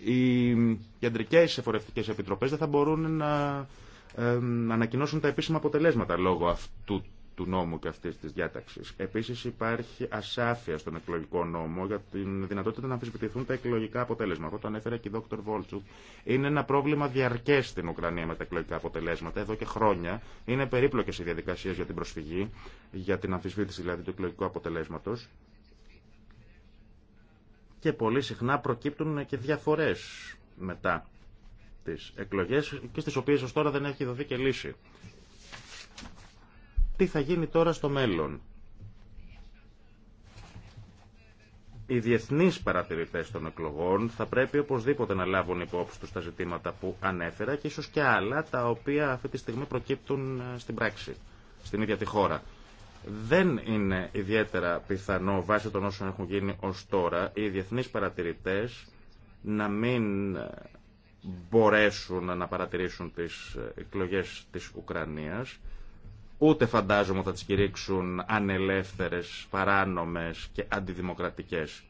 Οι κεντρικές εφορευτικές επιτροπές δεν θα μπορούν να ε, ανακοινώσουν τα επίσημα αποτελέσματα λόγω αυτού του νόμου και αυτή τη διάταξη. Επίση υπάρχει ασάφεια στον εκλογικό νόμο για την δυνατότητα να αμφισβητηθούν τα εκλογικά αποτέλεσματα. Αυτό το ανέφερε και η Δόκτωρ Βόλτσου. Είναι ένα πρόβλημα διαρκέ στην Ουκρανία με τα εκλογικά αποτελέσματα εδώ και χρόνια. Είναι περίπλοκε οι διαδικασίε για την προσφυγή, για την αμφισβήτηση δηλαδή του εκλογικού αποτελέσματο. και πολύ συχνά προκύπτουν και διαφορέ μετά τι εκλογέ και στι οποίε ω τώρα δεν έχει δοθεί και λύση τι θα γίνει τώρα στο μέλλον. Οι διεθνείς παρατηρητές των εκλογών θα πρέπει οπωσδήποτε να λάβουν υπόψη τους τα ζητήματα που ανέφερα και ίσως και άλλα τα οποία αυτή τη στιγμή προκύπτουν ε, στην πράξη, στην ίδια τη χώρα. Δεν είναι ιδιαίτερα πιθανό βάσει των όσων έχουν γίνει ως τώρα οι διεθνείς παρατηρητές να μην ε, μπορέσουν να παρατηρήσουν τις ε, εκλογές της Ουκρανίας Ούτε φαντάζομαι θα τις κηρύξουν ανελεύθερες, παράνομες και αντιδημοκρατικές.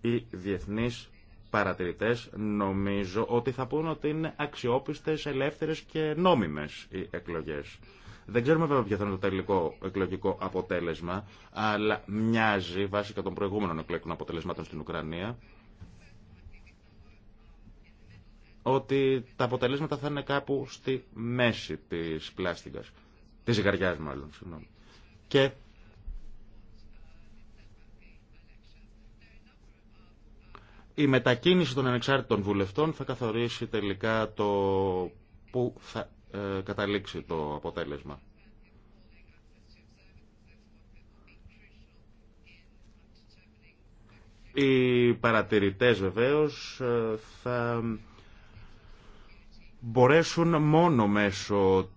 Οι διεθνείς παρατηρητές νομίζω ότι θα πούν ότι είναι αξιόπιστες, ελεύθερες και νόμιμες οι εκλογές. Δεν ξέρουμε βέβαια ποιο θα είναι το τελικό εκλογικό αποτέλεσμα, αλλά μοιάζει βάσει και των προηγούμενων εκλογικών αποτελεσμάτων στην Ουκρανία ότι τα αποτελέσματα θα είναι κάπου στη μέση της πλάστικας, της ζυγαριάς μάλλον, συγγνώμη. Και η μετακίνηση των ανεξάρτητων βουλευτών θα καθορίσει τελικά το που θα ε, καταλήξει το αποτέλεσμα. Οι παρατηρητές βεβαίως ε, θα μπορέσουν μόνο μέσω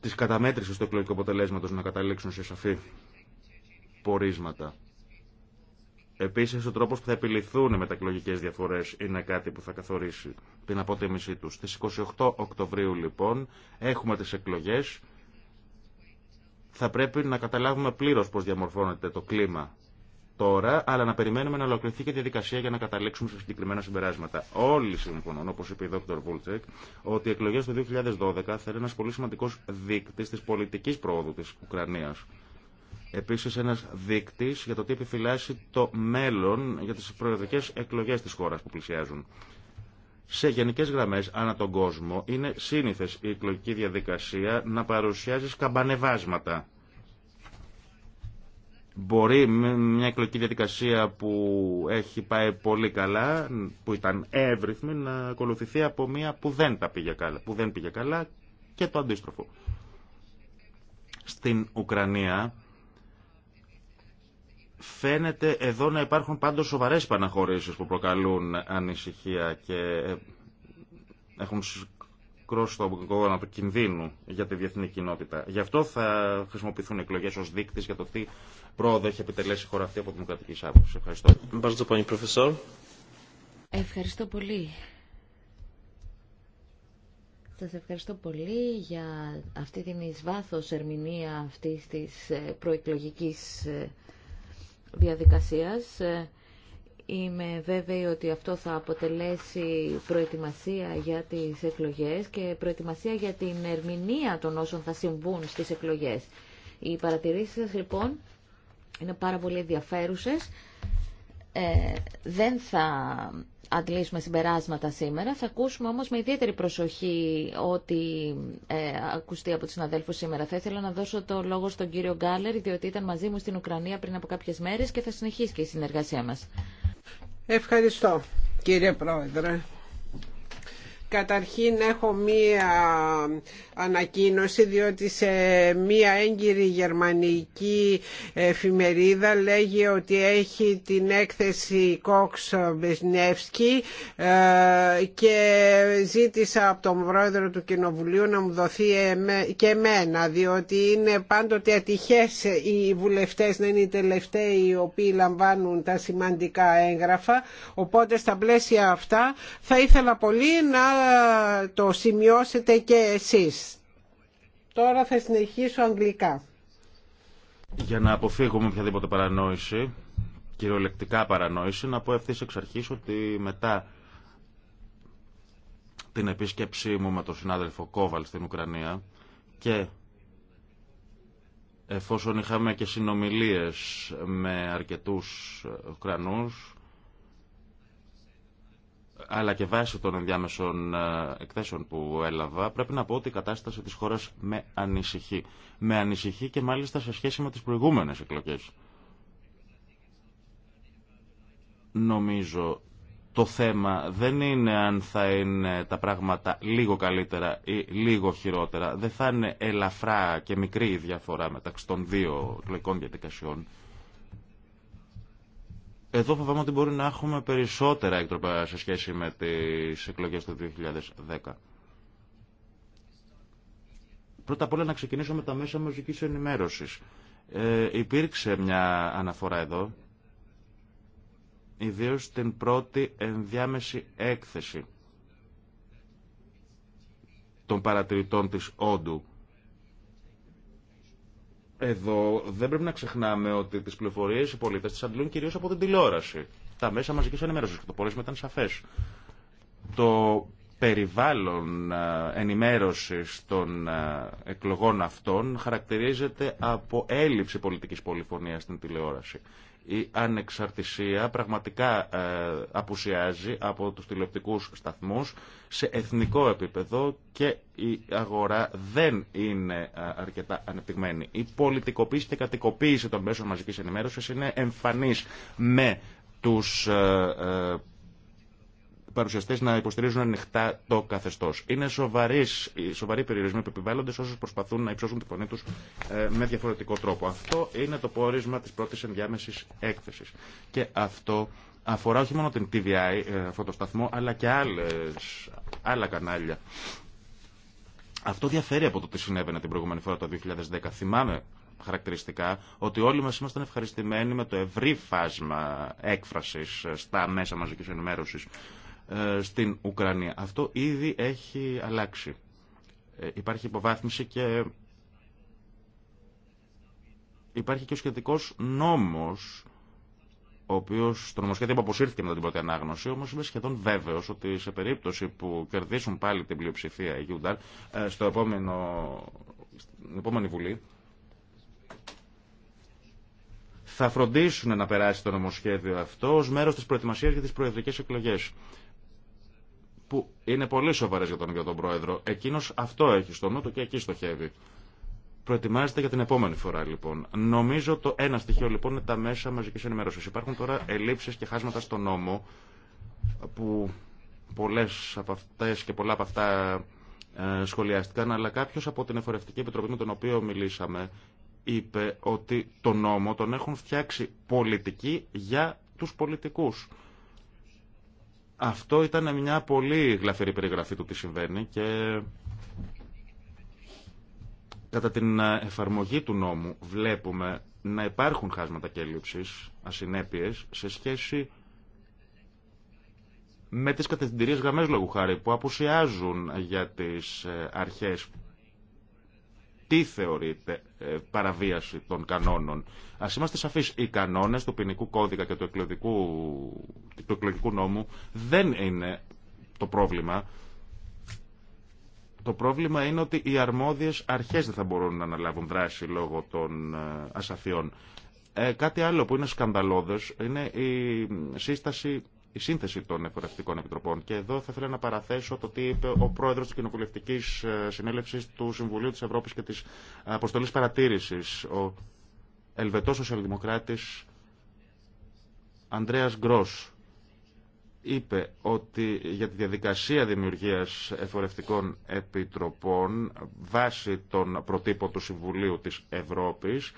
της καταμέτρησης του εκλογικού αποτελέσματος να καταλήξουν σε σαφή πορίσματα. Επίσης, ο τρόπος που θα επιληθούν με τα εκλογικέ διαφορέ είναι κάτι που θα καθορίσει την αποτίμησή τους. Στις 28 Οκτωβρίου, λοιπόν, έχουμε τις εκλογές. Θα πρέπει να καταλάβουμε πλήρως πώς διαμορφώνεται το κλίμα τώρα, αλλά να περιμένουμε να ολοκληρωθεί και διαδικασία για να καταλήξουμε σε συγκεκριμένα συμπεράσματα. Όλοι συμφωνούν, όπω είπε η Δόκτωρ Βούλτσεκ, ότι οι εκλογέ του 2012 θα είναι ένα πολύ σημαντικό δείκτη τη πολιτική πρόοδου τη Ουκρανία. Επίση, ένα δείκτη για το τι επιφυλάσσει το μέλλον για τι προεδρικέ εκλογέ τη χώρα που πλησιάζουν. Σε γενικέ γραμμέ, ανά τον κόσμο, είναι σύνηθε η εκλογική διαδικασία να παρουσιάζει σκαμπανεβάσματα Μπορεί μια εκλογική διαδικασία που έχει πάει πολύ καλά, που ήταν εύρυθμη, να ακολουθηθεί από μια που δεν, τα πήγε καλά, που δεν πήγε καλά και το αντίστροφο. Στην Ουκρανία φαίνεται εδώ να υπάρχουν πάντως σοβαρές παναχωρήσεις που προκαλούν ανησυχία και ε, έχουν κρόστο το κόδωνα του κινδύνου για τη διεθνή κοινότητα. Γι' αυτό θα χρησιμοποιηθούν εκλογέ ω δείκτης για το τι πρόοδο έχει επιτελέσει η χώρα αυτή από δημοκρατική άποψη. Ευχαριστώ. Ευχαριστώ πολύ. Σας ευχαριστώ πολύ για αυτή την εισβάθος ερμηνεία αυτής της ε, προεκλογικής ε, διαδικασίας. Ε, είμαι βέβαιη ότι αυτό θα αποτελέσει προετοιμασία για τις εκλογές και προετοιμασία για την ερμηνεία των όσων θα συμβούν στις εκλογές. Οι παρατηρήσεις σας λοιπόν είναι πάρα πολύ ενδιαφέρουσε Ε, δεν θα αντλήσουμε συμπεράσματα σήμερα. Θα ακούσουμε όμως με ιδιαίτερη προσοχή ό,τι ε, ακουστεί από τους συναδέλφους σήμερα. Θα ήθελα να δώσω το λόγο στον κύριο Γκάλερ, διότι ήταν μαζί μου στην Ουκρανία πριν από κάποιες μέρες και θα συνεχίσει και η συνεργασία μας. Ευχαριστώ κύριε Πρόεδρε. Καταρχήν έχω μία ανακοίνωση διότι σε μία έγκυρη γερμανική εφημερίδα λέγει ότι έχει την έκθεση Κόξ ε, και ζήτησα από τον πρόεδρο του Κοινοβουλίου να μου δοθεί και εμένα διότι είναι πάντοτε ατυχές οι βουλευτές να είναι οι τελευταίοι οι οποίοι λαμβάνουν τα σημαντικά έγγραφα οπότε στα πλαίσια αυτά θα ήθελα πολύ να το σημειώσετε και εσείς. Τώρα θα συνεχίσω αγγλικά. Για να αποφύγουμε οποιαδήποτε παρανόηση, κυριολεκτικά παρανόηση, να πω ευθύς εξ αρχής ότι μετά την επίσκεψή μου με τον συνάδελφο Κόβαλ στην Ουκρανία και εφόσον είχαμε και συνομιλίες με αρκετούς Ουκρανούς αλλά και βάσει των ενδιάμεσων ε, εκθέσεων που έλαβα, πρέπει να πω ότι η κατάσταση της χώρας με ανησυχεί. Με ανησυχεί και μάλιστα σε σχέση με τις προηγούμενες εκλογές. Νομίζω το θέμα δεν είναι αν θα είναι τα πράγματα λίγο καλύτερα ή λίγο χειρότερα. Δεν θα είναι ελαφρά και μικρή η διαφορά μεταξύ των δύο εκλογικών διαδικασιών. Εδώ φοβάμαι ότι μπορεί να έχουμε περισσότερα έκτροπα σε σχέση με τις εκλογές του 2010. Πρώτα απ' όλα να ξεκινήσω με τα μέσα μουσικής ενημέρωσης. Ε, υπήρξε μια αναφορά εδώ, ιδίως την πρώτη ενδιάμεση έκθεση των παρατηρητών της Όντου εδώ δεν πρέπει να ξεχνάμε ότι τι πληροφορίε οι πολίτε τι αντλούν κυρίω από την τηλεόραση. Τα μέσα μαζική ενημέρωση και το πόρισμα ήταν σαφέ. Το περιβάλλον ε, ενημέρωση των ε, εκλογών αυτών χαρακτηρίζεται από έλλειψη πολιτική πολυφωνία στην τηλεόραση η ανεξαρτησία πραγματικά ε, απουσιάζει από τους τηλεοπτικούς σταθμούς σε εθνικό επίπεδο και η αγορά δεν είναι ε, αρκετά ανεπτυγμένη. Η πολιτικοποίηση και κατοικοποίηση των μέσων μαζικής ενημέρωσης είναι εμφανής με τους ε, Παρουσιαστέ να υποστηρίζουν ανοιχτά το καθεστώ. Είναι σοβαρής, σοβαροί περιορισμοί που επιβάλλονται σε προσπαθούν να υψώσουν τη φωνή τους ε, με διαφορετικό τρόπο. Αυτό είναι το πόρισμα τη πρώτη ενδιάμεση έκθεση. Και αυτό αφορά όχι μόνο την TVI, ε, αυτό το σταθμό, αλλά και άλλες, άλλα κανάλια. Αυτό διαφέρει από το τι συνέβαινε την προηγούμενη φορά το 2010. Θυμάμαι χαρακτηριστικά ότι όλοι μας ήμασταν ευχαριστημένοι με το ευρύ φάσμα έκφρασης ε, στα μέσα μαζικής ενημέρωσης ε, στην Ουκρανία. Αυτό ήδη έχει αλλάξει. Ε, υπάρχει υποβάθμιση και υπάρχει και ο σχετικός νόμος ο οποίο στο νομοσχέδιο που αποσύρθηκε μετά την πρώτη ανάγνωση, όμω είμαι σχεδόν βέβαιο ότι σε περίπτωση που κερδίσουν πάλι την πλειοψηφία η Γιούνταρ ε, στο επόμενο, στην επόμενη Βουλή, θα φροντίσουν να περάσει το νομοσχέδιο αυτό ω μέρο τη προετοιμασία για τι προεδρικέ εκλογέ που είναι πολύ σοβαρέ για τον ίδιο τον Πρόεδρο. Εκείνος αυτό έχει στο νου του και εκεί στοχεύει. Προετοιμάζεται για την επόμενη φορά λοιπόν. Νομίζω το ένα στοιχείο λοιπόν είναι τα μέσα μαζική ενημέρωση. Υπάρχουν τώρα ελλείψει και χάσματα στον νόμο που πολλέ από αυτές και πολλά από αυτά ε, σχολιάστηκαν, αλλά κάποιο από την Εφορευτική Επιτροπή με τον οποίο μιλήσαμε είπε ότι τον νόμο τον έχουν φτιάξει πολιτικοί για τους πολιτικούς. Αυτό ήταν μια πολύ γλαφερή περιγραφή του τι συμβαίνει και κατά την εφαρμογή του νόμου βλέπουμε να υπάρχουν χάσματα και έλλειψεις, ασυνέπειες, σε σχέση με τις κατευθυντηρίες γραμμές λόγου χάρη που απουσιάζουν για τις ε, αρχές τι θεωρείται ε, παραβίαση των κανόνων. Α είμαστε σαφεί. Οι κανόνε του ποινικού κώδικα και του εκλογικού, του νόμου δεν είναι το πρόβλημα. Το πρόβλημα είναι ότι οι αρμόδιες αρχές δεν θα μπορούν να αναλάβουν δράση λόγω των ε, ασαφιών. Ε, κάτι άλλο που είναι σκανδαλώδες είναι η σύσταση η σύνθεση των εφορευτικών επιτροπών. Και εδώ θα ήθελα να παραθέσω το τι είπε ο πρόεδρο τη Κοινοβουλευτική ε, Συνέλευση του Συμβουλίου τη Ευρώπη και τη Αποστολή Παρατήρηση, ο Ελβετό Σοσιαλδημοκράτη Ανδρέα Γκρό. Είπε ότι για τη διαδικασία δημιουργίας εφορευτικών επιτροπών βάσει των προτύπων του Συμβουλίου της Ευρώπης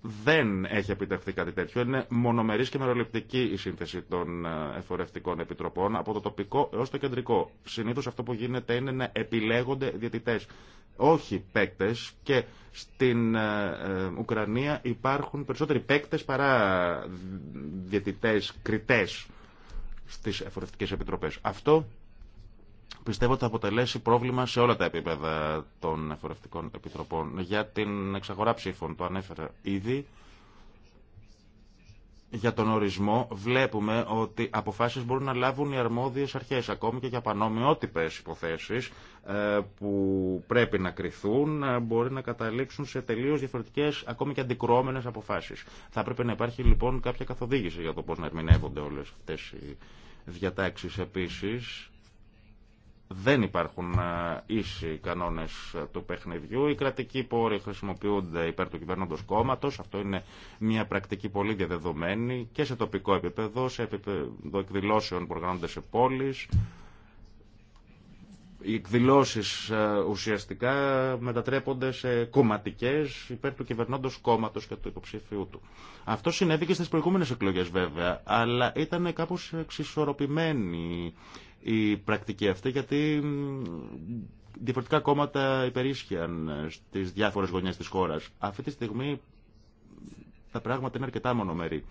δεν έχει επιτευχθεί κάτι τέτοιο. Είναι μονομερή και μεροληπτική η σύνθεση των ε, εφορευτικών επιτροπών από το τοπικό έω το κεντρικό. Συνήθω αυτό που γίνεται είναι να επιλέγονται διαιτητέ, όχι παίκτε. Και στην ε, ε, Ουκρανία υπάρχουν περισσότεροι παίκτε παρά διαιτητέ κριτέ στι εφορευτικέ επιτροπέ. Αυτό πιστεύω ότι θα αποτελέσει πρόβλημα σε όλα τα επίπεδα των εφορευτικών επιτροπών. Για την εξαγορά ψήφων, το ανέφερα ήδη, για τον ορισμό βλέπουμε ότι αποφάσεις μπορούν να λάβουν οι αρμόδιες αρχές, ακόμη και για πανομοιότυπες υποθέσεις ε, που πρέπει να κρυθούν, ε, μπορεί να καταλήξουν σε τελείως διαφορετικές, ακόμη και αντικρουόμενες αποφάσεις. Θα πρέπει να υπάρχει λοιπόν κάποια καθοδήγηση για το πώς να ερμηνεύονται όλες αυτές οι διατάξεις επίσης δεν υπάρχουν ε, ίσοι κανόνες ε, του παιχνιδιού. Οι κρατικοί πόροι χρησιμοποιούνται υπέρ του κυβερνώντο κόμματο, Αυτό είναι μια πρακτική πολύ διαδεδομένη και σε τοπικό επίπεδο, σε επίπεδο εκδηλώσεων που οργανώνται σε πόλεις. Οι εκδηλώσεις ε, ουσιαστικά μετατρέπονται σε κομματικέ υπέρ του κυβερνώντο κόμματο και του υποψήφιου του. Αυτό συνέβη και στις προηγούμενες εκλογές βέβαια, αλλά ήταν κάπω εξισορροπημένη η πρακτική αυτή, γιατί διαφορετικά κόμματα υπερίσχυαν στι διάφορες γωνιές της χώρα. Αυτή τη στιγμή τα πράγματα είναι αρκετά μονομερή.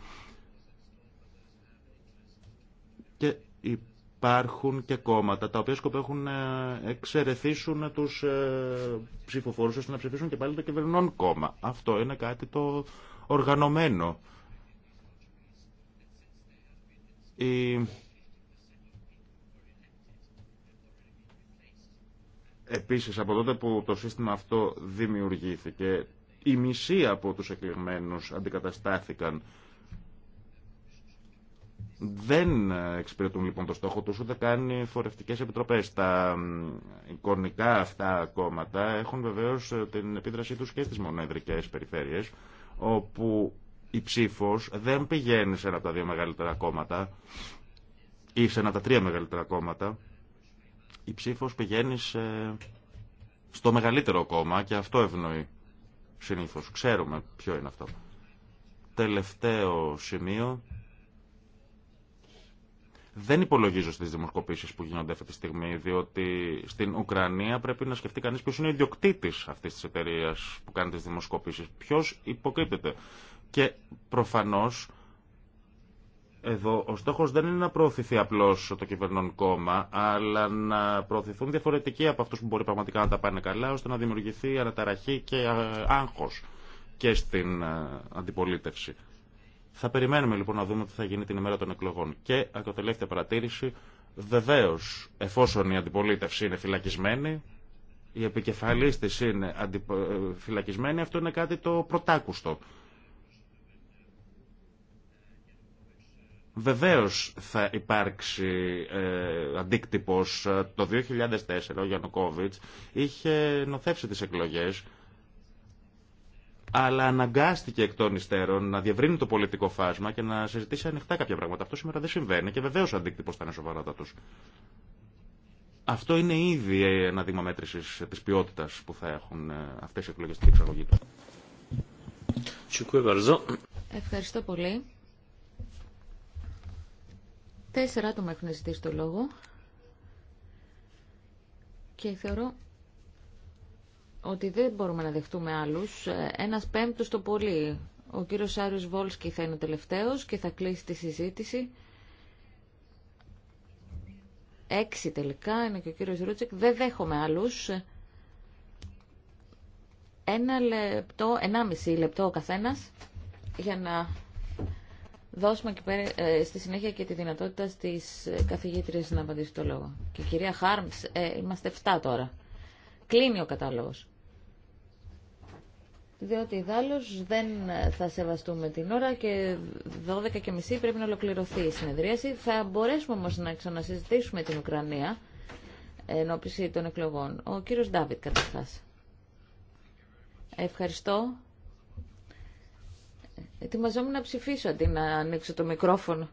Και υπάρχουν και κόμματα τα οποία σκοπεύουν να ε, εξαιρεθήσουν τους ε, ψηφοφόρους ώστε να ψηφίσουν και πάλι το κυβερνών κόμμα. Αυτό είναι κάτι το οργανωμένο. Επίσης, από τότε που το σύστημα αυτό δημιουργήθηκε, η μισή από τους εκλεγμένους αντικαταστάθηκαν. Δεν εξυπηρετούν λοιπόν το στόχο τους, ούτε κάνει φορευτικές επιτροπές. Τα εικονικά αυτά κόμματα έχουν βεβαίως ε, την επίδρασή τους και στις μονεδρικές περιφέρειες, όπου η ψήφος δεν πηγαίνει σε ένα από τα δύο μεγαλύτερα κόμματα ή σε ένα από τα τρία μεγαλύτερα κόμματα, η ψήφος πηγαίνει σε... στο μεγαλύτερο κόμμα και αυτό ευνοεί συνήθως. Ξέρουμε ποιο είναι αυτό. Τελευταίο σημείο. Δεν υπολογίζω στις δημοσκοπήσεις που γίνονται αυτή τη στιγμή, διότι στην Ουκρανία πρέπει να σκεφτεί κανείς ποιος είναι ο ιδιοκτήτης αυτής της εταιρείας που κάνει τις δημοσκοπήσεις. Ποιος υποκρύπτεται. Και προφανώς εδώ ο στόχο δεν είναι να προωθηθεί απλώ το κυβερνών κόμμα, αλλά να προωθηθούν διαφορετικοί από αυτού που μπορεί πραγματικά να τα πάνε καλά, ώστε να δημιουργηθεί αναταραχή και ε, άγχο και στην ε, αντιπολίτευση. Θα περιμένουμε λοιπόν να δούμε τι θα γίνει την ημέρα των εκλογών. Και από τελευταία παρατήρηση, βεβαίω εφόσον η αντιπολίτευση είναι φυλακισμένη, η επικεφαλής της είναι ε, φυλακισμένη, αυτό είναι κάτι το πρωτάκουστο. Βεβαίως θα υπάρξει ε, αντίκτυπος. Ε, το 2004 ο Γιανοκόβιτς είχε νοθεύσει τις εκλογές αλλά αναγκάστηκε εκ των υστέρων να διευρύνει το πολιτικό φάσμα και να συζητήσει ανοιχτά κάποια πράγματα. Αυτό σήμερα δεν συμβαίνει και βεβαίως ο αντίκτυπο θα είναι τους. Αυτό είναι ήδη ένα δείγμα μέτρηση τη ποιότητα που θα έχουν ε, αυτέ οι εκλογέ στην εξαγωγή του. Ευχαριστώ πολύ. Τέσσερα άτομα έχουν ζητήσει το λόγο και θεωρώ ότι δεν μπορούμε να δεχτούμε άλλους. Ένας πέμπτος το πολύ. Ο κύριος Σάριος Βόλσκι θα είναι ο τελευταίος και θα κλείσει τη συζήτηση. Έξι τελικά είναι και ο κύριος Ρούτσεκ. Δεν δέχομαι άλλους. Ένα λεπτό, ενάμιση λεπτό ο καθένας για να δώσουμε και πέρα, ε, στη συνέχεια και τη δυνατότητα στις καθηγήτριες να απαντήσει το λόγο. Και κυρία Χάρμς, ε, είμαστε 7 τώρα. Κλείνει ο κατάλογος. Διότι δάλλως δεν θα σεβαστούμε την ώρα και 12 και μισή πρέπει να ολοκληρωθεί η συνεδρίαση. Θα μπορέσουμε όμως να ξανασυζητήσουμε την Ουκρανία ενώπιση των εκλογών. Ο κύριος Ντάβιτ καταρχάς. Ευχαριστώ. Ετοιμαζόμουν να ψηφίσω αντί να ανοίξω το μικρόφωνο.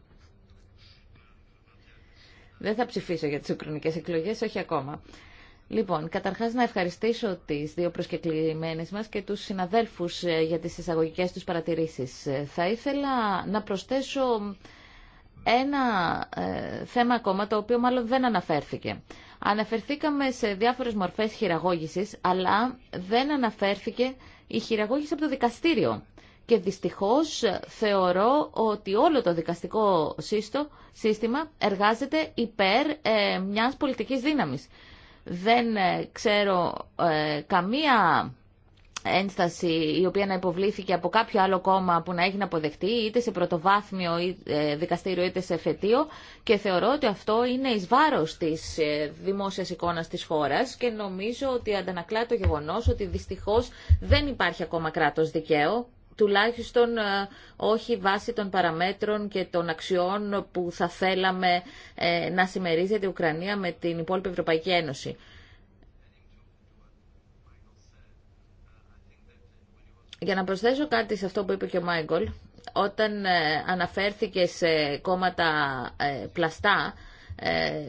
Δεν θα ψηφίσω για τις ουκρινικές εκλογές, όχι ακόμα. Λοιπόν, καταρχάς να ευχαριστήσω τις δύο προσκεκλημένες μας και τους συναδέλφους ε, για τις εισαγωγικές τους παρατηρήσεις. Ε, θα ήθελα να προσθέσω ένα ε, θέμα ακόμα το οποίο μάλλον δεν αναφέρθηκε. Αναφερθήκαμε σε διάφορες μορφές χειραγώγησης, αλλά δεν αναφέρθηκε η χειραγώγηση από το δικαστήριο και δυστυχώς θεωρώ ότι όλο το δικαστικό σύστημα εργάζεται υπέρ ε, μιας πολιτικής δύναμης. Δεν ε, ξέρω ε, καμία ένσταση η οποία να υποβλήθηκε από κάποιο άλλο κόμμα που να έχει να αποδεχτεί είτε σε πρωτοβάθμιο δικαστήριο είτε σε εφετείο και θεωρώ ότι αυτό είναι εις βάρος της δημόσιας εικόνας της χώρας και νομίζω ότι αντανακλά το γεγονός ότι δυστυχώς δεν υπάρχει ακόμα κράτος δικαίου τουλάχιστον ε, όχι βάσει των παραμέτρων και των αξιών που θα θέλαμε ε, να συμμερίζεται η Ουκρανία με την υπόλοιπη Ευρωπαϊκή Ένωση. Για να προσθέσω κάτι σε αυτό που είπε και ο Μάϊκόλ, όταν ε, αναφέρθηκε σε κόμματα πλαστά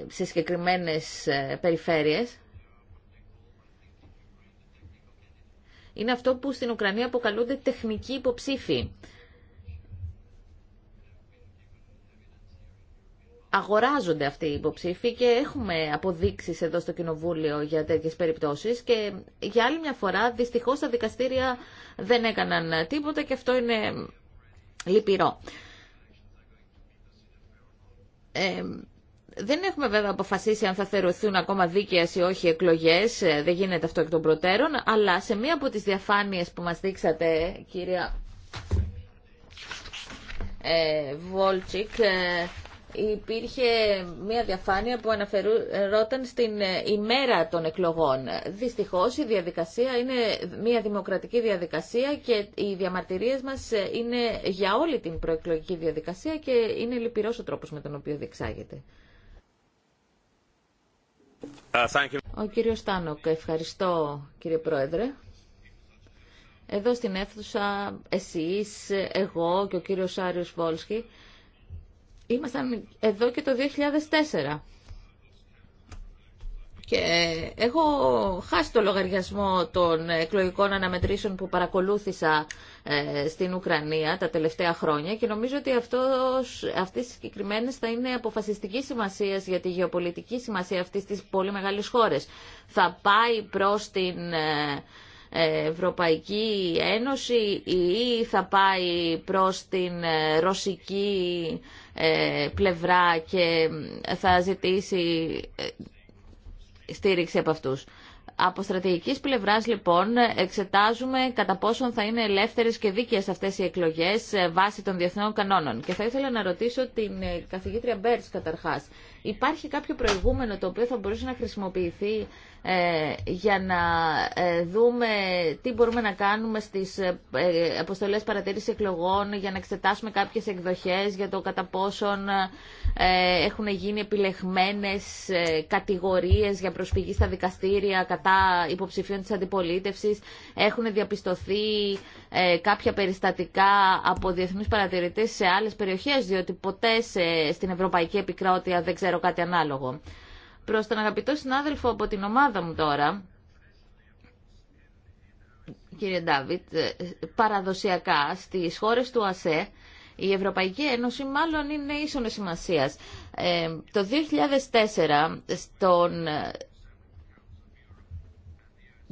σε συγκεκριμένες περιφέρειες, είναι αυτό που στην Ουκρανία αποκαλούνται τεχνικοί υποψήφοι. αγοράζονται αυτοί οι υποψήφοι και έχουμε αποδείξεις εδώ στο Κοινοβούλιο για τέτοιες περιπτώσεις και για άλλη μια φορά δυστυχώς τα δικαστήρια δεν έκαναν τίποτα και αυτό είναι λυπηρό. Ε, δεν έχουμε βέβαια αποφασίσει αν θα θεωρηθούν ακόμα δίκαιε ή όχι εκλογέ, ε, δεν γίνεται αυτό εκ των προτέρων, αλλά σε μία από τι διαφάνειε που μα δείξατε, κυρία ε, Βόλτσικ, ε, υπήρχε μία διαφάνεια που αναφερόταν στην ε, ημέρα των εκλογών. Δυστυχώς η διαδικασία είναι μία δημοκρατική διαδικασία και οι διαμαρτυρίε μα είναι για όλη την προεκλογική διαδικασία και είναι λυπηρό ο τρόπο με τον οποίο διεξάγεται. Uh, ο κύριος Τάνοκ, ευχαριστώ κύριε Πρόεδρε. Εδώ στην αίθουσα εσείς, εγώ και ο κύριος Άριος Βόλσκι ήμασταν εδώ και το 2004. Και έχω χάσει το λογαριασμό των εκλογικών αναμετρήσεων που παρακολούθησα ε, στην Ουκρανία τα τελευταία χρόνια και νομίζω ότι αυτός, αυτές οι συγκεκριμένε θα είναι αποφασιστική σημασία για τη γεωπολιτική σημασία αυτής της πολύ μεγάλης χώρες. Θα πάει προς την... Ε, Ευρωπαϊκή Ένωση ή θα πάει προς την ε, ρωσική πλευρά και θα ζητήσει στήριξη από αυτούς. Από στρατηγική πλευρά, λοιπόν, εξετάζουμε κατά πόσον θα είναι ελεύθερε και δίκαιε αυτέ οι εκλογέ ε, βάσει των διεθνών κανόνων. Και θα ήθελα να ρωτήσω την ε, καθηγήτρια Μπέρτ, καταρχά. Υπάρχει κάποιο προηγούμενο το οποίο θα μπορούσε να χρησιμοποιηθεί ε, για να ε, δούμε τι μπορούμε να κάνουμε στις ε, αποστολές παρατήρησης εκλογών για να εξετάσουμε κάποιες εκδοχές για το κατά πόσον έχουν γίνει επιλεγμένες κατηγορίες για προσφυγή στα δικαστήρια κατά υποψηφίων της αντιπολίτευσης. Έχουν διαπιστωθεί κάποια περιστατικά από διεθνείς παρατηρητές σε άλλες περιοχές, διότι ποτέ στην Ευρωπαϊκή Επικράτεια δεν ξέρω κάτι ανάλογο. Προς τον αγαπητό συνάδελφο από την ομάδα μου τώρα, κύριε Ντάβιτ, ε, παραδοσιακά στις χώρες του ΑΣΕ, η Ευρωπαϊκή Ένωση μάλλον είναι ίσον σημασία. Ε, το 2004, στον ε,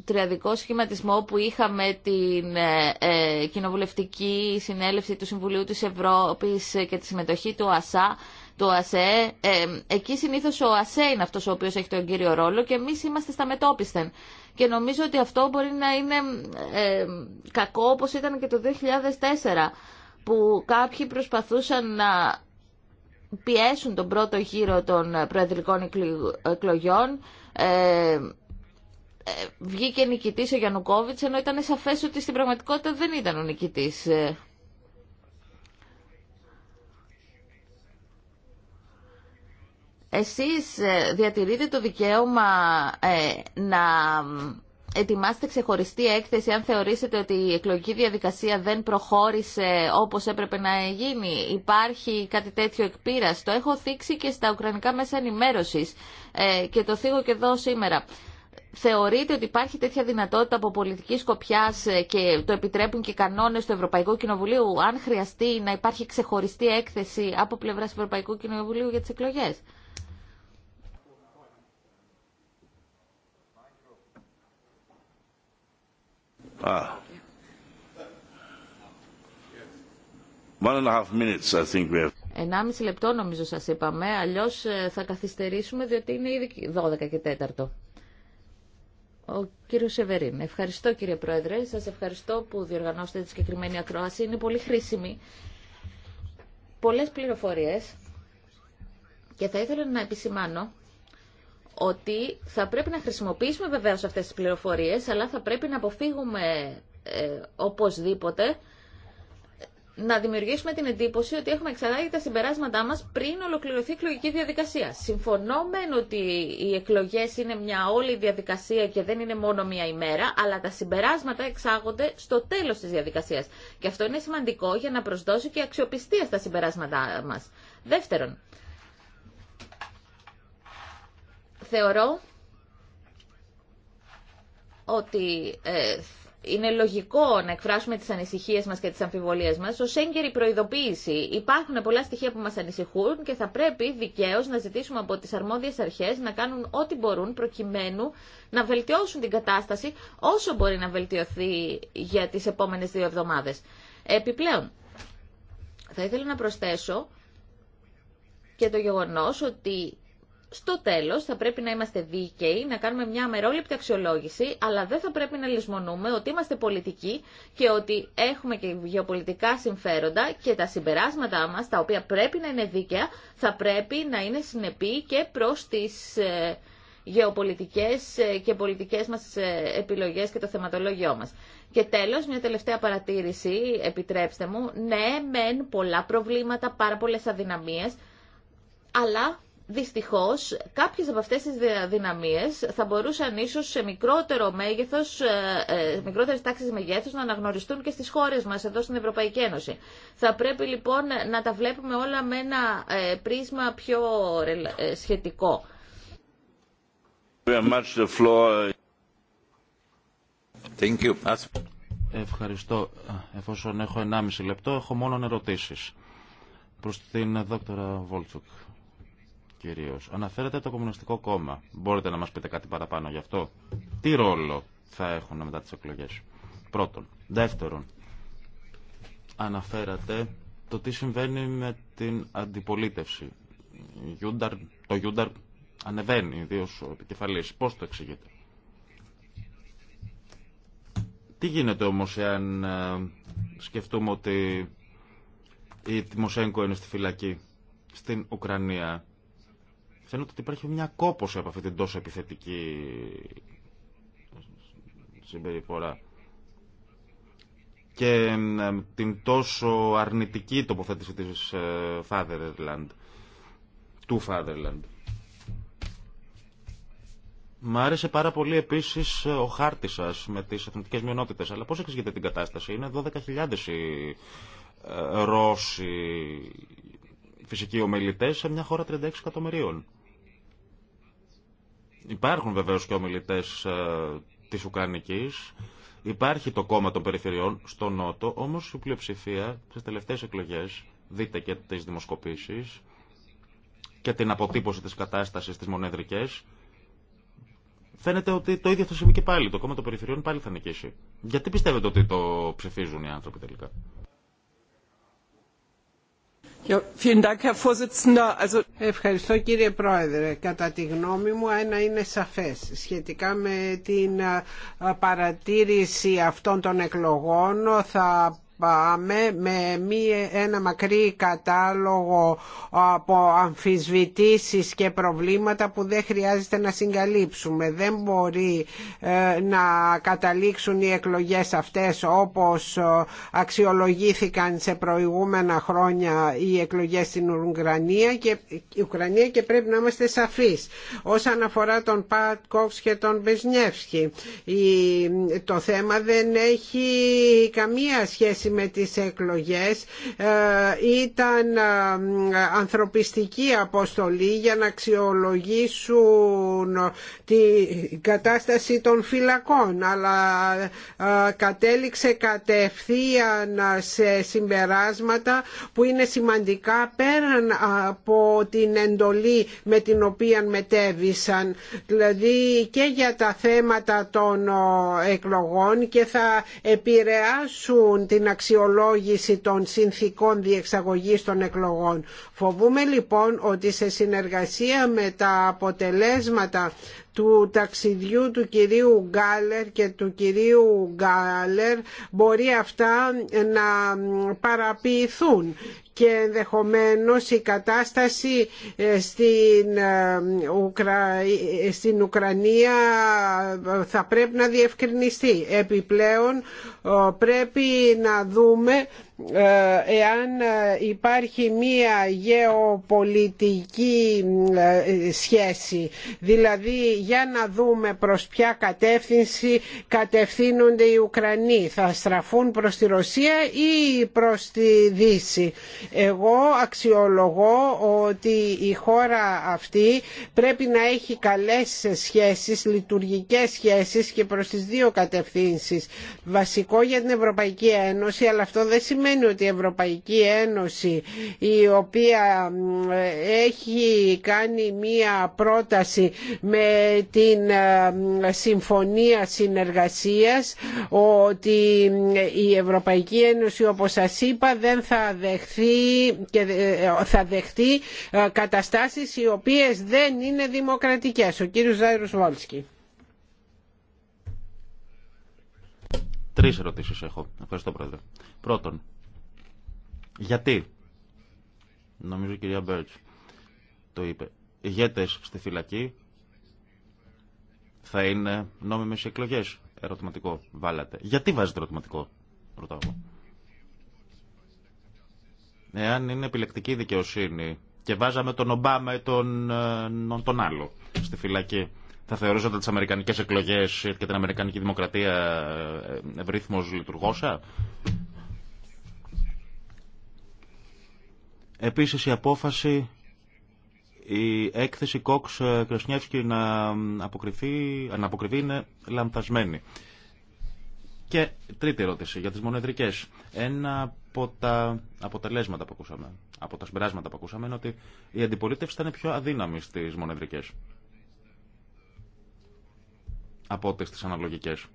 τριαδικό σχηματισμό που είχαμε την ε, ε, κοινοβουλευτική συνέλευση του Συμβουλίου της Ευρώπης και τη συμμετοχή του ΑΣΑ, το ΑΣΕ. Ε, εκεί συνήθω ο ΑΣΕ είναι αυτός ο οποίος έχει τον κύριο ρόλο και εμείς είμαστε στα μετόπισθεν. Και νομίζω ότι αυτό μπορεί να είναι ε, κακό όπως ήταν και το 2004 που κάποιοι προσπαθούσαν να πιέσουν τον πρώτο γύρο των προεδρικών εκλογιών ε, ε, βγήκε νικητής ο Γιαννουκόβιτς ενώ ήταν σαφές ότι στην πραγματικότητα δεν ήταν ο νικητής. Ε. Εσείς ε, διατηρείτε το δικαίωμα ε, να ετοιμάσετε ξεχωριστή έκθεση αν θεωρήσετε ότι η εκλογική διαδικασία δεν προχώρησε όπως έπρεπε να γίνει. Υπάρχει κάτι τέτοιο Το Έχω θίξει και στα ουκρανικά μέσα ενημέρωσης ε, και το θίγω και εδώ σήμερα. Θεωρείτε ότι υπάρχει τέτοια δυνατότητα από πολιτική σκοπιά και το επιτρέπουν και οι κανόνε του Ευρωπαϊκού Κοινοβουλίου, αν χρειαστεί να υπάρχει ξεχωριστή έκθεση από πλευρά Ευρωπαϊκού Κοινοβουλίου για τι εκλογέ. Ah. One minutes, I think we have. 1,5 λεπτό νομίζω σας είπαμε, αλλιώς ε, θα καθυστερήσουμε διότι είναι ήδη 12 και τέταρτο. Ο κύριος Σεβερίν, ευχαριστώ κύριε Πρόεδρε, σας ευχαριστώ που διοργανώσετε τη συγκεκριμένη ακρόαση, είναι πολύ χρήσιμη. Πολλές πληροφορίες και θα ήθελα να επισημάνω ότι θα πρέπει να χρησιμοποιήσουμε βεβαίως αυτές τις πληροφορίες, αλλά θα πρέπει να αποφύγουμε ε, οπωσδήποτε να δημιουργήσουμε την εντύπωση ότι έχουμε εξαγάγει τα συμπεράσματά μας πριν ολοκληρωθεί η εκλογική διαδικασία. Συμφωνώ μεν ότι οι εκλογές είναι μια όλη διαδικασία και δεν είναι μόνο μια ημέρα, αλλά τα συμπεράσματα εξάγονται στο τέλος της διαδικασίας. Και αυτό είναι σημαντικό για να προσδώσει και αξιοπιστία στα συμπεράσματά μας. Δεύτερον, θεωρώ ότι ε, είναι λογικό να εκφράσουμε τις ανησυχίες μας και τις αμφιβολίες μας ως έγκαιρη προειδοποίηση. Υπάρχουν πολλά στοιχεία που μας ανησυχούν και θα πρέπει δικαίως να ζητήσουμε από τις αρμόδιες αρχές να κάνουν ό,τι μπορούν προκειμένου να βελτιώσουν την κατάσταση όσο μπορεί να βελτιωθεί για τις επόμενες δύο εβδομάδες. Επιπλέον, θα ήθελα να προσθέσω και το γεγονός ότι στο τέλος θα πρέπει να είμαστε δίκαιοι, να κάνουμε μια αμερόληπτη αξιολόγηση, αλλά δεν θα πρέπει να λησμονούμε ότι είμαστε πολιτικοί και ότι έχουμε και γεωπολιτικά συμφέροντα και τα συμπεράσματά μας, τα οποία πρέπει να είναι δίκαια, θα πρέπει να είναι συνεπή και προς τις ε, γεωπολιτικές ε, και πολιτικές μας ε, επιλογές και το θεματολόγιό μας. Και τέλος, μια τελευταία παρατήρηση, επιτρέψτε μου, ναι, μεν πολλά προβλήματα, πάρα πολλές αδυναμίες, αλλά δυστυχώς κάποιες από αυτές τις δυναμίες θα μπορούσαν ίσως σε μικρότερο μέγεθος, σε ε, μικρότερες τάξεις μεγέθους να αναγνωριστούν και στις χώρες μας εδώ στην Ευρωπαϊκή Ένωση. Θα πρέπει λοιπόν να τα βλέπουμε όλα με ένα ε, πρίσμα πιο ε, σχετικό. Ευχαριστώ. Εφόσον έχω 1,5 λεπτό, έχω μόνο ερωτήσεις. Προς την δόκτωρα Βόλτσουκ κυρίως. Αναφέρατε το Κομμουνιστικό Κόμμα. Μπορείτε να μας πείτε κάτι παραπάνω γι' αυτό. Τι ρόλο θα έχουν μετά τι εκλογέ. Πρώτον. Δεύτερον. Αναφέρατε το τι συμβαίνει με την αντιπολίτευση. το Γιούνταρ ανεβαίνει, ιδίω ο επικεφαλή. Πώς το εξηγείτε. Τι γίνεται όμως εάν ε, σκεφτούμε ότι η Τιμοσέγκο είναι στη φυλακή στην Ουκρανία φαίνεται ότι υπάρχει μια κόπωση από αυτή την τόσο επιθετική συμπεριφορά και ε, την τόσο αρνητική τοποθέτηση της ε, Fatherland, του Fatherland. Μ' άρεσε πάρα πολύ επίση ε, ο χάρτη σα με τι εθνικέ μειονότητε. Αλλά πώ εξηγείτε την κατάσταση, Είναι 12.000 οι Ρώσοι φυσικοί ομιλητέ σε μια χώρα 36 εκατομμυρίων. Υπάρχουν βεβαίω και ομιλητέ ε, τη Ουκρανική. Υπάρχει το κόμμα των περιφερειών στο Νότο, όμω η πλειοψηφία στι τελευταίε εκλογέ, δείτε και τι δημοσκοπήσει και την αποτύπωση τη κατάσταση στι μονεδρικέ, φαίνεται ότι το ίδιο θα συμβεί και πάλι. Το κόμμα των περιφερειών πάλι θα νικήσει. Γιατί πιστεύετε ότι το ψηφίζουν οι άνθρωποι τελικά. Ευχαριστώ κύριε Πρόεδρε. Κατά τη γνώμη μου ένα είναι σαφές σχετικά με την ε, παρατήρηση αυτών των εκλογών θα πάμε με μία, ένα μακρύ κατάλογο από αμφισβητήσεις και προβλήματα που δεν χρειάζεται να συγκαλύψουμε. Δεν μπορεί ε, να καταλήξουν οι εκλογές αυτές όπως ε, αξιολογήθηκαν σε προηγούμενα χρόνια οι εκλογές στην Ουκρανία και, η Ουκρανία και πρέπει να είμαστε σαφείς. Όσον αφορά τον Πατκόφς και τον η το θέμα δεν έχει καμία σχέση με τις εκλογές ε, ήταν ε, ανθρωπιστική αποστολή για να αξιολογήσουν ε, την κατάσταση των φυλακών αλλά κατέληξε κατευθείαν σε συμπεράσματα που είναι σημαντικά πέραν από την εντολή με την οποία μετέβησαν δηλαδή και για τα θέματα των εκλογών και θα επηρεάσουν την αξιολόγηση των συνθήκων διεξαγωγής των εκλογών. Φοβούμε λοιπόν ότι σε συνεργασία με τα αποτελέσματα του ταξιδιού του κυρίου Γκάλερ και του κυρίου Γκάλερ μπορεί αυτά να παραποιηθούν και ενδεχομένως η κατάσταση ε, στην, ε, ε, στην Ουκρανία θα πρέπει να διευκρινιστεί. Επιπλέον πρέπει να δούμε ε, εάν ε, υπάρχει μία γεωπολιτική ε, σχέση δηλαδή για να δούμε προς ποια κατεύθυνση κατευθύνονται οι Ουκρανοί θα στραφούν προς τη Ρωσία ή προς τη Δύση εγώ αξιολογώ ότι η χώρα αυτή πρέπει να έχει καλές σχέσεις, λειτουργικές σχέσεις και προς τις δύο κατευθύνσεις βασικό για την Ευρωπαϊκή Ένωση αλλά αυτό δεν σημαίνει σημαίνει ότι η Ευρωπαϊκή Ένωση η οποία έχει κάνει μία πρόταση με την ε, Συμφωνία Συνεργασίας ότι η Ευρωπαϊκή Ένωση όπως σας είπα δεν θα δεχθεί, και ε, θα δεχτεί ε, καταστάσεις οι οποίες δεν είναι δημοκρατικές. Ο κύριος Ζάιρος Βόλσκι. Τρει ερωτήσει έχω. Ευχαριστώ, Πρόεδρε. Πρώτον, γιατί, νομίζω η κυρία Μπέρτς το είπε, ηγέτες στη φυλακή θα είναι νόμιμες εκλογές. Ερωτηματικό βάλατε. Γιατί βάζετε ερωτηματικό, ρωτάω εγώ. Εάν είναι επιλεκτική δικαιοσύνη και βάζαμε τον Ομπάμα ή τον, ε, τον άλλο στη φυλακή, θα θεωρούσατε τις αμερικανικές εκλογές και την αμερικανική δημοκρατία ε, ε, ευρύθμος λειτουργόσα. Επίσης η απόφαση η έκθεση Κόξ ε, Κρασνιεύσκη να αποκριθεί, να αποκριθεί είναι λανθασμένη. Και τρίτη ερώτηση για τις μονεδρικές. Ένα από τα αποτελέσματα που ακούσαμε, από τα συμπεράσματα που ακούσαμε είναι ότι η αντιπολίτευση ήταν πιο αδύναμη στις μονεδρικές από ό,τι στις αναλογικές.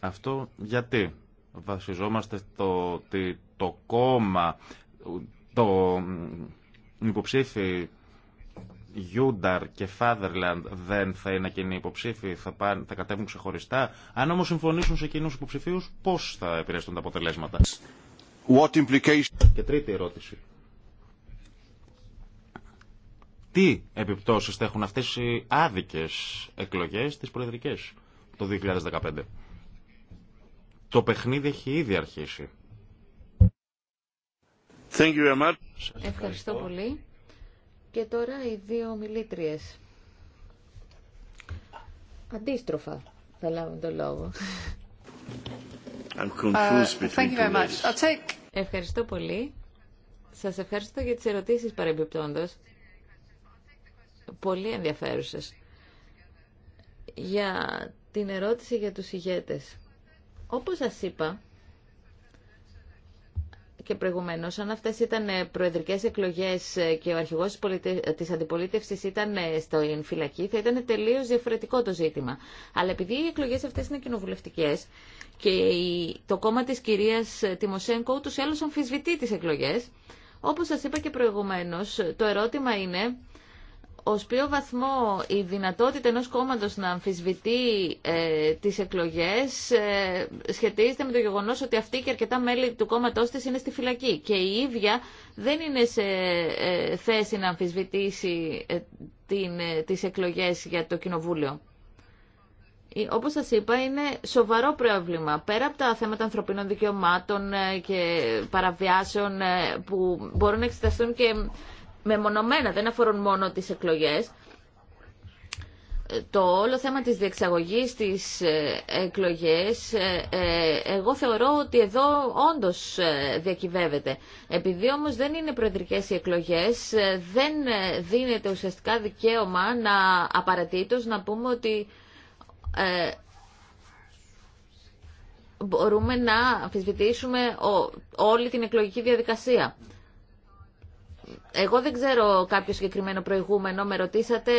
Αυτό γιατί βασιζόμαστε στο ότι το κόμμα, το υποψήφι Γιούνταρ και Φάδερλαντ δεν θα είναι κοινοί υποψήφοι, θα, κατέβουν ξεχωριστά. Αν όμως συμφωνήσουν σε κοινούς υποψηφίους, πώς θα επηρεαστούν τα αποτελέσματα. What implication... Και τρίτη ερώτηση. Τι επιπτώσεις θα έχουν αυτές οι άδικες εκλογές, τις προεδρικές, το 2015. Το παιχνίδι έχει ήδη αρχίσει. Ευχαριστώ. πολύ. Και τώρα οι δύο μιλήτριες. Αντίστροφα θα λάβουν το λόγο. I'm uh, thank you very much. I'll take... Ευχαριστώ πολύ. Σας ευχαριστώ για τις ερωτήσεις παρεμπιπτόντως. Πολύ ενδιαφέρουσες. Για την ερώτηση για τους ηγέτες. Όπως σας είπα και προηγουμένως, αν αυτές ήταν προεδρικές εκλογές και ο αρχηγός της αντιπολίτευσης ήταν στο φυλακή, θα ήταν τελείως διαφορετικό το ζήτημα. Αλλά επειδή οι εκλογές αυτές είναι κοινοβουλευτικές και το κόμμα της κυρίας Τιμοσέγκο ούτως ή άλλως αμφισβητεί τις εκλογές, όπως σας είπα και προηγουμένως, το ερώτημα είναι ως ποιο βαθμό η δυνατότητα ενό κόμματος να αμφισβητεί ε, τις εκλογές ε, σχετίζεται με το γεγονός ότι αυτή και αρκετά μέλη του κόμματός τη είναι στη φυλακή και η ίδια δεν είναι σε ε, θέση να αμφισβητήσει ε, την, τις εκλογές για το Κοινοβούλιο. Όπως σας είπα, είναι σοβαρό πρόβλημα. Πέρα από τα θέματα ανθρωπίνων δικαιωμάτων και παραβιάσεων που μπορούν να εξεταστούν και μεμονωμένα, δεν αφορούν μόνο τις εκλογές. Ε, το όλο θέμα της διεξαγωγής της ε, εκλογές, ε, εγώ θεωρώ ότι εδώ όντως διακυβεύεται. Επειδή όμως δεν είναι προεδρικές οι εκλογές, δεν δίνεται ουσιαστικά δικαίωμα να απαρατήτως να πούμε ότι μπορούμε να αμφισβητήσουμε όλη την εκλογική διαδικασία. Εγώ δεν ξέρω κάποιο συγκεκριμένο προηγούμενο, με ρωτήσατε,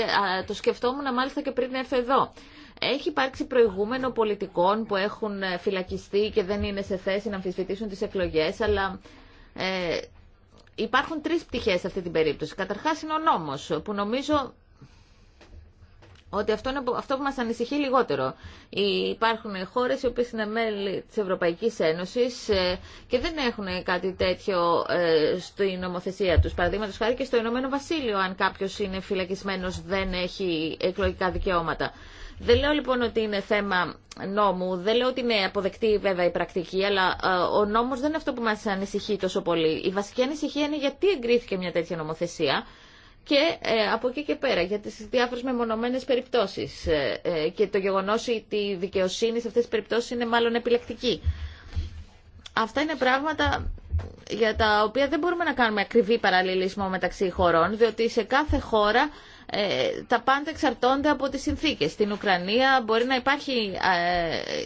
το σκεφτόμουν μάλιστα και πριν έρθω εδώ. Έχει υπάρξει προηγούμενο πολιτικών που έχουν ε, φυλακιστεί και δεν είναι σε θέση να αμφισβητήσουν τις εκλογές, αλλά ε, υπάρχουν τρεις πτυχές σε αυτή την περίπτωση. Καταρχάς είναι ο νόμος, που νομίζω ότι αυτό, είναι, αυτό που μας ανησυχεί λιγότερο. Υπάρχουν χώρες οι οποίες είναι μέλη της Ευρωπαϊκής Ένωσης ε, και δεν έχουν κάτι τέτοιο ε, στη νομοθεσία τους. Παραδείγματος χάρη και στο Ηνωμένο Βασίλειο, αν κάποιος είναι φυλακισμένος δεν έχει εκλογικά δικαιώματα. Δεν λέω λοιπόν ότι είναι θέμα νόμου, δεν λέω ότι είναι αποδεκτή βέβαια η πρακτική, αλλά ε, ο νόμος δεν είναι αυτό που μας ανησυχεί τόσο πολύ. Η βασική ανησυχία είναι γιατί εγκρίθηκε μια τέτοια νομοθεσία και ε, από εκεί και πέρα για τις διάφορες μεμονωμένες περιπτώσεις ε, ε, και το γεγονός ότι η δικαιοσύνη σε αυτές τις περιπτώσεις είναι μάλλον επιλεκτική. Αυτά είναι πράγματα για τα οποία δεν μπορούμε να κάνουμε ακριβή παραλληλισμό μεταξύ χωρών, διότι σε κάθε χώρα ε, τα πάντα εξαρτώνται από τις συνθήκες. Στην Ουκρανία μπορεί να υπάρχει,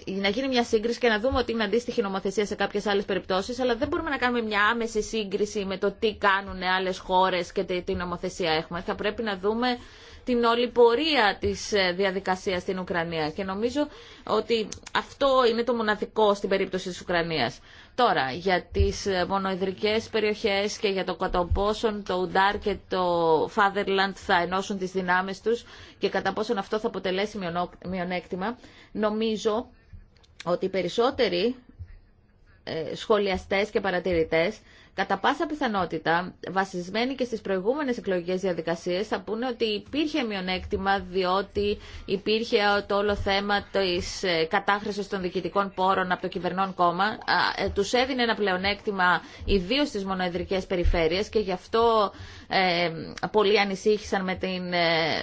ε, να γίνει μια σύγκριση και να δούμε ότι είναι αντίστοιχη νομοθεσία σε κάποιες άλλες περιπτώσεις, αλλά δεν μπορούμε να κάνουμε μια άμεση σύγκριση με το τι κάνουν άλλες χώρες και τι νομοθεσία έχουμε. Θα πρέπει να δούμε την όλη πορεία της ε, διαδικασίας στην Ουκρανία και νομίζω ότι αυτό είναι το μοναδικό στην περίπτωση της Ουκρανίας. Τώρα, για τι ε, μονοιδρικέ περιοχές και για το κατά πόσον το ΟΥΝΤΑΡ και το Φάδερλαντ θα ενώσουν τις δυνάμεις τους και κατά πόσον αυτό θα αποτελέσει μειονέκτημα, νομίζω ότι οι περισσότεροι ε, σχολιαστές και παρατηρητές Κατά πάσα πιθανότητα, βασισμένοι και στις προηγούμενες εκλογικές διαδικασίες, θα πούνε ότι υπήρχε μειονέκτημα διότι υπήρχε το όλο θέμα της ε, κατάχρησης των διοικητικών πόρων από το κυβερνών κόμμα. Ε, τους έδινε ένα πλεονέκτημα ιδίω στις μονοεδρικές περιφέρειες και γι' αυτό ε, πολλοί ανησύχησαν με την ε,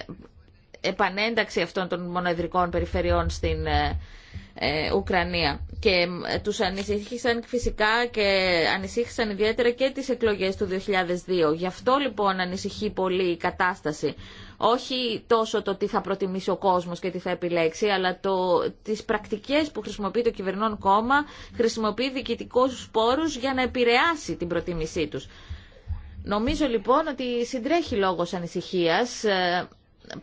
επανένταξη αυτών των μονοεδρικών περιφερειών στην ε, Ουκρανία. Και τους ανησύχησαν φυσικά και ανησύχησαν ιδιαίτερα και τις εκλογές του 2002. Γι' αυτό λοιπόν ανησυχεί πολύ η κατάσταση. Όχι τόσο το τι θα προτιμήσει ο κόσμος και τι θα επιλέξει, αλλά το, τις πρακτικές που χρησιμοποιεί το κυβερνών κόμμα, χρησιμοποιεί διοικητικούς σπόρους για να επηρεάσει την προτιμήσή τους. Νομίζω λοιπόν ότι συντρέχει λόγος ανησυχίας ε,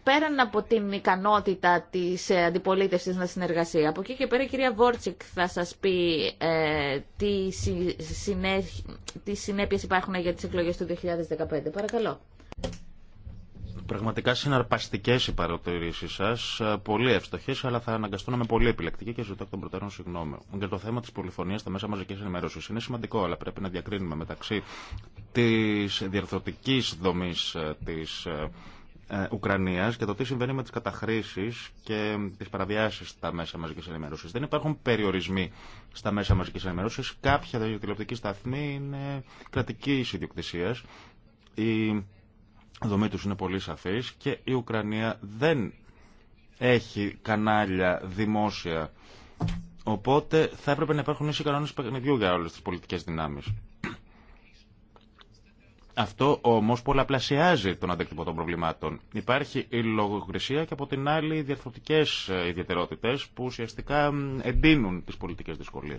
πέραν από την ικανότητα της ε, αντιπολίτευσης να συνεργαστεί. Από εκεί και πέρα η κυρία Βόρτσικ θα σας πει ε, τι, συνέ, τι συνέπειες υπάρχουν για τις εκλογές του 2015. Παρακαλώ. Πραγματικά συναρπαστικέ οι παρατηρήσεις σα, ε, πολύ ευστοχέ, αλλά θα αναγκαστώ να είμαι πολύ επιλεκτική και ζητώ εκ των προτέρων συγγνώμη. Για το θέμα τη πολυφωνία στα μέσα μαζική ενημέρωση. είναι σημαντικό, αλλά πρέπει να διακρίνουμε μεταξύ τη διαρθρωτική δομή, τη. Ε, Ουκρανίας και το τι συμβαίνει με τις καταχρήσει και τις παραβιάσεις στα μέσα μαζικής ενημέρωση. Δεν υπάρχουν περιορισμοί στα μέσα μαζικής ενημέρωση. Κάποια τηλεοπτική σταθμή είναι κρατική ιδιοκτησία. Η δομή του είναι πολύ σαφή και η Ουκρανία δεν έχει κανάλια δημόσια. Οπότε θα έπρεπε να υπάρχουν ίσοι κανόνε παιχνιδιού για όλε τι πολιτικέ δυνάμει. Αυτό όμω πολλαπλασιάζει τον αντίκτυπο των προβλημάτων. Υπάρχει η λογοκρισία και από την άλλη οι διαρθρωτικέ ε, ιδιαιτερότητε που ουσιαστικά εντείνουν τι πολιτικέ δυσκολίε.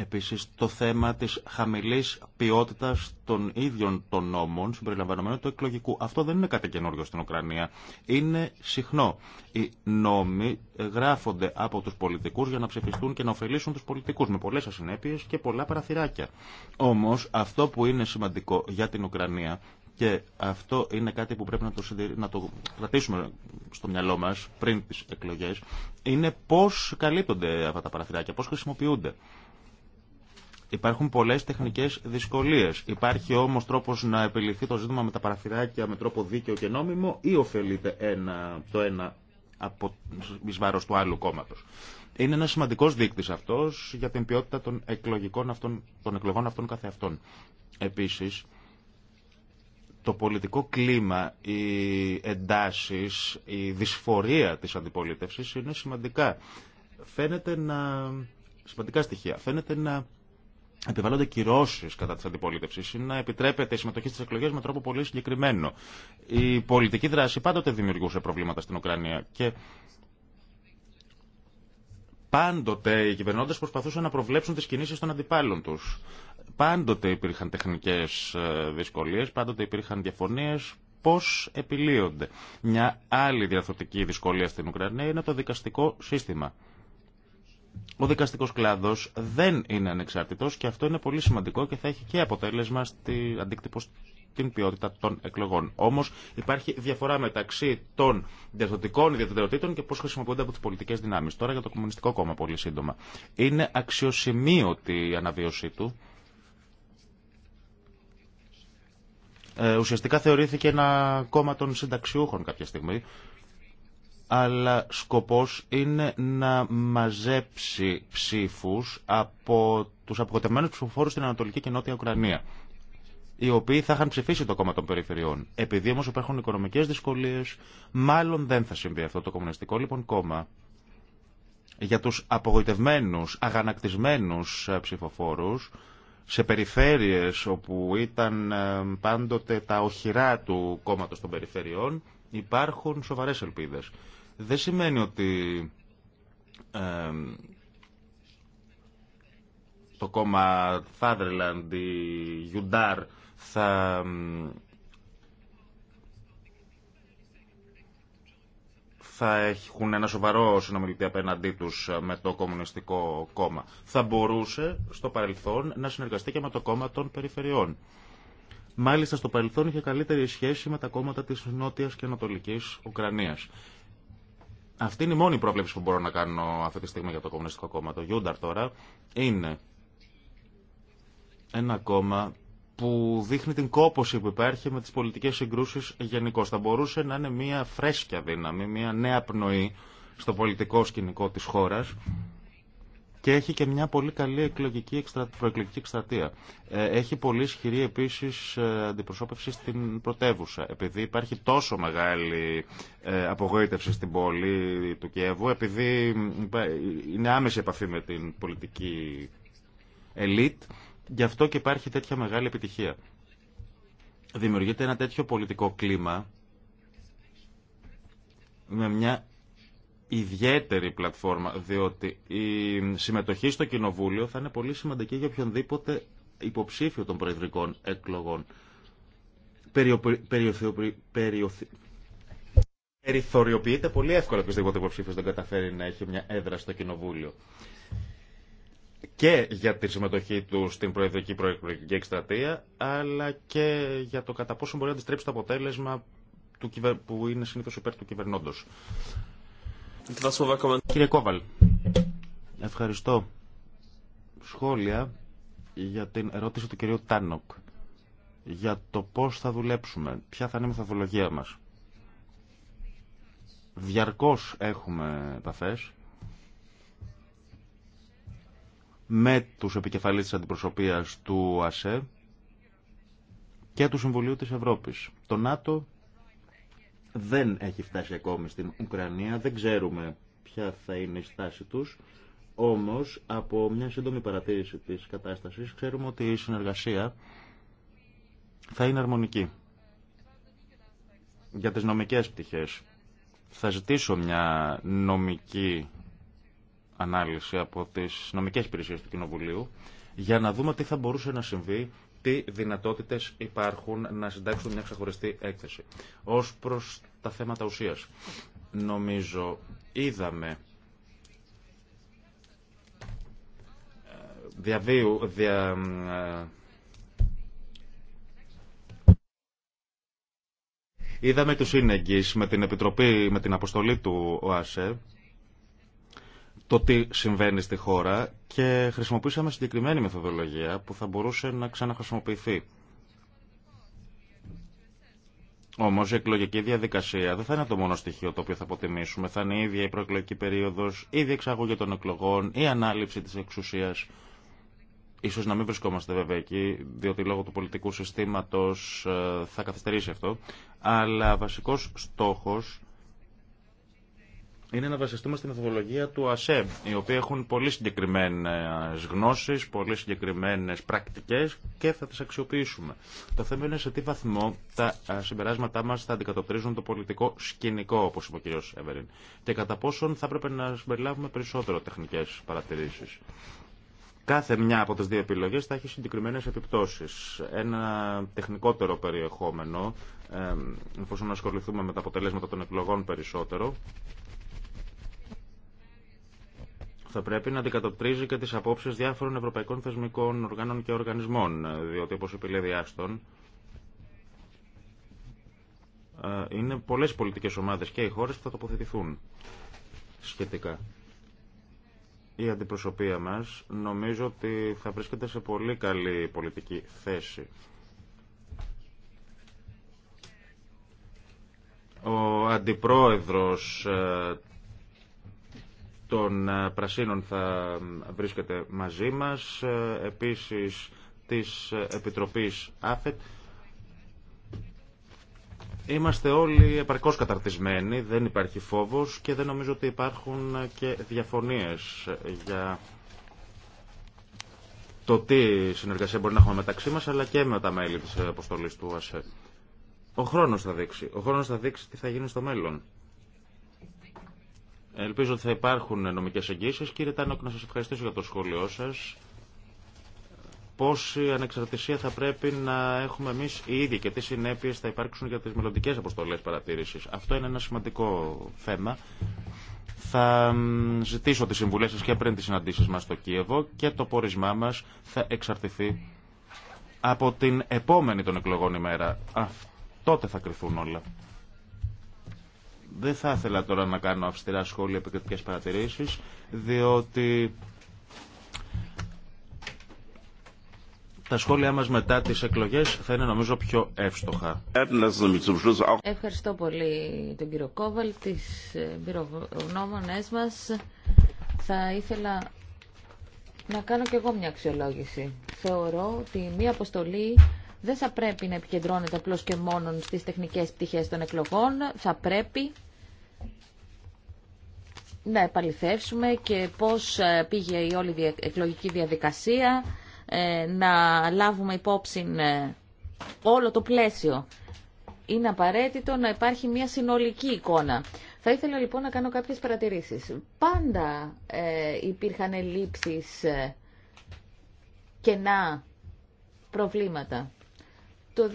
Επίσης το θέμα της χαμηλής ποιότητας των ίδιων των νόμων συμπεριλαμβανομένου του εκλογικού. Αυτό δεν είναι κάτι καινούριο στην Ουκρανία. Είναι συχνό. Οι νόμοι γράφονται από τους πολιτικούς για να ψηφιστούν και να ωφελήσουν τους πολιτικούς με πολλές ασυνέπειες και πολλά παραθυράκια. Όμως αυτό που είναι σημαντικό για την Ουκρανία και αυτό είναι κάτι που πρέπει να το, να κρατήσουμε στο μυαλό μας πριν τις εκλογές, είναι πώς καλύπτονται αυτά τα παραθυράκια, πώς χρησιμοποιούνται. Υπάρχουν πολλέ τεχνικέ δυσκολίε. Υπάρχει όμω τρόπο να επιληθεί το ζήτημα με τα παραθυράκια με τρόπο δίκαιο και νόμιμο ή ωφελείται ένα, το ένα από εις βάρος του άλλου κόμματο. Είναι ένα σημαντικό δείκτη αυτό για την ποιότητα των, εκλογικών αυτών, των εκλογών αυτών καθεαυτών. Επίση, το πολιτικό κλίμα, οι εντάσει, η δυσφορία τη αντιπολίτευση είναι σημαντικά. Φαίνεται να... Σημαντικά στοιχεία. Φαίνεται να επιβάλλονται κυρώσει κατά τη αντιπολίτευση ή να επιτρέπεται η συμμετοχή στι εκλογέ με τρόπο πολύ συγκεκριμένο. Η πολιτική δράση πάντοτε δημιουργούσε προβλήματα στην Ουκρανία και πάντοτε οι κυβερνώντε προσπαθούσαν να προβλέψουν τι κινήσει των αντιπάλων του. Πάντοτε υπήρχαν τεχνικέ ε, δυσκολίε, πάντοτε υπήρχαν διαφωνίε. Πώ επιλύονται. Μια άλλη διαθωτική δυσκολία στην Ουκρανία είναι το δικαστικό σύστημα ο δικαστικό κλάδο δεν είναι ανεξάρτητο και αυτό είναι πολύ σημαντικό και θα έχει και αποτέλεσμα στη αντίκτυπο την ποιότητα των εκλογών. Όμω υπάρχει διαφορά μεταξύ των διαδοτικών ιδιαιτεροτήτων και πώ χρησιμοποιούνται από τι πολιτικέ δυνάμει. Τώρα για το Κομμουνιστικό Κόμμα, πολύ σύντομα. Είναι αξιοσημείωτη η αναβίωσή του. Ε, ουσιαστικά θεωρήθηκε ένα κόμμα των συνταξιούχων κάποια στιγμή αλλά σκοπός είναι να μαζέψει ψήφους από τους αποκοτευμένους ψηφοφόρους στην Ανατολική και Νότια Ουκρανία οι οποίοι θα είχαν ψηφίσει το κόμμα των περιφερειών. Επειδή όμως υπάρχουν οικονομικές δυσκολίες, μάλλον δεν θα συμβεί αυτό το κομμουνιστικό λοιπόν κόμμα. Για τους απογοητευμένους, αγανακτισμένους ε, ψηφοφόρους, σε περιφέρειες όπου ήταν ε, πάντοτε τα οχυρά του κόμματος των περιφερειών, υπάρχουν σοβαρές ελπίδες δεν σημαίνει ότι το κόμμα Φάδρελαντ, η Γιουντάρ, θα θα έχουν ένα σοβαρό συνομιλητή απέναντί του με το Κομμουνιστικό Κόμμα. Θα μπορούσε στο παρελθόν να συνεργαστεί και με το Κόμμα των Περιφερειών. Μάλιστα στο παρελθόν είχε καλύτερη σχέση με τα κόμματα της Νότιας και Ανατολικής Ουκρανίας. Αυτή είναι η μόνη πρόβλεψη που μπορώ να κάνω αυτή τη στιγμή για το Κομμουνιστικό Κόμμα. Το Γιούνταρ τώρα είναι ένα κόμμα που δείχνει την κόπωση που υπάρχει με τις πολιτικές συγκρούσεις γενικώ. Θα μπορούσε να είναι μια φρέσκια δύναμη, μια νέα πνοή στο πολιτικό σκηνικό της χώρας και έχει και μια πολύ καλή εκλογική προεκλογική εκστρατεία. Ε, έχει πολύ ισχυρή επίση ε, αντιπροσώπευση στην πρωτεύουσα. Επειδή υπάρχει τόσο μεγάλη ε, απογοήτευση στην πόλη του Κιέβου, επειδή είναι άμεση επαφή με την πολιτική ελίτ, γι' αυτό και υπάρχει τέτοια μεγάλη επιτυχία. Δημιουργείται ένα τέτοιο πολιτικό κλίμα με μια ιδιαίτερη πλατφόρμα, διότι η συμμετοχή στο Κοινοβούλιο θα είναι πολύ σημαντική για οποιονδήποτε υποψήφιο των προεδρικών εκλογών. Περιθωριοποιείται πολύ εύκολα οποιοδήποτε υποψήφιο δεν καταφέρει να έχει μια έδρα στο Κοινοβούλιο. Και για τη συμμετοχή του στην προεδρική προεκλογική εκστρατεία, αλλά και για το κατά πόσο μπορεί να αντιστρέψει το αποτέλεσμα του, που είναι συνήθω υπέρ του κυβερνώντο. Κύριε Κόβαλ, ευχαριστώ. Σχόλια για την ερώτηση του κυρίου Τάνοκ για το πώς θα δουλέψουμε, ποια θα είναι η μεθοδολογία μας. Διαρκώς έχουμε επαφές με τους επικεφαλείς της αντιπροσωπείας του ΑΣΕ και του Συμβουλίου της Ευρώπης. Το ΝΑΤΟ δεν έχει φτάσει ακόμη στην Ουκρανία, δεν ξέρουμε ποια θα είναι η στάση τους. Όμως, από μια σύντομη παρατήρηση της κατάστασης, ξέρουμε ότι η συνεργασία θα είναι αρμονική. Για τις νομικές πτυχές, θα ζητήσω μια νομική ανάλυση από τις νομικές υπηρεσίες του Κοινοβουλίου για να δούμε τι θα μπορούσε να συμβεί τι δυνατότητες υπάρχουν να συντάξουν μια ξεχωριστή έκθεση. Ως προς τα θέματα ουσίας, νομίζω είδαμε ε, διαβίου, δια, ε, Είδαμε τους σύνεγγυς με την, επιτροπή, με την αποστολή του ΟΑΣΕ το τι συμβαίνει στη χώρα και χρησιμοποίησαμε συγκεκριμένη μεθοδολογία που θα μπορούσε να ξαναχρησιμοποιηθεί. Όμω η εκλογική διαδικασία δεν θα είναι το μόνο στοιχείο το οποίο θα αποτιμήσουμε. Θα είναι η ίδια η προεκλογική περίοδο, η διεξαγωγή των εκλογών, η ανάληψη τη εξουσία. Ίσως να μην βρισκόμαστε βέβαια εκεί, διότι λόγω του πολιτικού συστήματος ε, θα καθυστερήσει αυτό. Αλλά βασικός στόχος είναι να βασιστούμε στη μεθοδολογία του ΑΣΕ, οι οποίοι έχουν πολύ συγκεκριμένε γνώσει, πολύ συγκεκριμένε πρακτικέ και θα τι αξιοποιήσουμε. Το θέμα είναι σε τι βαθμό τα συμπεράσματά μα θα αντικατοπτρίζουν το πολιτικό σκηνικό, όπω είπε ο κ. Εβερίν, και κατά πόσον θα έπρεπε να συμπεριλάβουμε περισσότερο τεχνικέ παρατηρήσει. Κάθε μια από τις δύο επιλογές θα έχει συγκεκριμένες επιπτώσεις. Ένα τεχνικότερο περιεχόμενο, εφόσον ασχοληθούμε με τα αποτελέσματα των εκλογών περισσότερο, θα πρέπει να αντικατοπτρίζει και τις απόψεις διάφορων ευρωπαϊκών θεσμικών οργάνων και οργανισμών, ε, διότι όπως είπε η Άστον, ε, είναι πολλές πολιτικές ομάδες και οι χώρες που θα τοποθετηθούν σχετικά. Η αντιπροσωπεία μας νομίζω ότι θα βρίσκεται σε πολύ καλή πολιτική θέση. Ο αντιπρόεδρος ε, των ε, Πρασίνων θα βρίσκεται μαζί μας, ε, επίσης της ε, Επιτροπής ΑΦΕΤ. Είμαστε όλοι επαρκώς καταρτισμένοι, δεν υπάρχει φόβος και δεν νομίζω ότι υπάρχουν και διαφωνίες για το τι συνεργασία μπορεί να έχουμε μεταξύ μας, αλλά και με τα μέλη της αποστολής του ΑΣΕ. Ο χρόνος θα δείξει. Ο χρόνος θα δείξει τι θα γίνει στο μέλλον. Ελπίζω ότι θα υπάρχουν νομικές εγγύσεις. Κύριε Τάνοκ, να σας ευχαριστήσω για το σχόλιο σας. Πόση ανεξαρτησία θα πρέπει να έχουμε εμείς οι ίδιοι και τι συνέπειες θα υπάρξουν για τις μελλοντικέ αποστολές παρατήρησης. Αυτό είναι ένα σημαντικό θέμα. Θα ζητήσω τις συμβουλές σας και πριν τις συναντήσεις μας στο Κίεβο και το πόρισμά μας θα εξαρτηθεί από την επόμενη των εκλογών ημέρα. Αυτό τότε θα κρυθούν όλα. Δεν θα ήθελα τώρα να κάνω αυστηρά σχόλια επικριτικέ παρατηρήσεις, διότι τα σχόλιά μας μετά τις εκλογές θα είναι νομίζω πιο εύστοχα. Ευχαριστώ πολύ τον κύριο Κόβαλ, τις ε, πυρογνώμονές μας. Θα ήθελα να κάνω κι εγώ μια αξιολόγηση. Θεωρώ ότι μια αποστολή δεν θα πρέπει να επικεντρώνεται απλώς και μόνο στις τεχνικές πτυχές των εκλογών. Θα πρέπει να επαληθεύσουμε και πώς ε, πήγε η όλη εκλογική διαδικασία, ε, να λάβουμε υπόψη ε, όλο το πλαίσιο. Είναι απαραίτητο να υπάρχει μια συνολική εικόνα. Θα ήθελα λοιπόν να κάνω κάποιες παρατηρήσεις. Πάντα υπήρχαν λήψεις, ε, κενά, προβλήματα. Το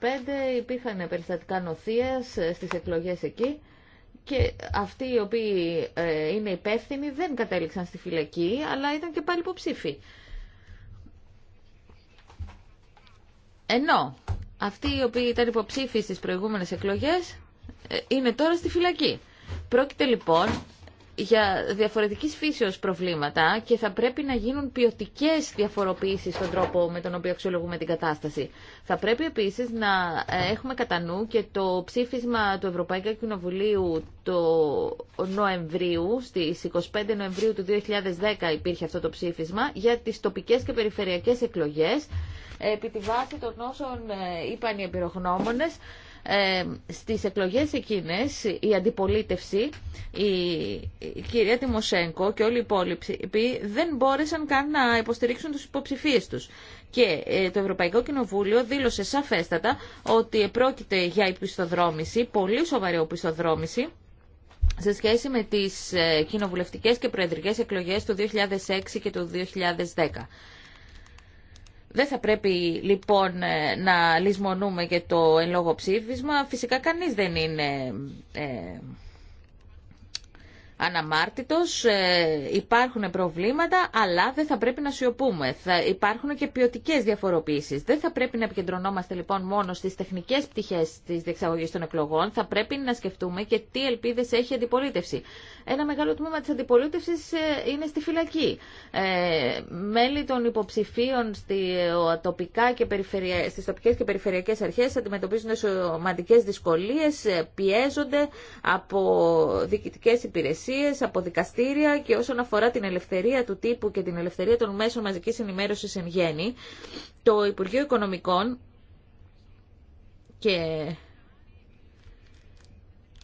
2005 υπήρχαν περιστατικά νοθείας ε, στις εκλογές εκεί και αυτοί οι οποίοι ε, είναι υπεύθυνοι δεν κατέληξαν στη φυλακή, αλλά ήταν και πάλι υποψήφοι. Ενώ αυτοί οι οποίοι ήταν υποψήφοι στις προηγούμενες εκλογές ε, είναι τώρα στη φυλακή. Πρόκειται λοιπόν για διαφορετικής φύσεως προβλήματα και θα πρέπει να γίνουν ποιοτικέ διαφοροποίησεις στον τρόπο με τον οποίο αξιολογούμε την κατάσταση. Θα πρέπει επίσης να ε, έχουμε κατά νου και το ψήφισμα του Ευρωπαϊκού Κοινοβουλίου το Νοεμβρίου, στις 25 Νοεμβρίου του 2010 υπήρχε αυτό το ψήφισμα, για τις τοπικές και περιφερειακές εκλογές ε, επί τη βάση των όσων ε, είπαν οι επιροχνόμονες ε, στις εκλογές εκείνες η αντιπολίτευση, η κυρία Τιμοσέγκο και όλοι οι υπόλοιποι δεν μπόρεσαν καν να υποστηρίξουν τους υποψηφίες τους. Και ε, το Ευρωπαϊκό Κοινοβούλιο δήλωσε σαφέστατα ότι πρόκειται για υπιστοδρόμηση, πολύ σοβαρή οπισθοδρόμηση, σε σχέση με τις ε, κοινοβουλευτικές και προεδρικές εκλογές του 2006 και του 2010. Δεν θα πρέπει λοιπόν ε, να λησμονούμε και το εν λόγω ψήφισμα. Φυσικά κανείς δεν είναι ε, αναμάρτητος, ε, υπάρχουν προβλήματα, αλλά δεν θα πρέπει να σιωπούμε. Θα υπάρχουν και ποιοτικέ διαφοροποίησεις. Δεν θα πρέπει να επικεντρωνόμαστε λοιπόν μόνο στις τεχνικές πτυχές της διεξαγωγής των εκλογών, θα πρέπει να σκεφτούμε και τι ελπίδες έχει η αντιπολίτευση. Ένα μεγάλο τμήμα της αντιπολίτευσης ε, είναι στη φυλακή. Ε, μέλη των υποψηφίων στη, τοπικά και περιφερεια... στις τοπικές και περιφερειακές αρχές αντιμετωπίζουν σωματικές δυσκολίες, πιέζονται από διοικητικές υπηρεσίες υπηρεσίε, από δικαστήρια και όσον αφορά την ελευθερία του τύπου και την ελευθερία των μέσων μαζικής ενημέρωσης εν γέννη, το Υπουργείο Οικονομικών και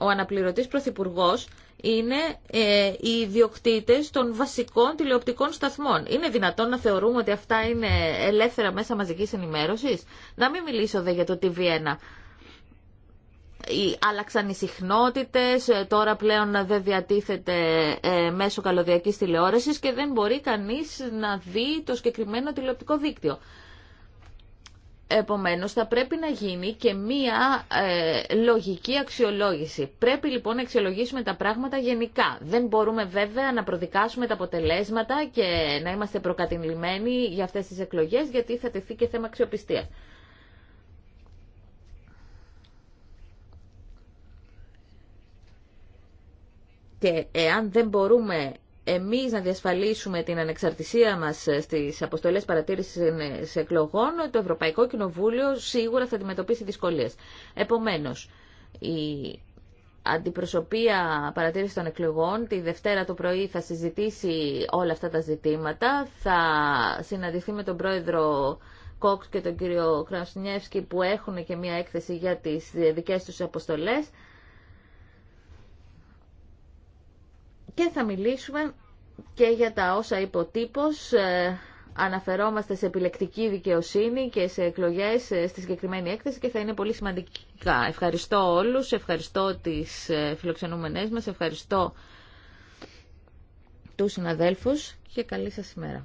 ο αναπληρωτής πρωθυπουργός είναι ε, οι ιδιοκτήτες των βασικών τηλεοπτικών σταθμών. Είναι δυνατόν να θεωρούμε ότι αυτά είναι ελεύθερα μέσα μαζικής ενημέρωσης. Να μην μιλήσω δε για το TV1. Ε, άλλαξαν οι συχνότητες, ε, τώρα πλέον δεν διατίθεται ε, μέσω καλωδιακής τηλεόρασης και δεν μπορεί κανείς να δει το συγκεκριμένο τηλεοπτικό δίκτυο. Επομένως, θα πρέπει να γίνει και μία λογική αξιολόγηση. Πρέπει λοιπόν να αξιολογήσουμε τα πράγματα γενικά. Δεν μπορούμε βέβαια να προδικάσουμε τα αποτελέσματα και να είμαστε προκατηλημένοι για αυτές τις εκλογές, γιατί θα τεθεί και θέμα αξιοπιστίας. Και εάν δεν μπορούμε εμείς να διασφαλίσουμε την ανεξαρτησία μας στις αποστολές παρατήρησης εκλογών, το Ευρωπαϊκό Κοινοβούλιο σίγουρα θα αντιμετωπίσει δυσκολίες. Επομένως, η αντιπροσωπεία παρατήρησης των εκλογών. Τη Δευτέρα το πρωί θα συζητήσει όλα αυτά τα ζητήματα. Θα συναντηθεί με τον πρόεδρο Κόξ και τον κύριο Κρασνιεύσκη που έχουν και μία έκθεση για τις δικές τους αποστολές. και θα μιλήσουμε και για τα όσα είπε ο ε, Αναφερόμαστε σε επιλεκτική δικαιοσύνη και σε εκλογές ε, στη συγκεκριμένη έκθεση και θα είναι πολύ σημαντικά. Ευχαριστώ όλους, ευχαριστώ τις ε, φιλοξενούμενές μας, ευχαριστώ τους συναδέλφους και καλή σας ημέρα.